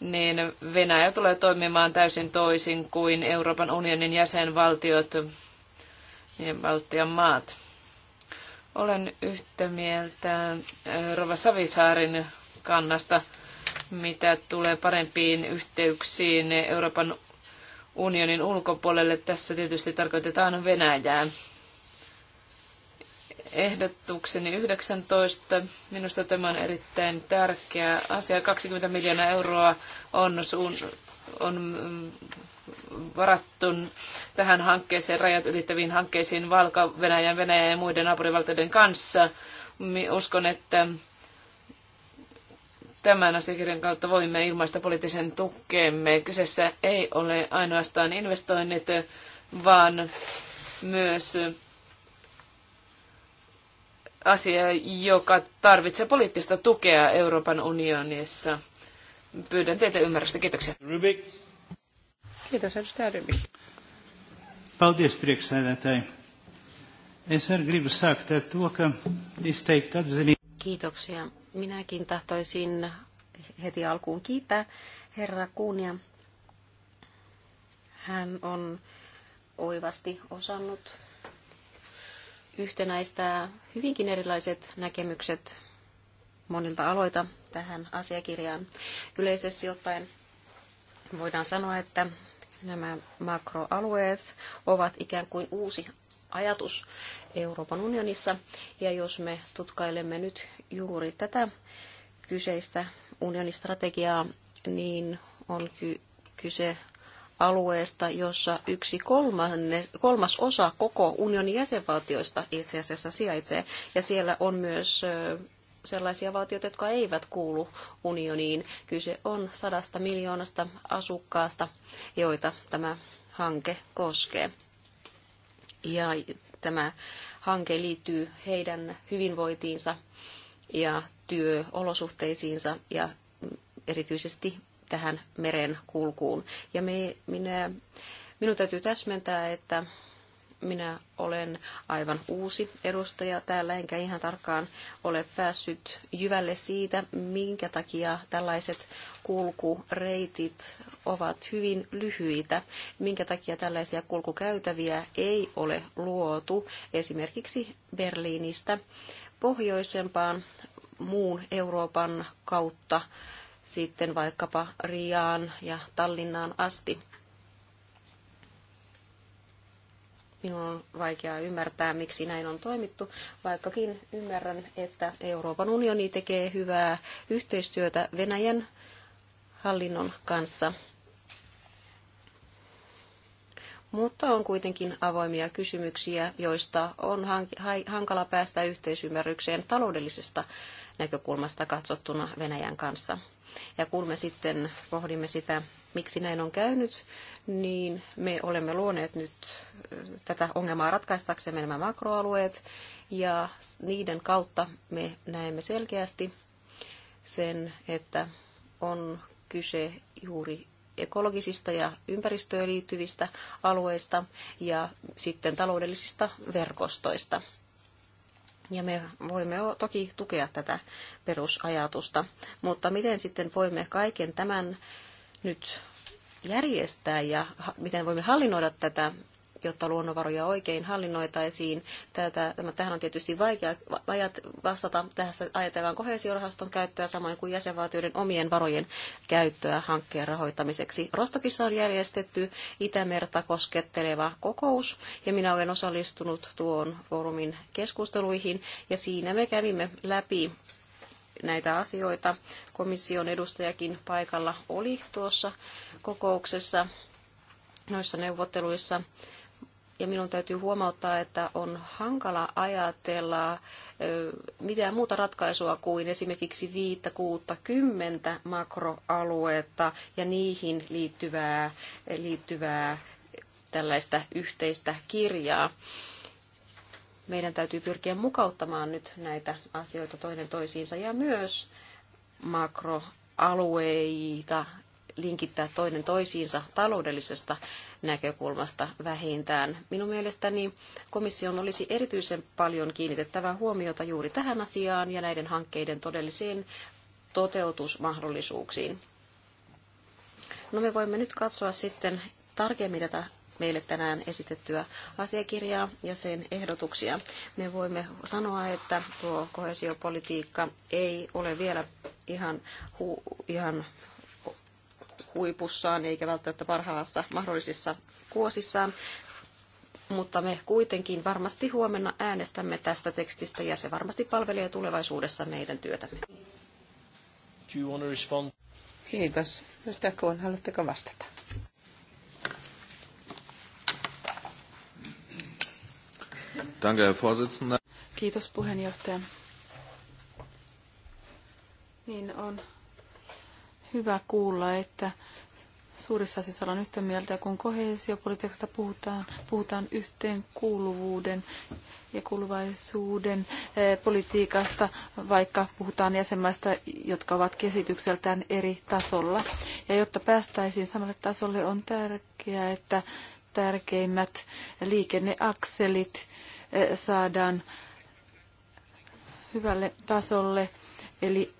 niin Venäjä tulee toimimaan täysin toisin kuin Euroopan unionin jäsenvaltiot ja Baltian maat. Olen yhtä mieltä eh, Rova Savisaarin kannasta, mitä tulee parempiin yhteyksiin Euroopan unionin ulkopuolelle. Tässä tietysti tarkoitetaan Venäjää ehdotukseni 19. Minusta tämä on erittäin tärkeä asia. 20 miljoonaa euroa on, suun, on mm, varattu tähän hankkeeseen rajat ylittäviin hankkeisiin valko venäjän Venäjän ja muiden naapurivaltioiden kanssa. Uskon, että tämän asiakirjan kautta voimme ilmaista poliittisen tukemme. Kyseessä ei ole ainoastaan investoinnit, vaan myös asia, joka tarvitsee poliittista tukea Euroopan unionissa. Pyydän teitä ymmärrystä. Kiitoksia. Rubik. Kiitos, edustaja Rybik. Paldies, priekšsēdētāji. Es arī gribu sākt ar to, izteikt Kiitoksia. Minäkin tahtoisin heti alkuun kiittää herra Kuunia. Hän on oivasti osannut yhtenäistää hyvinkin erilaiset näkemykset monilta aloita tähän asiakirjaan. Yleisesti ottaen voidaan sanoa, että nämä makroalueet ovat ikään kuin uusi ajatus Euroopan unionissa. Ja jos me tutkailemme nyt juuri tätä kyseistä unionistrategiaa, niin on ky- kyse alueesta, jossa yksi kolmanne, kolmas osa koko unionin jäsenvaltioista itse asiassa sijaitsee. Ja siellä on myös sellaisia valtioita, jotka eivät kuulu unioniin. Kyse on sadasta miljoonasta asukkaasta, joita tämä hanke koskee. Ja tämä hanke liittyy heidän hyvinvointiinsa ja työolosuhteisiinsa ja erityisesti tähän meren kulkuun. Ja me, minä, minun täytyy täsmentää, että minä olen aivan uusi edustaja täällä, enkä ihan tarkkaan ole päässyt jyvälle siitä, minkä takia tällaiset kulkureitit ovat hyvin lyhyitä, minkä takia tällaisia kulkukäytäviä ei ole luotu esimerkiksi Berliinistä pohjoisempaan muun Euroopan kautta sitten vaikkapa Riaan ja Tallinnaan asti. Minun on vaikea ymmärtää, miksi näin on toimittu, vaikkakin ymmärrän, että Euroopan unioni tekee hyvää yhteistyötä Venäjän hallinnon kanssa. Mutta on kuitenkin avoimia kysymyksiä, joista on hankala päästä yhteisymmärrykseen taloudellisesta näkökulmasta katsottuna Venäjän kanssa. Ja kun me sitten pohdimme sitä, miksi näin on käynyt, niin me olemme luoneet nyt tätä ongelmaa ratkaistaksemme nämä makroalueet, ja niiden kautta me näemme selkeästi sen, että on kyse juuri ekologisista ja ympäristöön liittyvistä alueista ja sitten taloudellisista verkostoista. Ja me voimme toki tukea tätä perusajatusta, mutta miten sitten voimme kaiken tämän nyt järjestää ja miten voimme hallinnoida tätä jotta luonnonvaroja oikein hallinnoitaisiin. Tätä, tähän on tietysti vaikea vastata. Tässä ajatellaan kohesiorahaston käyttöä samoin kuin jäsenvaltioiden omien varojen käyttöä hankkeen rahoittamiseksi. Rostokissa on järjestetty Itämerta kosketteleva kokous ja minä olen osallistunut tuon foorumin keskusteluihin ja siinä me kävimme läpi näitä asioita. Komission edustajakin paikalla oli tuossa kokouksessa noissa neuvotteluissa. Ja minun täytyy huomauttaa, että on hankala ajatella mitään muuta ratkaisua kuin esimerkiksi viittä, kuutta, kymmentä makroaluetta ja niihin liittyvää, liittyvää tällaista yhteistä kirjaa meidän täytyy pyrkiä mukauttamaan nyt näitä asioita toinen toisiinsa ja myös makroalueita linkittää toinen toisiinsa taloudellisesta näkökulmasta vähintään. Minun mielestäni komission olisi erityisen paljon kiinnitettävä huomiota juuri tähän asiaan ja näiden hankkeiden todellisiin toteutusmahdollisuuksiin. No me voimme nyt katsoa sitten tarkemmin tätä meille tänään esitettyä asiakirjaa ja sen ehdotuksia. Me voimme sanoa, että tuo kohesiopolitiikka ei ole vielä ihan, hu, ihan huipussaan eikä välttämättä parhaassa mahdollisissa kuosissaan. Mutta me kuitenkin varmasti huomenna äänestämme tästä tekstistä ja se varmasti palvelee tulevaisuudessa meidän työtämme. Kiitos. Mistä kun haluatteko vastata? Danke, Herr Kiitos puheenjohtaja. Niin on hyvä kuulla, että suurissa asioissa ollaan yhtä mieltä, kun kohesiopolitiikasta puhutaan, puhutaan yhteenkuuluvuuden ja kuuluvaisuuden eh, politiikasta, vaikka puhutaan jäsenmaista, jotka ovat kesitykseltään eri tasolla. Ja jotta päästäisiin samalle tasolle, on tärkeää, että tärkeimmät liikenneakselit eh, saadaan hyvälle tasolle, eli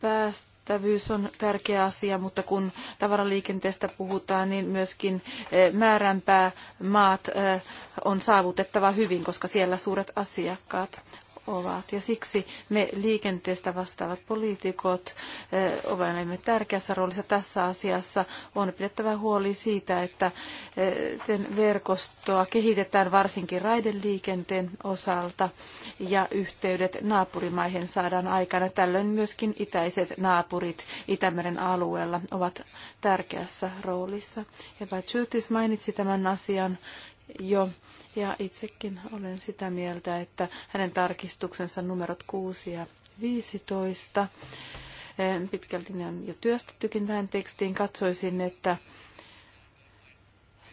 päästä Kestävyys on tärkeä asia, mutta kun tavaraliikenteestä puhutaan, niin myöskin eh, määränpäämaat maat eh, on saavutettava hyvin, koska siellä suuret asiakkaat ovat. Ja siksi me liikenteestä vastaavat poliitikot eh, olemme tärkeässä roolissa tässä asiassa. On pidettävä huoli siitä, että eh, verkostoa kehitetään varsinkin raideliikenteen osalta ja yhteydet naapurimaihin saadaan aikana. Tällöin myöskin itäiset naapurit Itämeren alueella ovat tärkeässä roolissa. Eva Chutis mainitsi tämän asian Joo, Ja itsekin olen sitä mieltä, että hänen tarkistuksensa numerot 6 ja 15, eh, pitkälti ne on jo työstettykin tähän tekstiin, katsoisin, että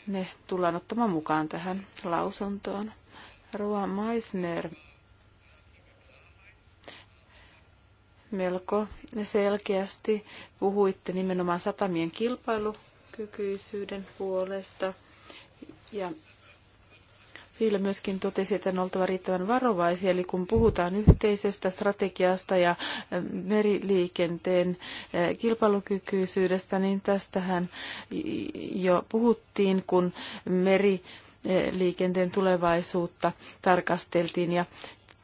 ne tullaan ottamaan mukaan tähän lausuntoon. Roa Meisner melko selkeästi puhuitte nimenomaan satamien kilpailukykyisyyden puolesta ja siellä myöskin totesi, että on oltava riittävän varovaisia, eli kun puhutaan yhteisestä strategiasta ja meriliikenteen kilpailukykyisyydestä, niin tästähän jo puhuttiin, kun meri liikenteen tulevaisuutta tarkasteltiin ja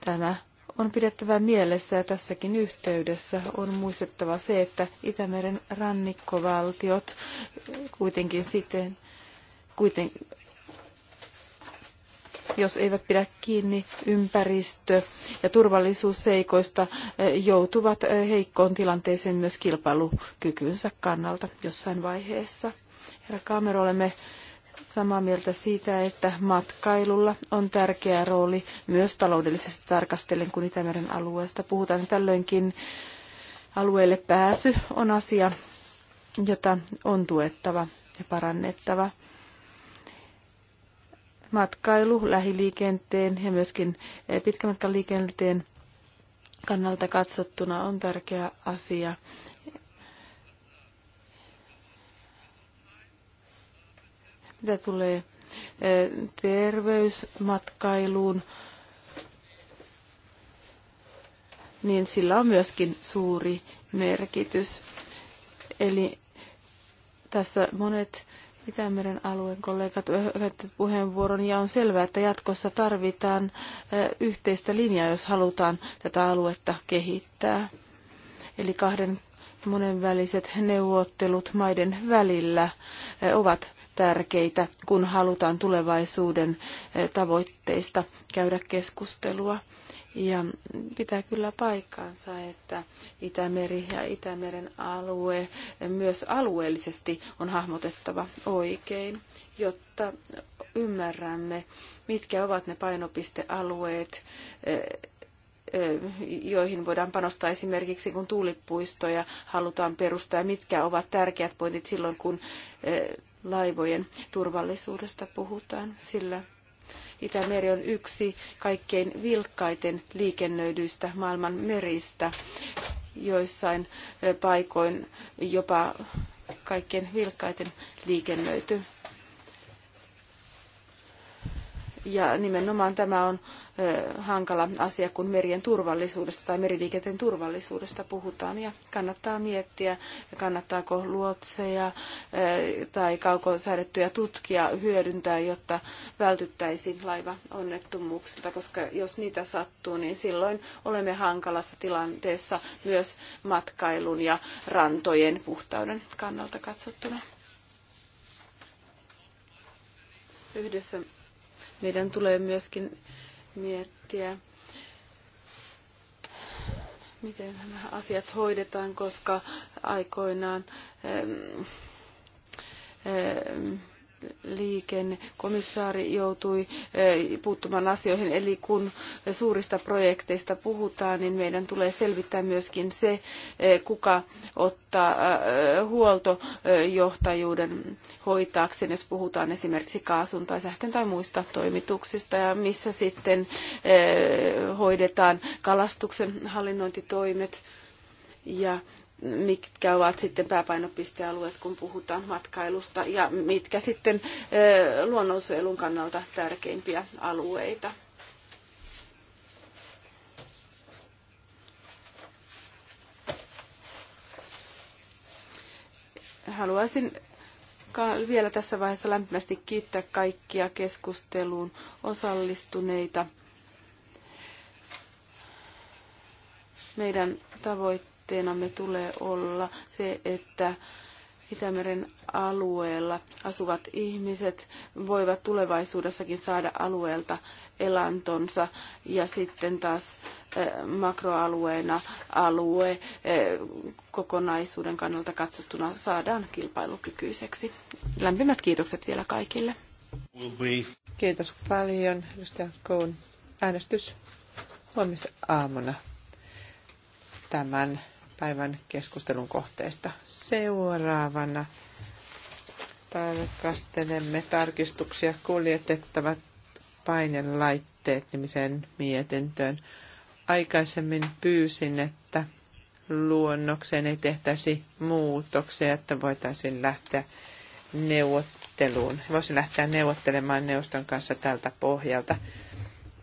tämä on pidettävä mielessä ja tässäkin yhteydessä on muistettava se, että Itämeren rannikkovaltiot kuitenkin siten kuiten, jos eivät pidä kiinni ympäristö- ja turvallisuusseikoista, eh, joutuvat eh, heikkoon tilanteeseen myös kilpailukykynsä kannalta jossain vaiheessa. Herra Kamer, olemme samaa mieltä siitä, että matkailulla on tärkeä rooli myös taloudellisesti tarkastellen, kun Itämeren alueesta puhutaan. Tällöinkin alueelle pääsy on asia, jota on tuettava ja parannettava matkailu, lähiliikenteen ja myöskin eh, pitkämatkan liikenteen kannalta katsottuna on tärkeä asia. Mitä tulee eh, terveysmatkailuun, niin sillä on myöskin suuri merkitys. Eli tässä monet Itämeren alueen kollegat käyttivät puheenvuoron ja on selvää, että jatkossa tarvitaan yhteistä linjaa, jos halutaan tätä aluetta kehittää. Eli kahden monenväliset neuvottelut maiden välillä ovat tärkeitä, kun halutaan tulevaisuuden tavoitteista käydä keskustelua. Ja pitää kyllä paikkaansa, että Itämeri ja Itämeren alue myös alueellisesti on hahmotettava oikein, jotta ymmärrämme, mitkä ovat ne painopistealueet, eh, eh, joihin voidaan panostaa esimerkiksi, kun tuulipuistoja halutaan perustaa, ja mitkä ovat tärkeät pointit silloin, kun eh, laivojen turvallisuudesta puhutaan, sillä Itämeri on yksi kaikkein vilkkaiten liikennöidyistä maailman meristä, joissain paikoin jopa kaikkein vilkkaiten liikennöity. Ja nimenomaan tämä on hankala asia, kun merien turvallisuudesta tai meriliikenteen turvallisuudesta puhutaan. Ja kannattaa miettiä, kannattaako luotseja tai kaukosäädettyjä tutkia hyödyntää, jotta vältyttäisiin laivaonnettomuuksilta, koska jos niitä sattuu, niin silloin olemme hankalassa tilanteessa myös matkailun ja rantojen puhtauden kannalta katsottuna. Yhdessä meidän tulee myöskin miettiä, miten nämä asiat hoidetaan, koska aikoinaan ähm, ähm, liikennekomissaari joutui eh, puuttumaan asioihin. Eli kun suurista projekteista puhutaan, niin meidän tulee selvittää myöskin se, eh, kuka ottaa eh, huoltojohtajuuden hoitaakseen, jos puhutaan esimerkiksi kaasun tai sähkön tai muista toimituksista, ja missä sitten hoidetaan kalastuksen hallinnointitoimet ja mitkä ovat sitten pääpainopistealueet, kun puhutaan matkailusta, ja mitkä sitten luonnonsuojelun kannalta tärkeimpiä alueita. Haluaisin vielä tässä vaiheessa lämpimästi kiittää kaikkia keskusteluun osallistuneita. Meidän tavoitteemme tavoitteenamme tulee olla se, että Itämeren alueella asuvat ihmiset voivat tulevaisuudessakin saada alueelta elantonsa ja sitten taas eh, makroalueena alue eh, kokonaisuuden kannalta katsottuna saadaan kilpailukykyiseksi. Lämpimät kiitokset vielä kaikille. Kiitos paljon, edustaja Koon. Äänestys huomis aamuna tämän päivän keskustelun kohteista. Seuraavana tarkastelemme tarkistuksia kuljetettavat painelaitteet nimiseen mietintöön. Aikaisemmin pyysin, että luonnokseen ei tehtäisi muutoksia, että voitaisiin lähteä neuvotteluun. Voisin lähteä neuvottelemaan neuvoston kanssa tältä pohjalta.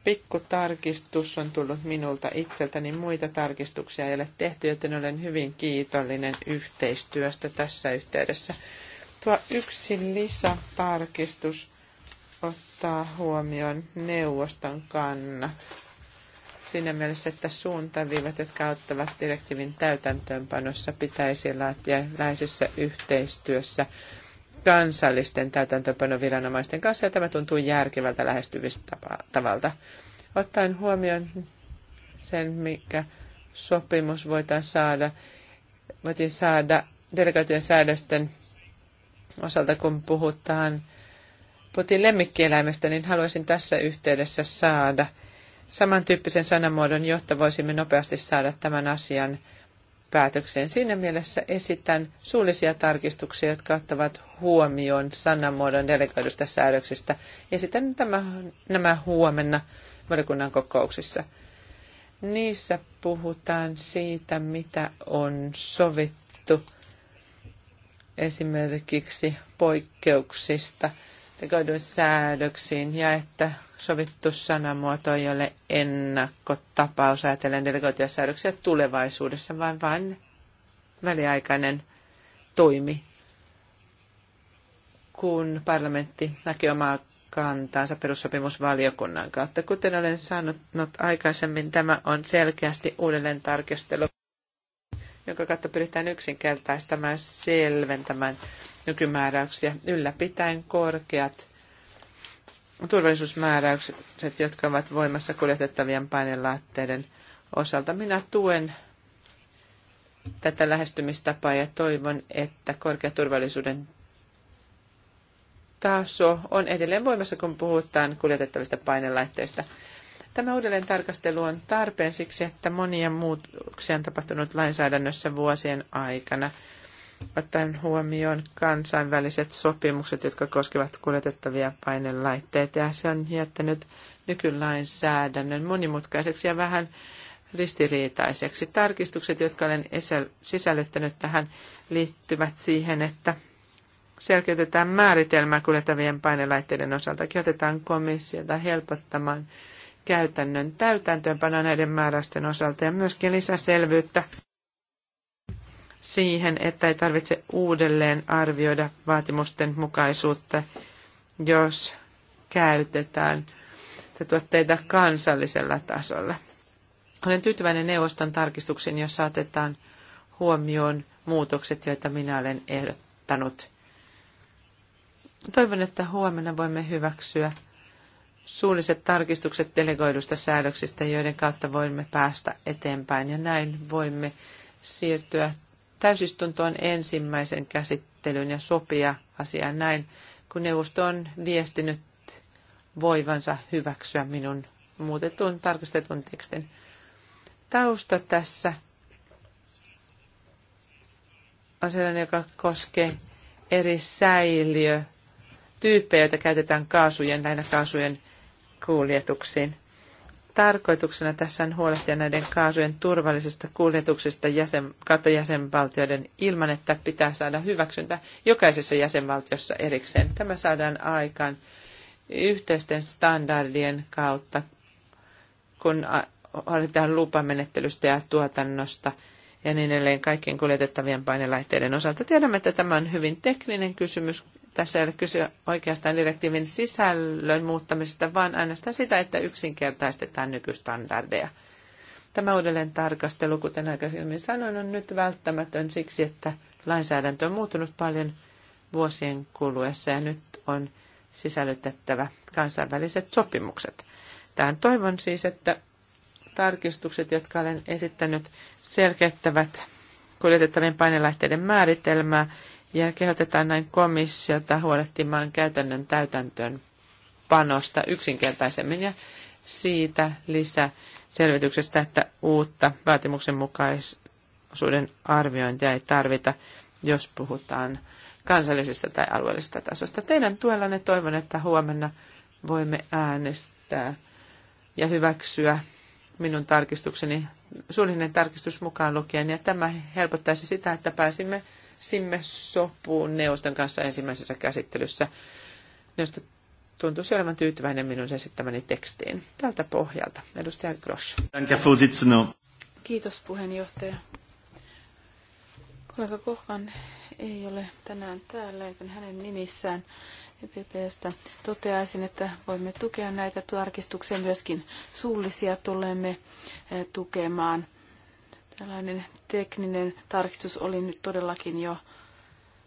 Pikku tarkistus on tullut minulta itseltäni, muita tarkistuksia ei ole tehty, joten olen hyvin kiitollinen yhteistyöstä tässä yhteydessä. Tuo yksi lisätarkistus ottaa huomioon neuvoston kannat siinä mielessä, että suuntaviivat, jotka auttavat direktiivin täytäntöönpanossa, pitäisi laatia läheisessä yhteistyössä kansallisten täytäntöpanoviranomaisten kanssa, ja tämä tuntuu järkevältä lähestyvistä tavalta. Ottaen huomioon sen, mikä sopimus voitaisiin saada, voitiin saada delegaation säädösten osalta, kun puhutaan Putin lemmikkieläimestä, niin haluaisin tässä yhteydessä saada samantyyppisen sanamuodon, jotta voisimme nopeasti saada tämän asian päätökseen. Siinä mielessä esitän suullisia tarkistuksia, jotka ottavat huomioon sananmuodon delegoidusta säädöksestä. Esitän tämä, nämä huomenna valiokunnan kokouksissa. Niissä puhutaan siitä, mitä on sovittu esimerkiksi poikkeuksista, delegoidun säädöksiin ja että sovittu sanamuoto ei ole ennakkotapaus ajatellen delegoitiosäädöksiä tulevaisuudessa, vaan vain väliaikainen toimi, kun parlamentti näkee omaa kantaansa perussopimusvaliokunnan kautta. Kuten olen sanonut aikaisemmin, tämä on selkeästi uudelleen tarkastelu, jonka kautta pyritään yksinkertaistamaan selventämään nykymääräyksiä ylläpitäen korkeat turvallisuusmääräykset, jotka ovat voimassa kuljetettavien painelaatteiden osalta. Minä tuen tätä lähestymistapaa ja toivon, että korkeaturvallisuuden taso on edelleen voimassa, kun puhutaan kuljetettavista painelaitteista. Tämä uudelleen tarkastelu on tarpeen siksi, että monia muutoksia on tapahtunut lainsäädännössä vuosien aikana – ottaen huomioon kansainväliset sopimukset, jotka koskevat kuljetettavia painelaitteita. Ja se on jättänyt nykylainsäädännön monimutkaiseksi ja vähän ristiriitaiseksi. Tarkistukset, jotka olen sisällyttänyt tähän, liittyvät siihen, että selkeytetään määritelmää kuljettavien painelaitteiden osalta. Otetaan komissiota helpottamaan käytännön täytäntöönpanoa näiden määräysten osalta ja myöskin lisäselvyyttä siihen, että ei tarvitse uudelleen arvioida vaatimusten mukaisuutta, jos käytetään tuotteita kansallisella tasolla. Olen tyytyväinen neuvoston tarkistuksen, jossa otetaan huomioon muutokset, joita minä olen ehdottanut. Toivon, että huomenna voimme hyväksyä suulliset tarkistukset delegoidusta säädöksistä, joiden kautta voimme päästä eteenpäin ja näin voimme siirtyä täysistuntoon ensimmäisen käsittelyn ja sopia asiaa näin, kun neuvosto on viestinyt voivansa hyväksyä minun muutetun tarkistetun tekstin. Tausta tässä on sellainen, joka koskee eri säiliötyyppejä, joita käytetään kaasujen, näinä kaasujen kuljetuksiin tarkoituksena tässä on huolehtia näiden kaasujen turvallisesta kuljetuksesta jäsen, kautta jäsenvaltioiden ilman, että pitää saada hyväksyntä jokaisessa jäsenvaltiossa erikseen. Tämä saadaan aikaan yhteisten standardien kautta, kun hoidetaan lupamenettelystä ja tuotannosta ja niin edelleen kaikkien kuljetettavien painelaitteiden osalta. Tiedämme, että tämä on hyvin tekninen kysymys, tässä ei ole kyse oikeastaan direktiivin sisällön muuttamisesta, vaan ainoastaan sitä, että yksinkertaistetaan nykystandardeja. Tämä uudelleen tarkastelu, kuten aikaisemmin sanoin, on nyt välttämätön siksi, että lainsäädäntö on muuttunut paljon vuosien kuluessa ja nyt on sisällytettävä kansainväliset sopimukset. Tähän toivon siis, että tarkistukset, jotka olen esittänyt, selkeyttävät kuljetettavien painelähteiden määritelmää ja kehotetaan näin komissiota huolehtimaan käytännön täytäntöön panosta yksinkertaisemmin ja siitä lisä selvityksestä, että uutta vaatimuksen mukaisuuden arviointia ei tarvita, jos puhutaan kansallisesta tai alueellisesta tasosta. Teidän tuellanne toivon, että huomenna voimme äänestää ja hyväksyä minun tarkistukseni, suullinen tarkistus mukaan lukien, ja tämä helpottaisi sitä, että pääsimme pääsimme sopuun neuvoston kanssa ensimmäisessä käsittelyssä. Neuvosto tuntuisi olevan tyytyväinen minun esittämäni tekstiin. Tältä pohjalta. Edustaja Grosch. Kiitos puheenjohtaja. Kollega Kohkan ei ole tänään täällä, joten hänen nimissään EPPstä toteaisin, että voimme tukea näitä tarkistuksia, myöskin suullisia tulemme eh, tukemaan Tällainen tekninen tarkistus oli nyt todellakin jo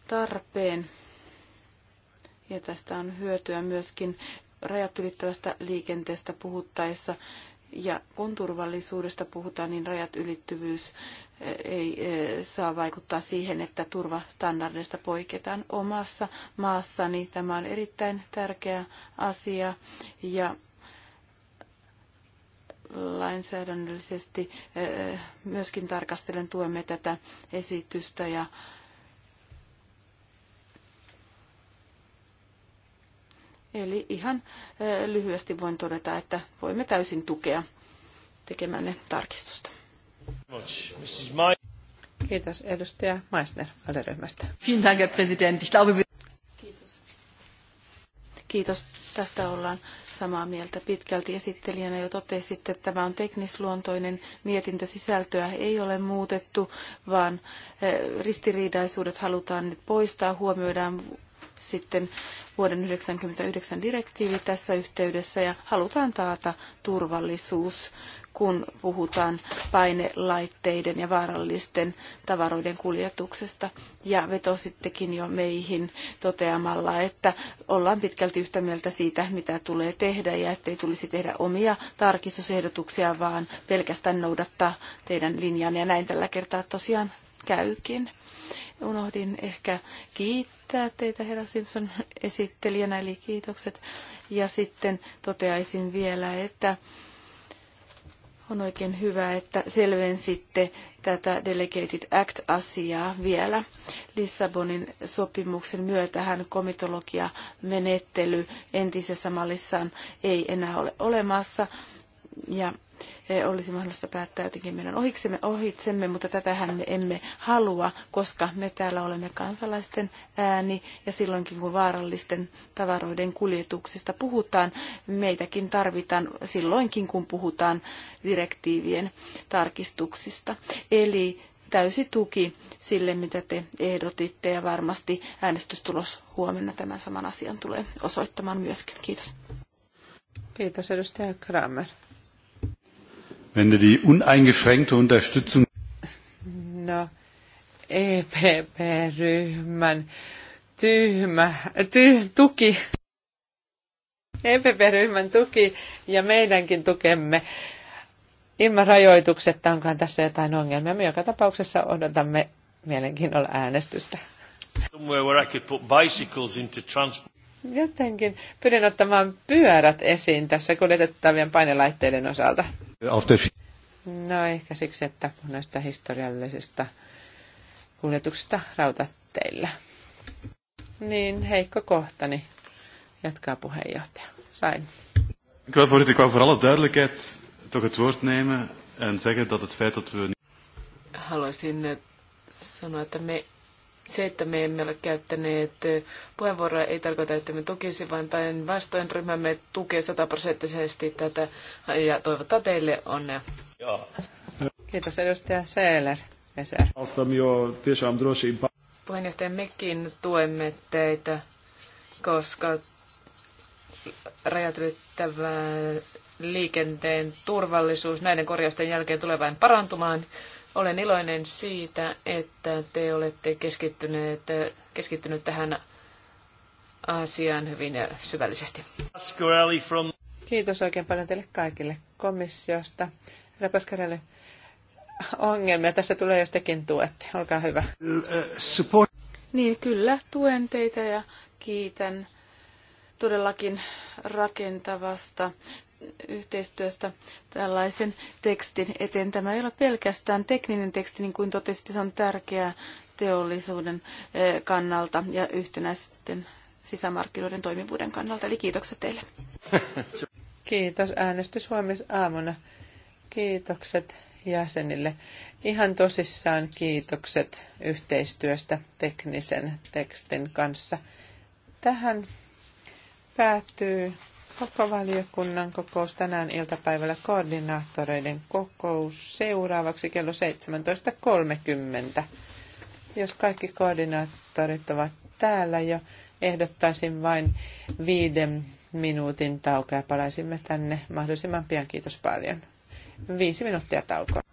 tarpeen. Ja tästä on hyötyä myöskin rajat ylittävästä liikenteestä puhuttaessa. Ja kun turvallisuudesta puhutaan, niin rajat ylittyvyys eh, ei eh, saa vaikuttaa siihen, että turvastandardeista poiketaan omassa maassani. Tämä on erittäin tärkeä asia ja lainsäädännöllisesti myöskin tarkastellen tuemme tätä esitystä ja Eli ihan lyhyesti voin todeta, että voimme täysin tukea tekemänne tarkistusta. Kiitos edustaja Meissner valeryhmästä. Kiitos. Kiitos. Tästä ollaan samaa mieltä pitkälti esittelijänä jo totesitte, että tämä on teknisluontoinen mietintö. Sisältöä ei ole muutettu, vaan eh, ristiriidaisuudet halutaan nyt poistaa. Huomioidaan sitten vuoden 1999 direktiivi tässä yhteydessä ja halutaan taata turvallisuus, kun puhutaan painelaitteiden ja vaarallisten tavaroiden kuljetuksesta. Ja vetosittekin jo meihin toteamalla, että ollaan pitkälti yhtä mieltä siitä, mitä tulee tehdä ja ettei tulisi tehdä omia tarkistusehdotuksia, vaan pelkästään noudattaa teidän linjanne ja näin tällä kertaa tosiaan käykin unohdin ehkä kiittää teitä, herra Simpson, esittelijänä, eli kiitokset. Ja sitten toteaisin vielä, että on oikein hyvä, että selvensitte tätä Delegated Act-asiaa vielä. Lissabonin sopimuksen myötähän komitologia menettely entisessä mallissaan ei enää ole olemassa, ja e, olisi mahdollista päättää jotenkin meidän ohiksemme, ohitsemme, mutta tätähän me emme halua, koska me täällä olemme kansalaisten ääni ja silloinkin kun vaarallisten tavaroiden kuljetuksista puhutaan, meitäkin tarvitaan silloinkin kun puhutaan direktiivien tarkistuksista. Eli täysi tuki sille, mitä te ehdotitte ja varmasti äänestystulos huomenna tämän saman asian tulee osoittamaan myöskin. Kiitos. Kiitos edustaja Kramer wenn du die uneingeschränkte Unterstützung. No, EPP-ryhmän tyhmä, ty, tuki, EPP-ryhmän tuki ja meidänkin tukemme ilman rajoituksetta onkaan tässä jotain ongelmia. Me joka tapauksessa odotamme mielenkiinnolla äänestystä. Jotenkin pyrin ottamaan pyörät esiin tässä kuljetettavien painelaitteiden osalta. No ehkä siksi, että näistä historiallisista kuljetuksista rautateillä. Niin, heikko kohtani, niin jatkaa puheenjohtaja. Sain. Ik wil, ik voor alle duidelijkheid toch het woord nemen en zeggen dat het feit dat we... Haluaisin eh, sanoa, että me se, että me emme ole käyttäneet puheenvuoroa, ei tarkoita, että me tukisi, vaan päinvastoin ryhmämme tukee sataprosenttisesti tätä ja toivottaa teille onnea. Kiitos edustaja Seeler. Puheenjohtaja, mekin tuemme teitä, koska rajat liikenteen turvallisuus näiden korjausten jälkeen tulee vain parantumaan. Olen iloinen siitä, että te olette keskittyneet, keskittyneet tähän asiaan hyvin syvällisesti. Kiitos oikein paljon teille kaikille komissiosta. Herra ongelmia tässä tulee, jos tekin tuette. Olkaa hyvä. Niin, kyllä, tuen teitä ja kiitän todellakin rakentavasta yhteistyöstä tällaisen tekstin eteen. Tämä ei ole pelkästään tekninen teksti, niin kuin totesitte, se on tärkeää teollisuuden eh, kannalta ja yhtenäisten sisämarkkinoiden toimivuuden kannalta. Eli kiitokset teille. [LAUGHS] Kiitos. Äänestys aamuna. Kiitokset jäsenille. Ihan tosissaan kiitokset yhteistyöstä teknisen tekstin kanssa. Tähän päättyy koko valiokunnan kokous tänään iltapäivällä koordinaattoreiden kokous seuraavaksi kello 17.30. Jos kaikki koordinaattorit ovat täällä jo, ehdottaisin vain viiden minuutin taukoa ja palaisimme tänne mahdollisimman pian. Kiitos paljon. Viisi minuuttia taukoa.